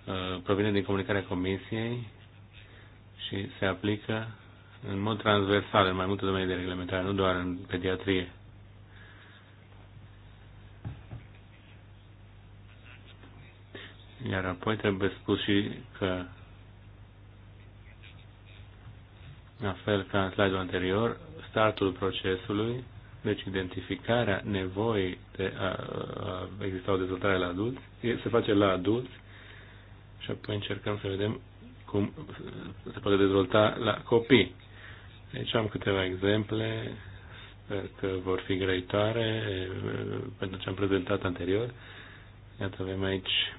uh, provine din comunicarea Comisiei și se aplică în mod transversal în mai multe domenii de reglementare, nu doar în pediatrie. Iar apoi trebuie spus și că, la fel ca în slide-ul anterior, startul procesului deci identificarea nevoii de a, a exista o dezvoltare la adulți se face la adulți și apoi încercăm să vedem cum se poate dezvolta la copii. Deci am câteva exemple, sper că vor fi grăitoare pentru ce am prezentat anterior. Iată, avem aici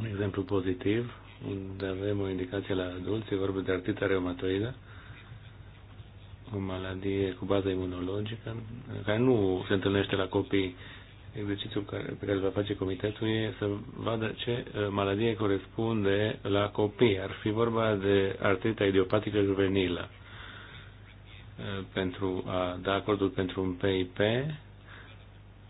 un exemplu pozitiv, unde avem o indicație la adulți, e vorba de artita reumatoidă o maladie cu bază imunologică, care nu se întâlnește la copii. Exercițiul care, pe care îl va face comitetul e să vadă ce uh, maladie corespunde la copii. Ar fi vorba de artrita idiopatică juvenilă. Uh, pentru a da acordul pentru un PIP,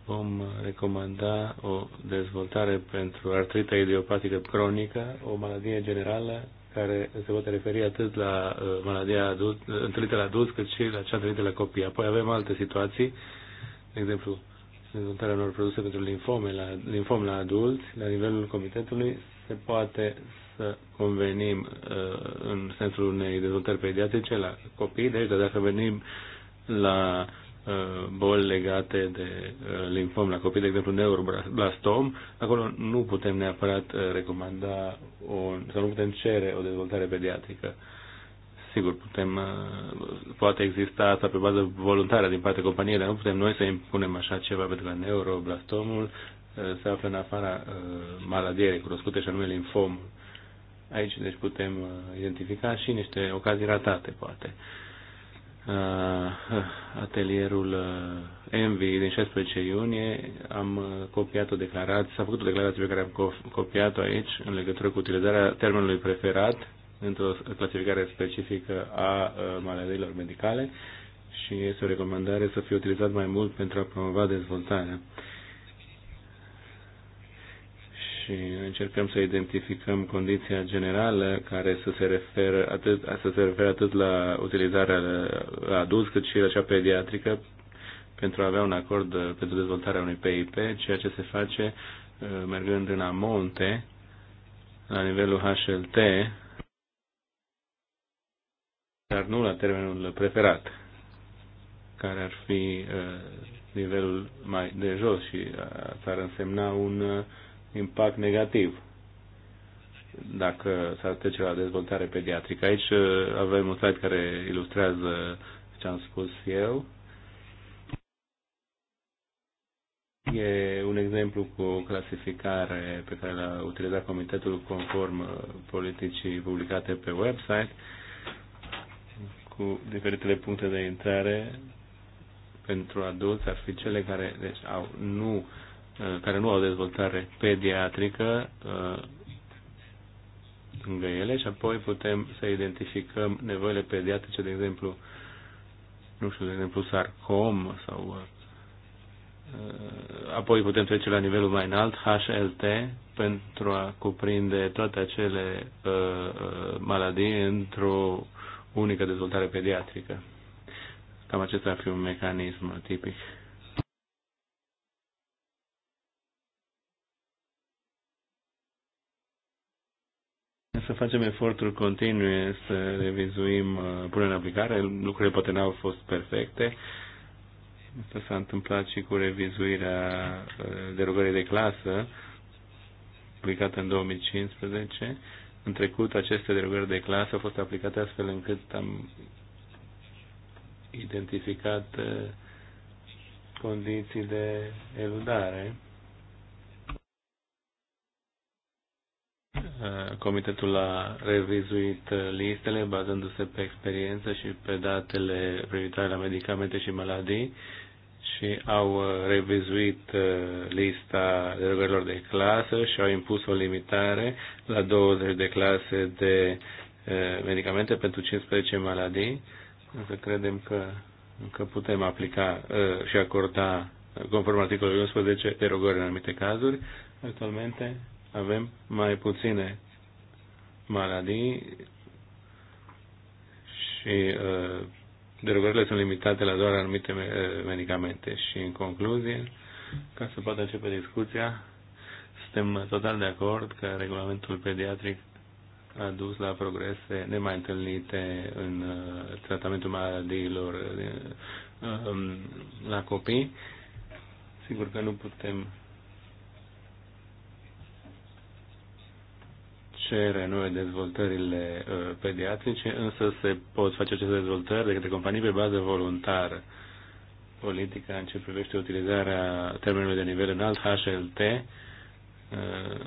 vom recomanda o dezvoltare pentru artrita idiopatică cronică, o maladie generală care se poate referi atât la uh, maladia adult, uh, întâlnită la adulți, cât și la cea întâlnită la copii. Apoi avem alte situații, de exemplu, dezvoltarea unor produse pentru linfome la, linfome la adulți, la nivelul comitetului, se poate să convenim uh, în sensul unei dezvoltări pediatrice la copii, deci dacă venim la Uh, boli legate de uh, linfom la copii, de exemplu neuroblastom, acolo nu putem neapărat uh, recomanda o, sau nu putem cere o dezvoltare pediatrică. Sigur, putem, poate exista asta pe bază voluntară din partea companiei, dar nu putem noi să impunem așa ceva, pentru că neuroblastomul se află în afara maladiei recunoscute și anume linfomul. Aici, deci, putem identifica și niște ocazii ratate, poate atelierul Envy din 16 iunie, am copiat o declarație, s-a făcut o declarație pe care am copiat-o aici în legătură cu utilizarea termenului preferat într-o clasificare specifică a maladeilor medicale și este o recomandare să fie utilizat mai mult pentru a promova dezvoltarea și încercăm să identificăm condiția generală care să se referă atât, să se referă atât la utilizarea la adus cât și la cea pediatrică pentru a avea un acord uh, pentru dezvoltarea unui PIP, ceea ce se face uh, mergând în amonte la nivelul HLT, dar nu la termenul preferat, care ar fi uh, nivelul mai de jos și ar însemna un impact negativ dacă s-ar trece la dezvoltare pediatrică. Aici uh, avem un slide care ilustrează ce am spus eu. E un exemplu cu o clasificare pe care l-a utilizat comitetul conform uh, politicii publicate pe website cu diferitele puncte de intrare pentru adulți ar fi cele care deci, au, nu uh, Uh, care nu au dezvoltare pediatrică uh, lângă ele și apoi putem să identificăm nevoile pediatrice, de exemplu, nu știu, de exemplu, sarcom sau uh, apoi putem trece la nivelul mai înalt, HLT, pentru a cuprinde toate acele uh, maladii într-o unică dezvoltare pediatrică. Cam acesta ar fi un mecanism tipic. să facem eforturi continue să revizuim uh, punerea în aplicare. Lucrurile poate n-au fost perfecte. Asta s-a întâmplat și cu revizuirea uh, derogării de clasă aplicată în 2015. În trecut, aceste derogări de clasă au fost aplicate astfel încât am identificat uh, condiții de eludare Comitetul a revizuit listele bazându-se pe experiență și pe datele privitoare la medicamente și maladii și au uh, revizuit uh, lista derogărilor de clasă și au impus o limitare la 20 de clase de uh, medicamente pentru 15 maladii. Însă credem că, că putem aplica și acorda, conform articolului 11, derogări în anumite cazuri. Actualmente avem mai puține maladii și uh, derogările sunt limitate la doar anumite uh, medicamente. Și în concluzie, ca să poată începe discuția, suntem total de acord că regulamentul pediatric a dus la progrese nemai întâlnite în uh, tratamentul maladiilor uh, um, la copii. Sigur că nu putem cere noi dezvoltările uh, pediatrice, însă se pot face aceste dezvoltări de către companii pe bază voluntară. Politica în ce privește utilizarea termenului de nivel înalt, HLT, uh,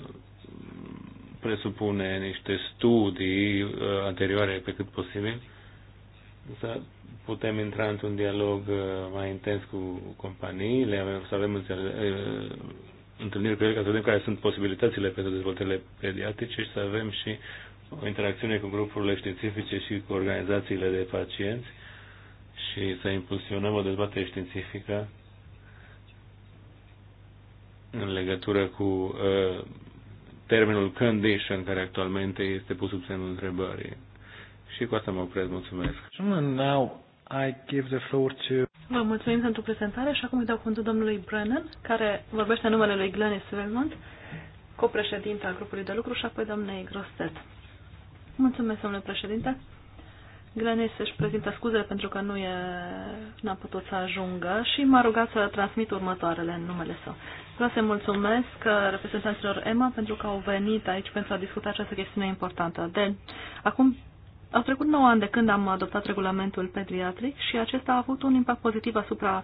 presupune niște studii uh, anterioare pe cât posibil, să putem intra într-un dialog mai intens cu companiile, să avem întâlniri cu ele ca să vedem care sunt posibilitățile pentru dezvoltările pediatrice și să avem și o interacțiune cu grupurile științifice și cu organizațiile de pacienți și să impulsionăm o dezbatere științifică în legătură cu uh, termenul condition care actualmente este pus sub semnul întrebării. Și cu asta mă opresc. Mulțumesc. now I give the floor to... Vă mulțumim pentru prezentare și acum îi dau cuvântul domnului Brennan, care vorbește numele lui Glenis Wilmont, copreședinte al grupului de lucru și apoi doamnei Grostet. Mulțumesc, domnule președinte. Glenis își prezintă scuzele pentru că nu e, n-a putut să ajungă și m-a rugat să transmit următoarele în numele său. Vreau să mulțumesc uh, reprezentanților EMA pentru că au venit aici pentru a discuta această chestiune importantă. De acum au trecut 9 ani de când am adoptat regulamentul pediatric și acesta a avut un impact pozitiv asupra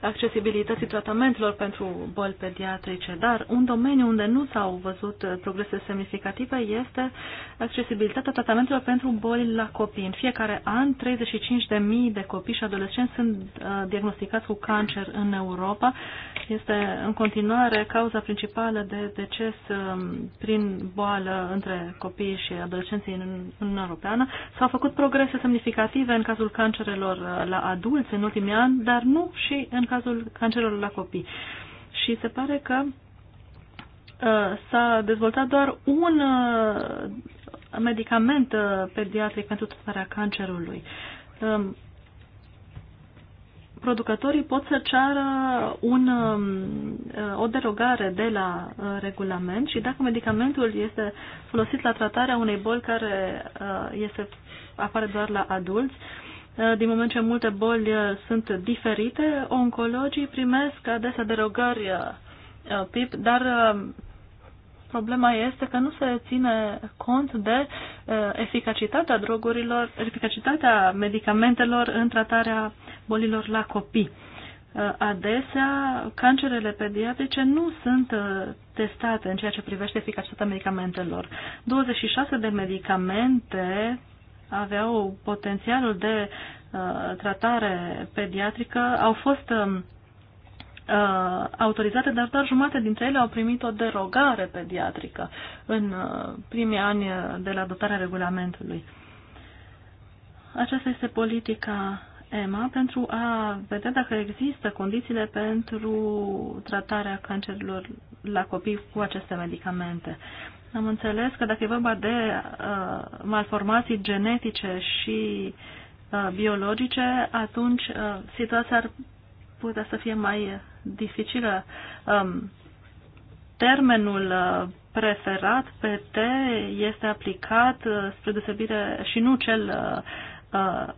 accesibilității tratamentelor pentru boli pediatrice, dar un domeniu unde nu s-au văzut progrese semnificative este accesibilitatea tratamentelor pentru boli la copii. În fiecare an, 35.000 de copii și adolescenți sunt uh, diagnosticați cu cancer în Europa. Este în continuare cauza principală de deces um, prin boală între copii și adolescenții în Uniunea Europeană. S-au făcut progrese semnificative în cazul cancerelor uh, la adulți în ultimii ani, dar nu și în cazul cancerului la copii. Și se pare că uh, s-a dezvoltat doar un uh, medicament uh, pediatric pentru tratarea cancerului. Um, producătorii pot să ceară un, um, o derogare de la regulament și dacă medicamentul este folosit la tratarea unei boli care este, apare doar la adulți, Eh, din moment ce multe boli eh, sunt diferite, oncologii primesc adesea derogări eh, PIP, dar problema este că nu se ține cont de eficacitatea drogurilor, eficacitatea medicamentelor în tratarea bolilor la copii. Adesea, cancerele pediatrice nu sunt testate în ceea ce privește eficacitatea medicamentelor. 26 de medicamente aveau potențialul de uh, tratare pediatrică au fost um, uh, autorizate, dar doar jumate dintre ele au primit o derogare pediatrică în uh, primii ani uh, de la adoptarea regulamentului. Aceasta este politica EMA pentru a vedea dacă există condițiile pentru tratarea cancerilor la copii cu aceste medicamente. Am înțeles că dacă e vorba de uh, malformații genetice și uh, biologice, atunci uh, situația ar putea să fie mai dificilă. Um, termenul uh, preferat PT este aplicat uh, spre deosebire și nu cel uh, uh,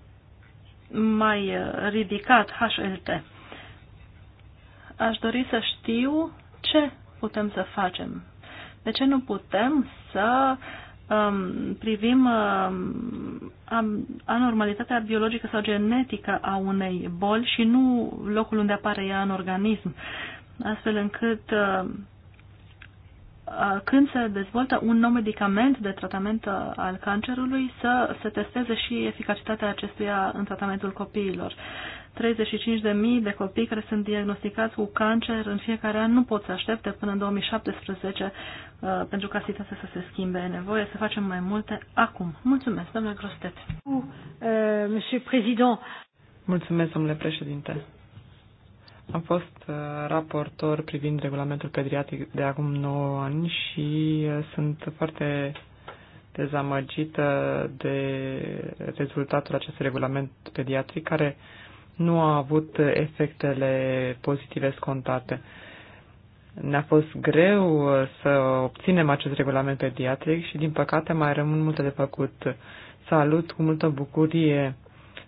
mai ridicat HLT. Aș dori să știu ce putem să facem de ce nu putem să um, privim um, anormalitatea biologică sau genetică a unei boli și nu locul unde apare ea în organism, astfel încât uh, când se dezvoltă un nou medicament de tratament uh, al cancerului, să se testeze și eficacitatea acestuia în tratamentul copiilor. 35.000 de copii care sunt diagnosticați cu cancer în fiecare an nu pot să aștepte până în 2017 uh, pentru ca situația să se schimbe. E nevoie să facem mai multe acum. Mulțumesc, domnule Grostet. Uh, Mulțumesc, domnule președinte. Am fost uh, raportor privind regulamentul pediatric de acum 9 ani și sunt foarte dezamăgită de rezultatul acestui regulament pediatric care uh, nu a avut efectele pozitive scontate. Ne-a fost greu uh, să obținem acest regulament pediatric și, din păcate, mai rămân multe de făcut. Salut cu multă bucurie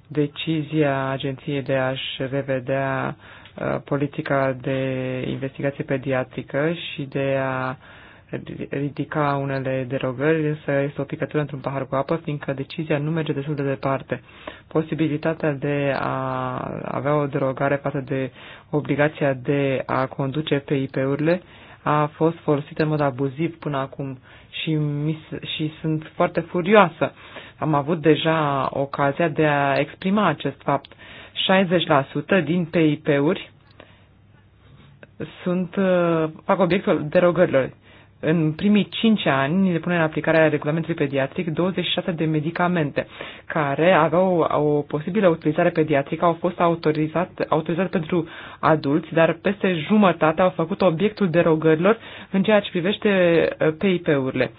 decizia agenției de a-și revedea uh, politica de investigație pediatrică și de a uh, ridica unele derogări, însă este o picătură într-un pahar cu apă, fiindcă decizia nu merge destul de departe. Posibilitatea de a avea o derogare față de obligația de a conduce ip urile a fost folosită în mod abuziv până acum și, mis, și sunt foarte furioasă. Am avut deja ocazia de a exprima acest fapt. 60% din PIP-uri sunt, uh, fac obiectul derogărilor în primii 5 ani de punere în aplicare a regulamentului pediatric, 26 de medicamente care aveau o posibilă utilizare pediatrică, au fost autorizate autorizat pentru adulți, dar peste jumătate au făcut obiectul derogărilor în ceea ce privește uh, PIP-urile.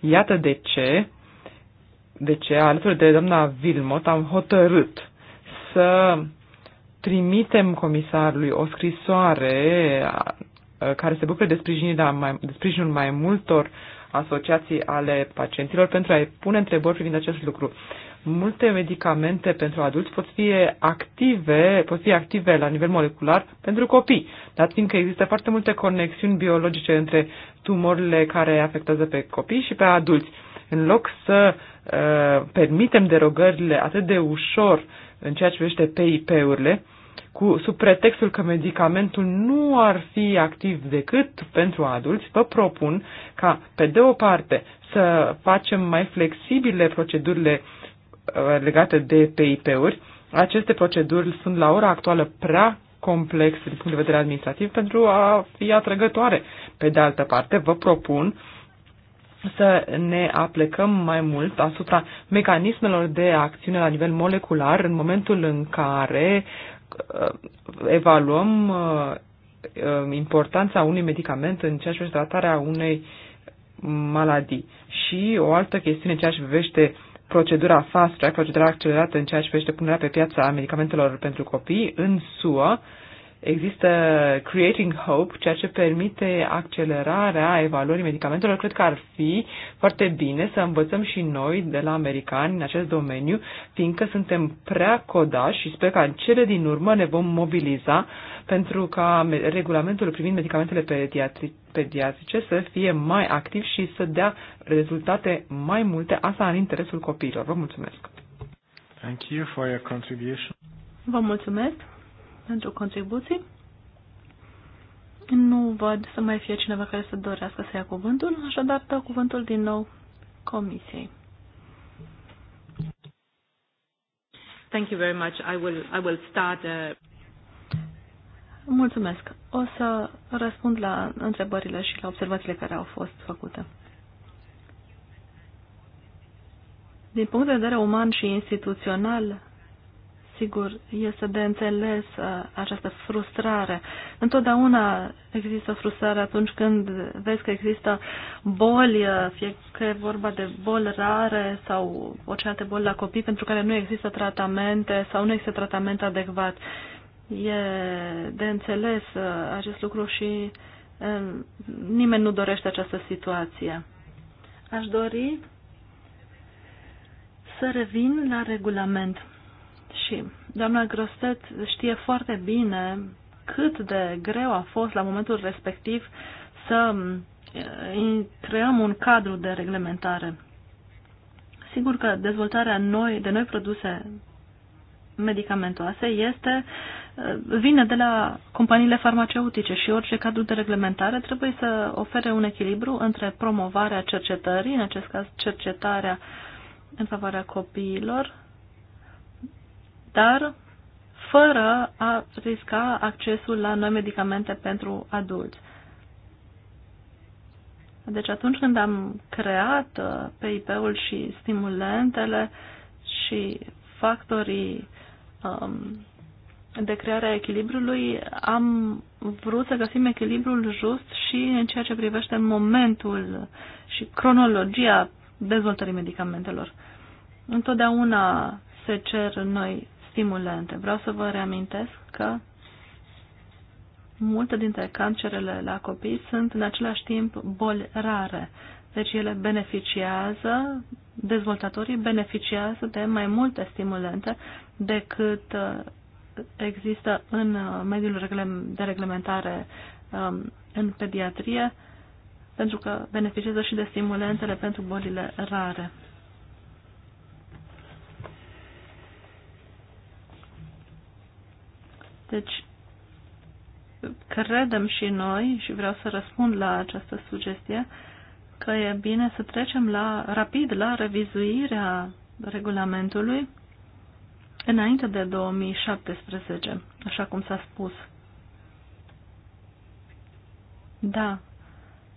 Iată de ce, de ce, alături de doamna Vilmot, am hotărât să trimitem comisarului o scrisoare Uh, care se bucură de, sprijinirea mai, de sprijinul mai multor asociații ale pacienților pentru a-i pune întrebări privind acest lucru. Multe medicamente pentru adulți pot fi active, pot fi active la nivel molecular pentru copii, dat fiindcă există foarte multe conexiuni biologice între tumorile care afectează pe copii și pe adulți. În loc să uh, permitem derogările atât de ușor în ceea ce privește PIP-urile, cu, sub pretextul că medicamentul nu ar fi activ decât pentru adulți, vă propun ca, pe de o parte, să facem mai flexibile procedurile uh, legate de PIP-uri. Aceste proceduri sunt la ora actuală prea complex din punct de vedere administrativ pentru a fi atrăgătoare. Pe de altă parte, vă propun să ne aplecăm mai mult asupra mecanismelor de acțiune la nivel molecular în momentul în care Uh, evaluăm uh, um, importanța unui medicament în ceea ce privește tratarea unei maladii. Și o altă chestiune în ceea ce privește procedura fast track, procedura accelerată în ceea ce privește punerea pe piața a medicamentelor pentru copii în SUA, uh, există Creating Hope, ceea ce permite accelerarea evaluării medicamentelor. Cred că ar fi foarte bine să învățăm și noi de la americani în acest domeniu, fiindcă suntem prea codași și sper că în cele din urmă ne vom mobiliza pentru ca regulamentul privind medicamentele pediatri pediatrice să fie mai activ și să dea rezultate mai multe, asta în interesul copiilor. Vă mulțumesc! Thank you for your contribution. Vă mulțumesc pentru contribuții. Nu văd să mai fie cineva care să dorească să ia cuvântul, așadar dau cuvântul din nou comisiei. Thank you very much. I will, I will start. Uh... Mulțumesc. O să răspund la întrebările și la observațiile care au fost făcute. Din punct de vedere uman și instituțional, Sigur, este de înțeles uh, această frustrare. Întotdeauna există frustrare atunci când vezi că există boli, uh, fie că e vorba de boli rare sau orice alte boli la copii pentru care nu există tratamente sau nu există tratament adecvat. E de înțeles uh, acest lucru și nimeni nu dorește această situație. Aș dori să revin la regulament. Și doamna Grostet știe foarte bine cât de greu a fost la momentul respectiv să creăm mm, eh, un cadru de reglementare. Sigur că dezvoltarea noi, de noi produse medicamentoase este eh, vine de la companiile farmaceutice și orice cadru de reglementare trebuie să ofere un echilibru între promovarea cercetării, în acest caz cercetarea în favoarea copiilor, dar fără a risca accesul la noi medicamente pentru adulți. Deci atunci când am creat uh, PIP-ul și stimulentele și factorii um, de crearea echilibrului, am vrut să găsim echilibrul just și în ceea ce privește momentul și cronologia dezvoltării medicamentelor. Întotdeauna se cer noi stimulente. Vreau să vă reamintesc că multe dintre cancerele la copii sunt în același timp boli rare. Deci ele beneficiază, dezvoltatorii beneficiază de mai multe stimulente decât uh, există în uh, mediul de reglementare um, în pediatrie, pentru că beneficiază și de stimulentele pentru bolile rare. Deci, credem și noi, și vreau să răspund la această sugestie, că e bine să trecem la, rapid la revizuirea regulamentului înainte de 2017, așa cum s-a spus. Da,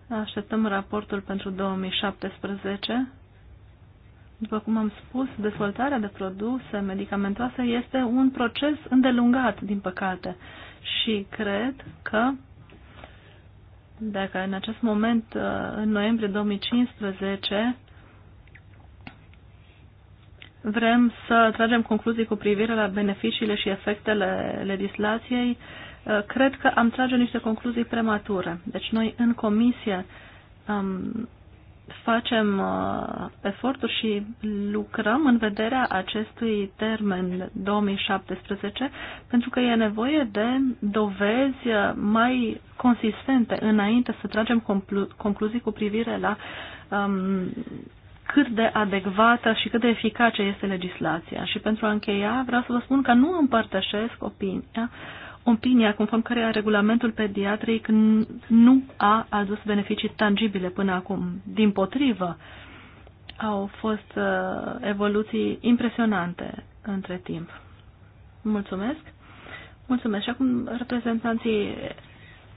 așteptăm raportul pentru 2017 după cum am spus, dezvoltarea de produse medicamentoase este un proces îndelungat, din păcate. Și cred că dacă în acest moment, uh, în noiembrie 2015, vrem să tragem concluzii cu privire la beneficiile și efectele legislației, uh, cred că am trage niște concluzii premature. Deci noi în comisie facem uh, eforturi și lucrăm în vederea acestui termen 2017 pentru că e nevoie de dovezi uh, mai consistente înainte să tragem conclu- concluzii cu privire la um, cât de adecvată și cât de eficace este legislația. Și pentru a încheia, vreau să vă spun că nu împărtășesc opinia uh, opinia conform care regulamentul pediatric nu a adus beneficii tangibile până acum. Din potrivă, au fost uh, evoluții impresionante între timp. Mulțumesc. Mulțumesc. Și acum reprezentanții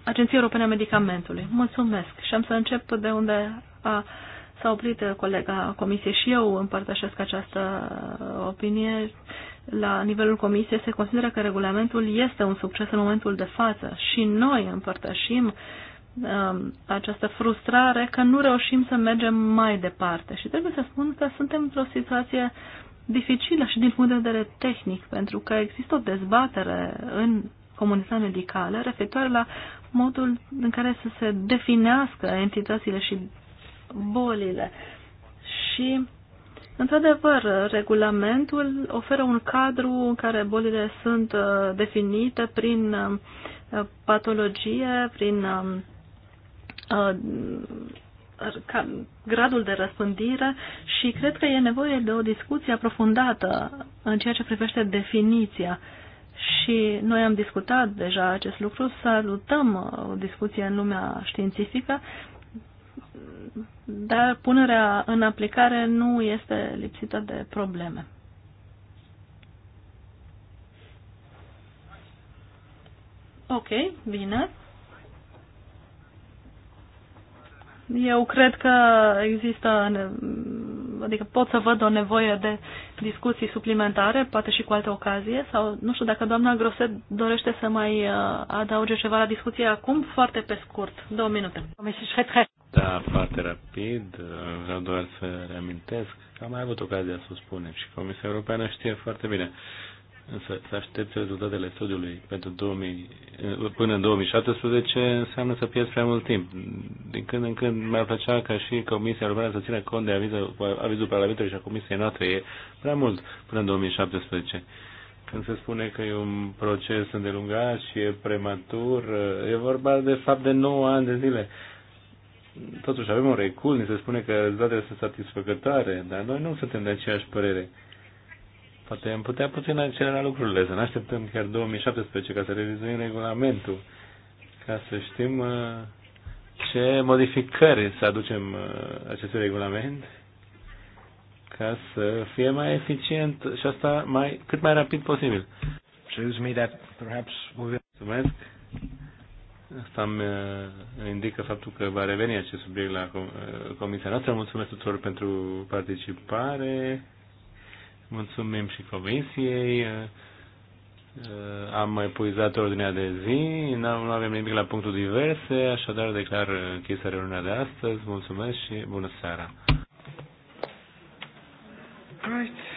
Agenției Europene a Medicamentului. Mulțumesc. Și am să încep de unde a, s-a oprit colega Comisiei și eu împărtășesc această opinie la nivelul comisiei se consideră că regulamentul este un succes în momentul de față și noi împărtășim um, această frustrare că nu reușim să mergem mai departe. Și trebuie să spun că suntem într-o situație dificilă și din punct de vedere tehnic, pentru că există o dezbatere în comunitatea medicală referitoare la modul în care să se definească entitățile și bolile. Și Într-adevăr, regulamentul oferă un cadru în care bolile sunt uh, definite prin uh, patologie, prin um, uh, gradul de răspândire și cred că e nevoie de o discuție aprofundată în ceea ce privește definiția. Și noi am discutat deja acest lucru, salutăm o discuție în lumea științifică, dar punerea în aplicare nu este lipsită de probleme. Ok, bine. Eu cred că există, adică pot să văd o nevoie de discuții suplimentare, poate și cu alte ocazie, sau nu știu dacă doamna Groset dorește să mai uh, adauge ceva la discuție acum, foarte pe scurt, două minute. Da, foarte rapid. Vreau doar să reamintesc că am mai avut ocazia să o spunem și Comisia Europeană știe foarte bine. Însă să aștepți rezultatele studiului pentru 2000, până în 2017 înseamnă să pierzi prea mult timp. Din când în când mi-ar plăcea ca și Comisia Europeană să țină cont de avizul, avizul Parlamentului și a Comisiei noastre. E prea mult până în 2017 când se spune că e un proces îndelungat și e prematur, e vorba de fapt de 9 ani de zile totuși avem un recul, ni se spune că rezultatele sunt satisfăcătoare, dar noi nu suntem de aceeași părere. Poate am putea puțin accelera lucrurile, să ne așteptăm chiar 2017 ca să revizuim regulamentul, ca să știm uh, ce modificări să aducem uh, acestui regulament ca să fie mai eficient și asta mai, cât mai rapid posibil. Mulțumesc. Asta îmi uh, indică faptul că va reveni acest subiect la uh, Comisia noastră. Mulțumesc tuturor pentru participare. Mulțumim și Comisiei. Uh, am mai puizat ordinea de zi, nu avem nimic la punctul diverse, așadar declar închisă reuniunea de astăzi. Mulțumesc și bună seara! Right.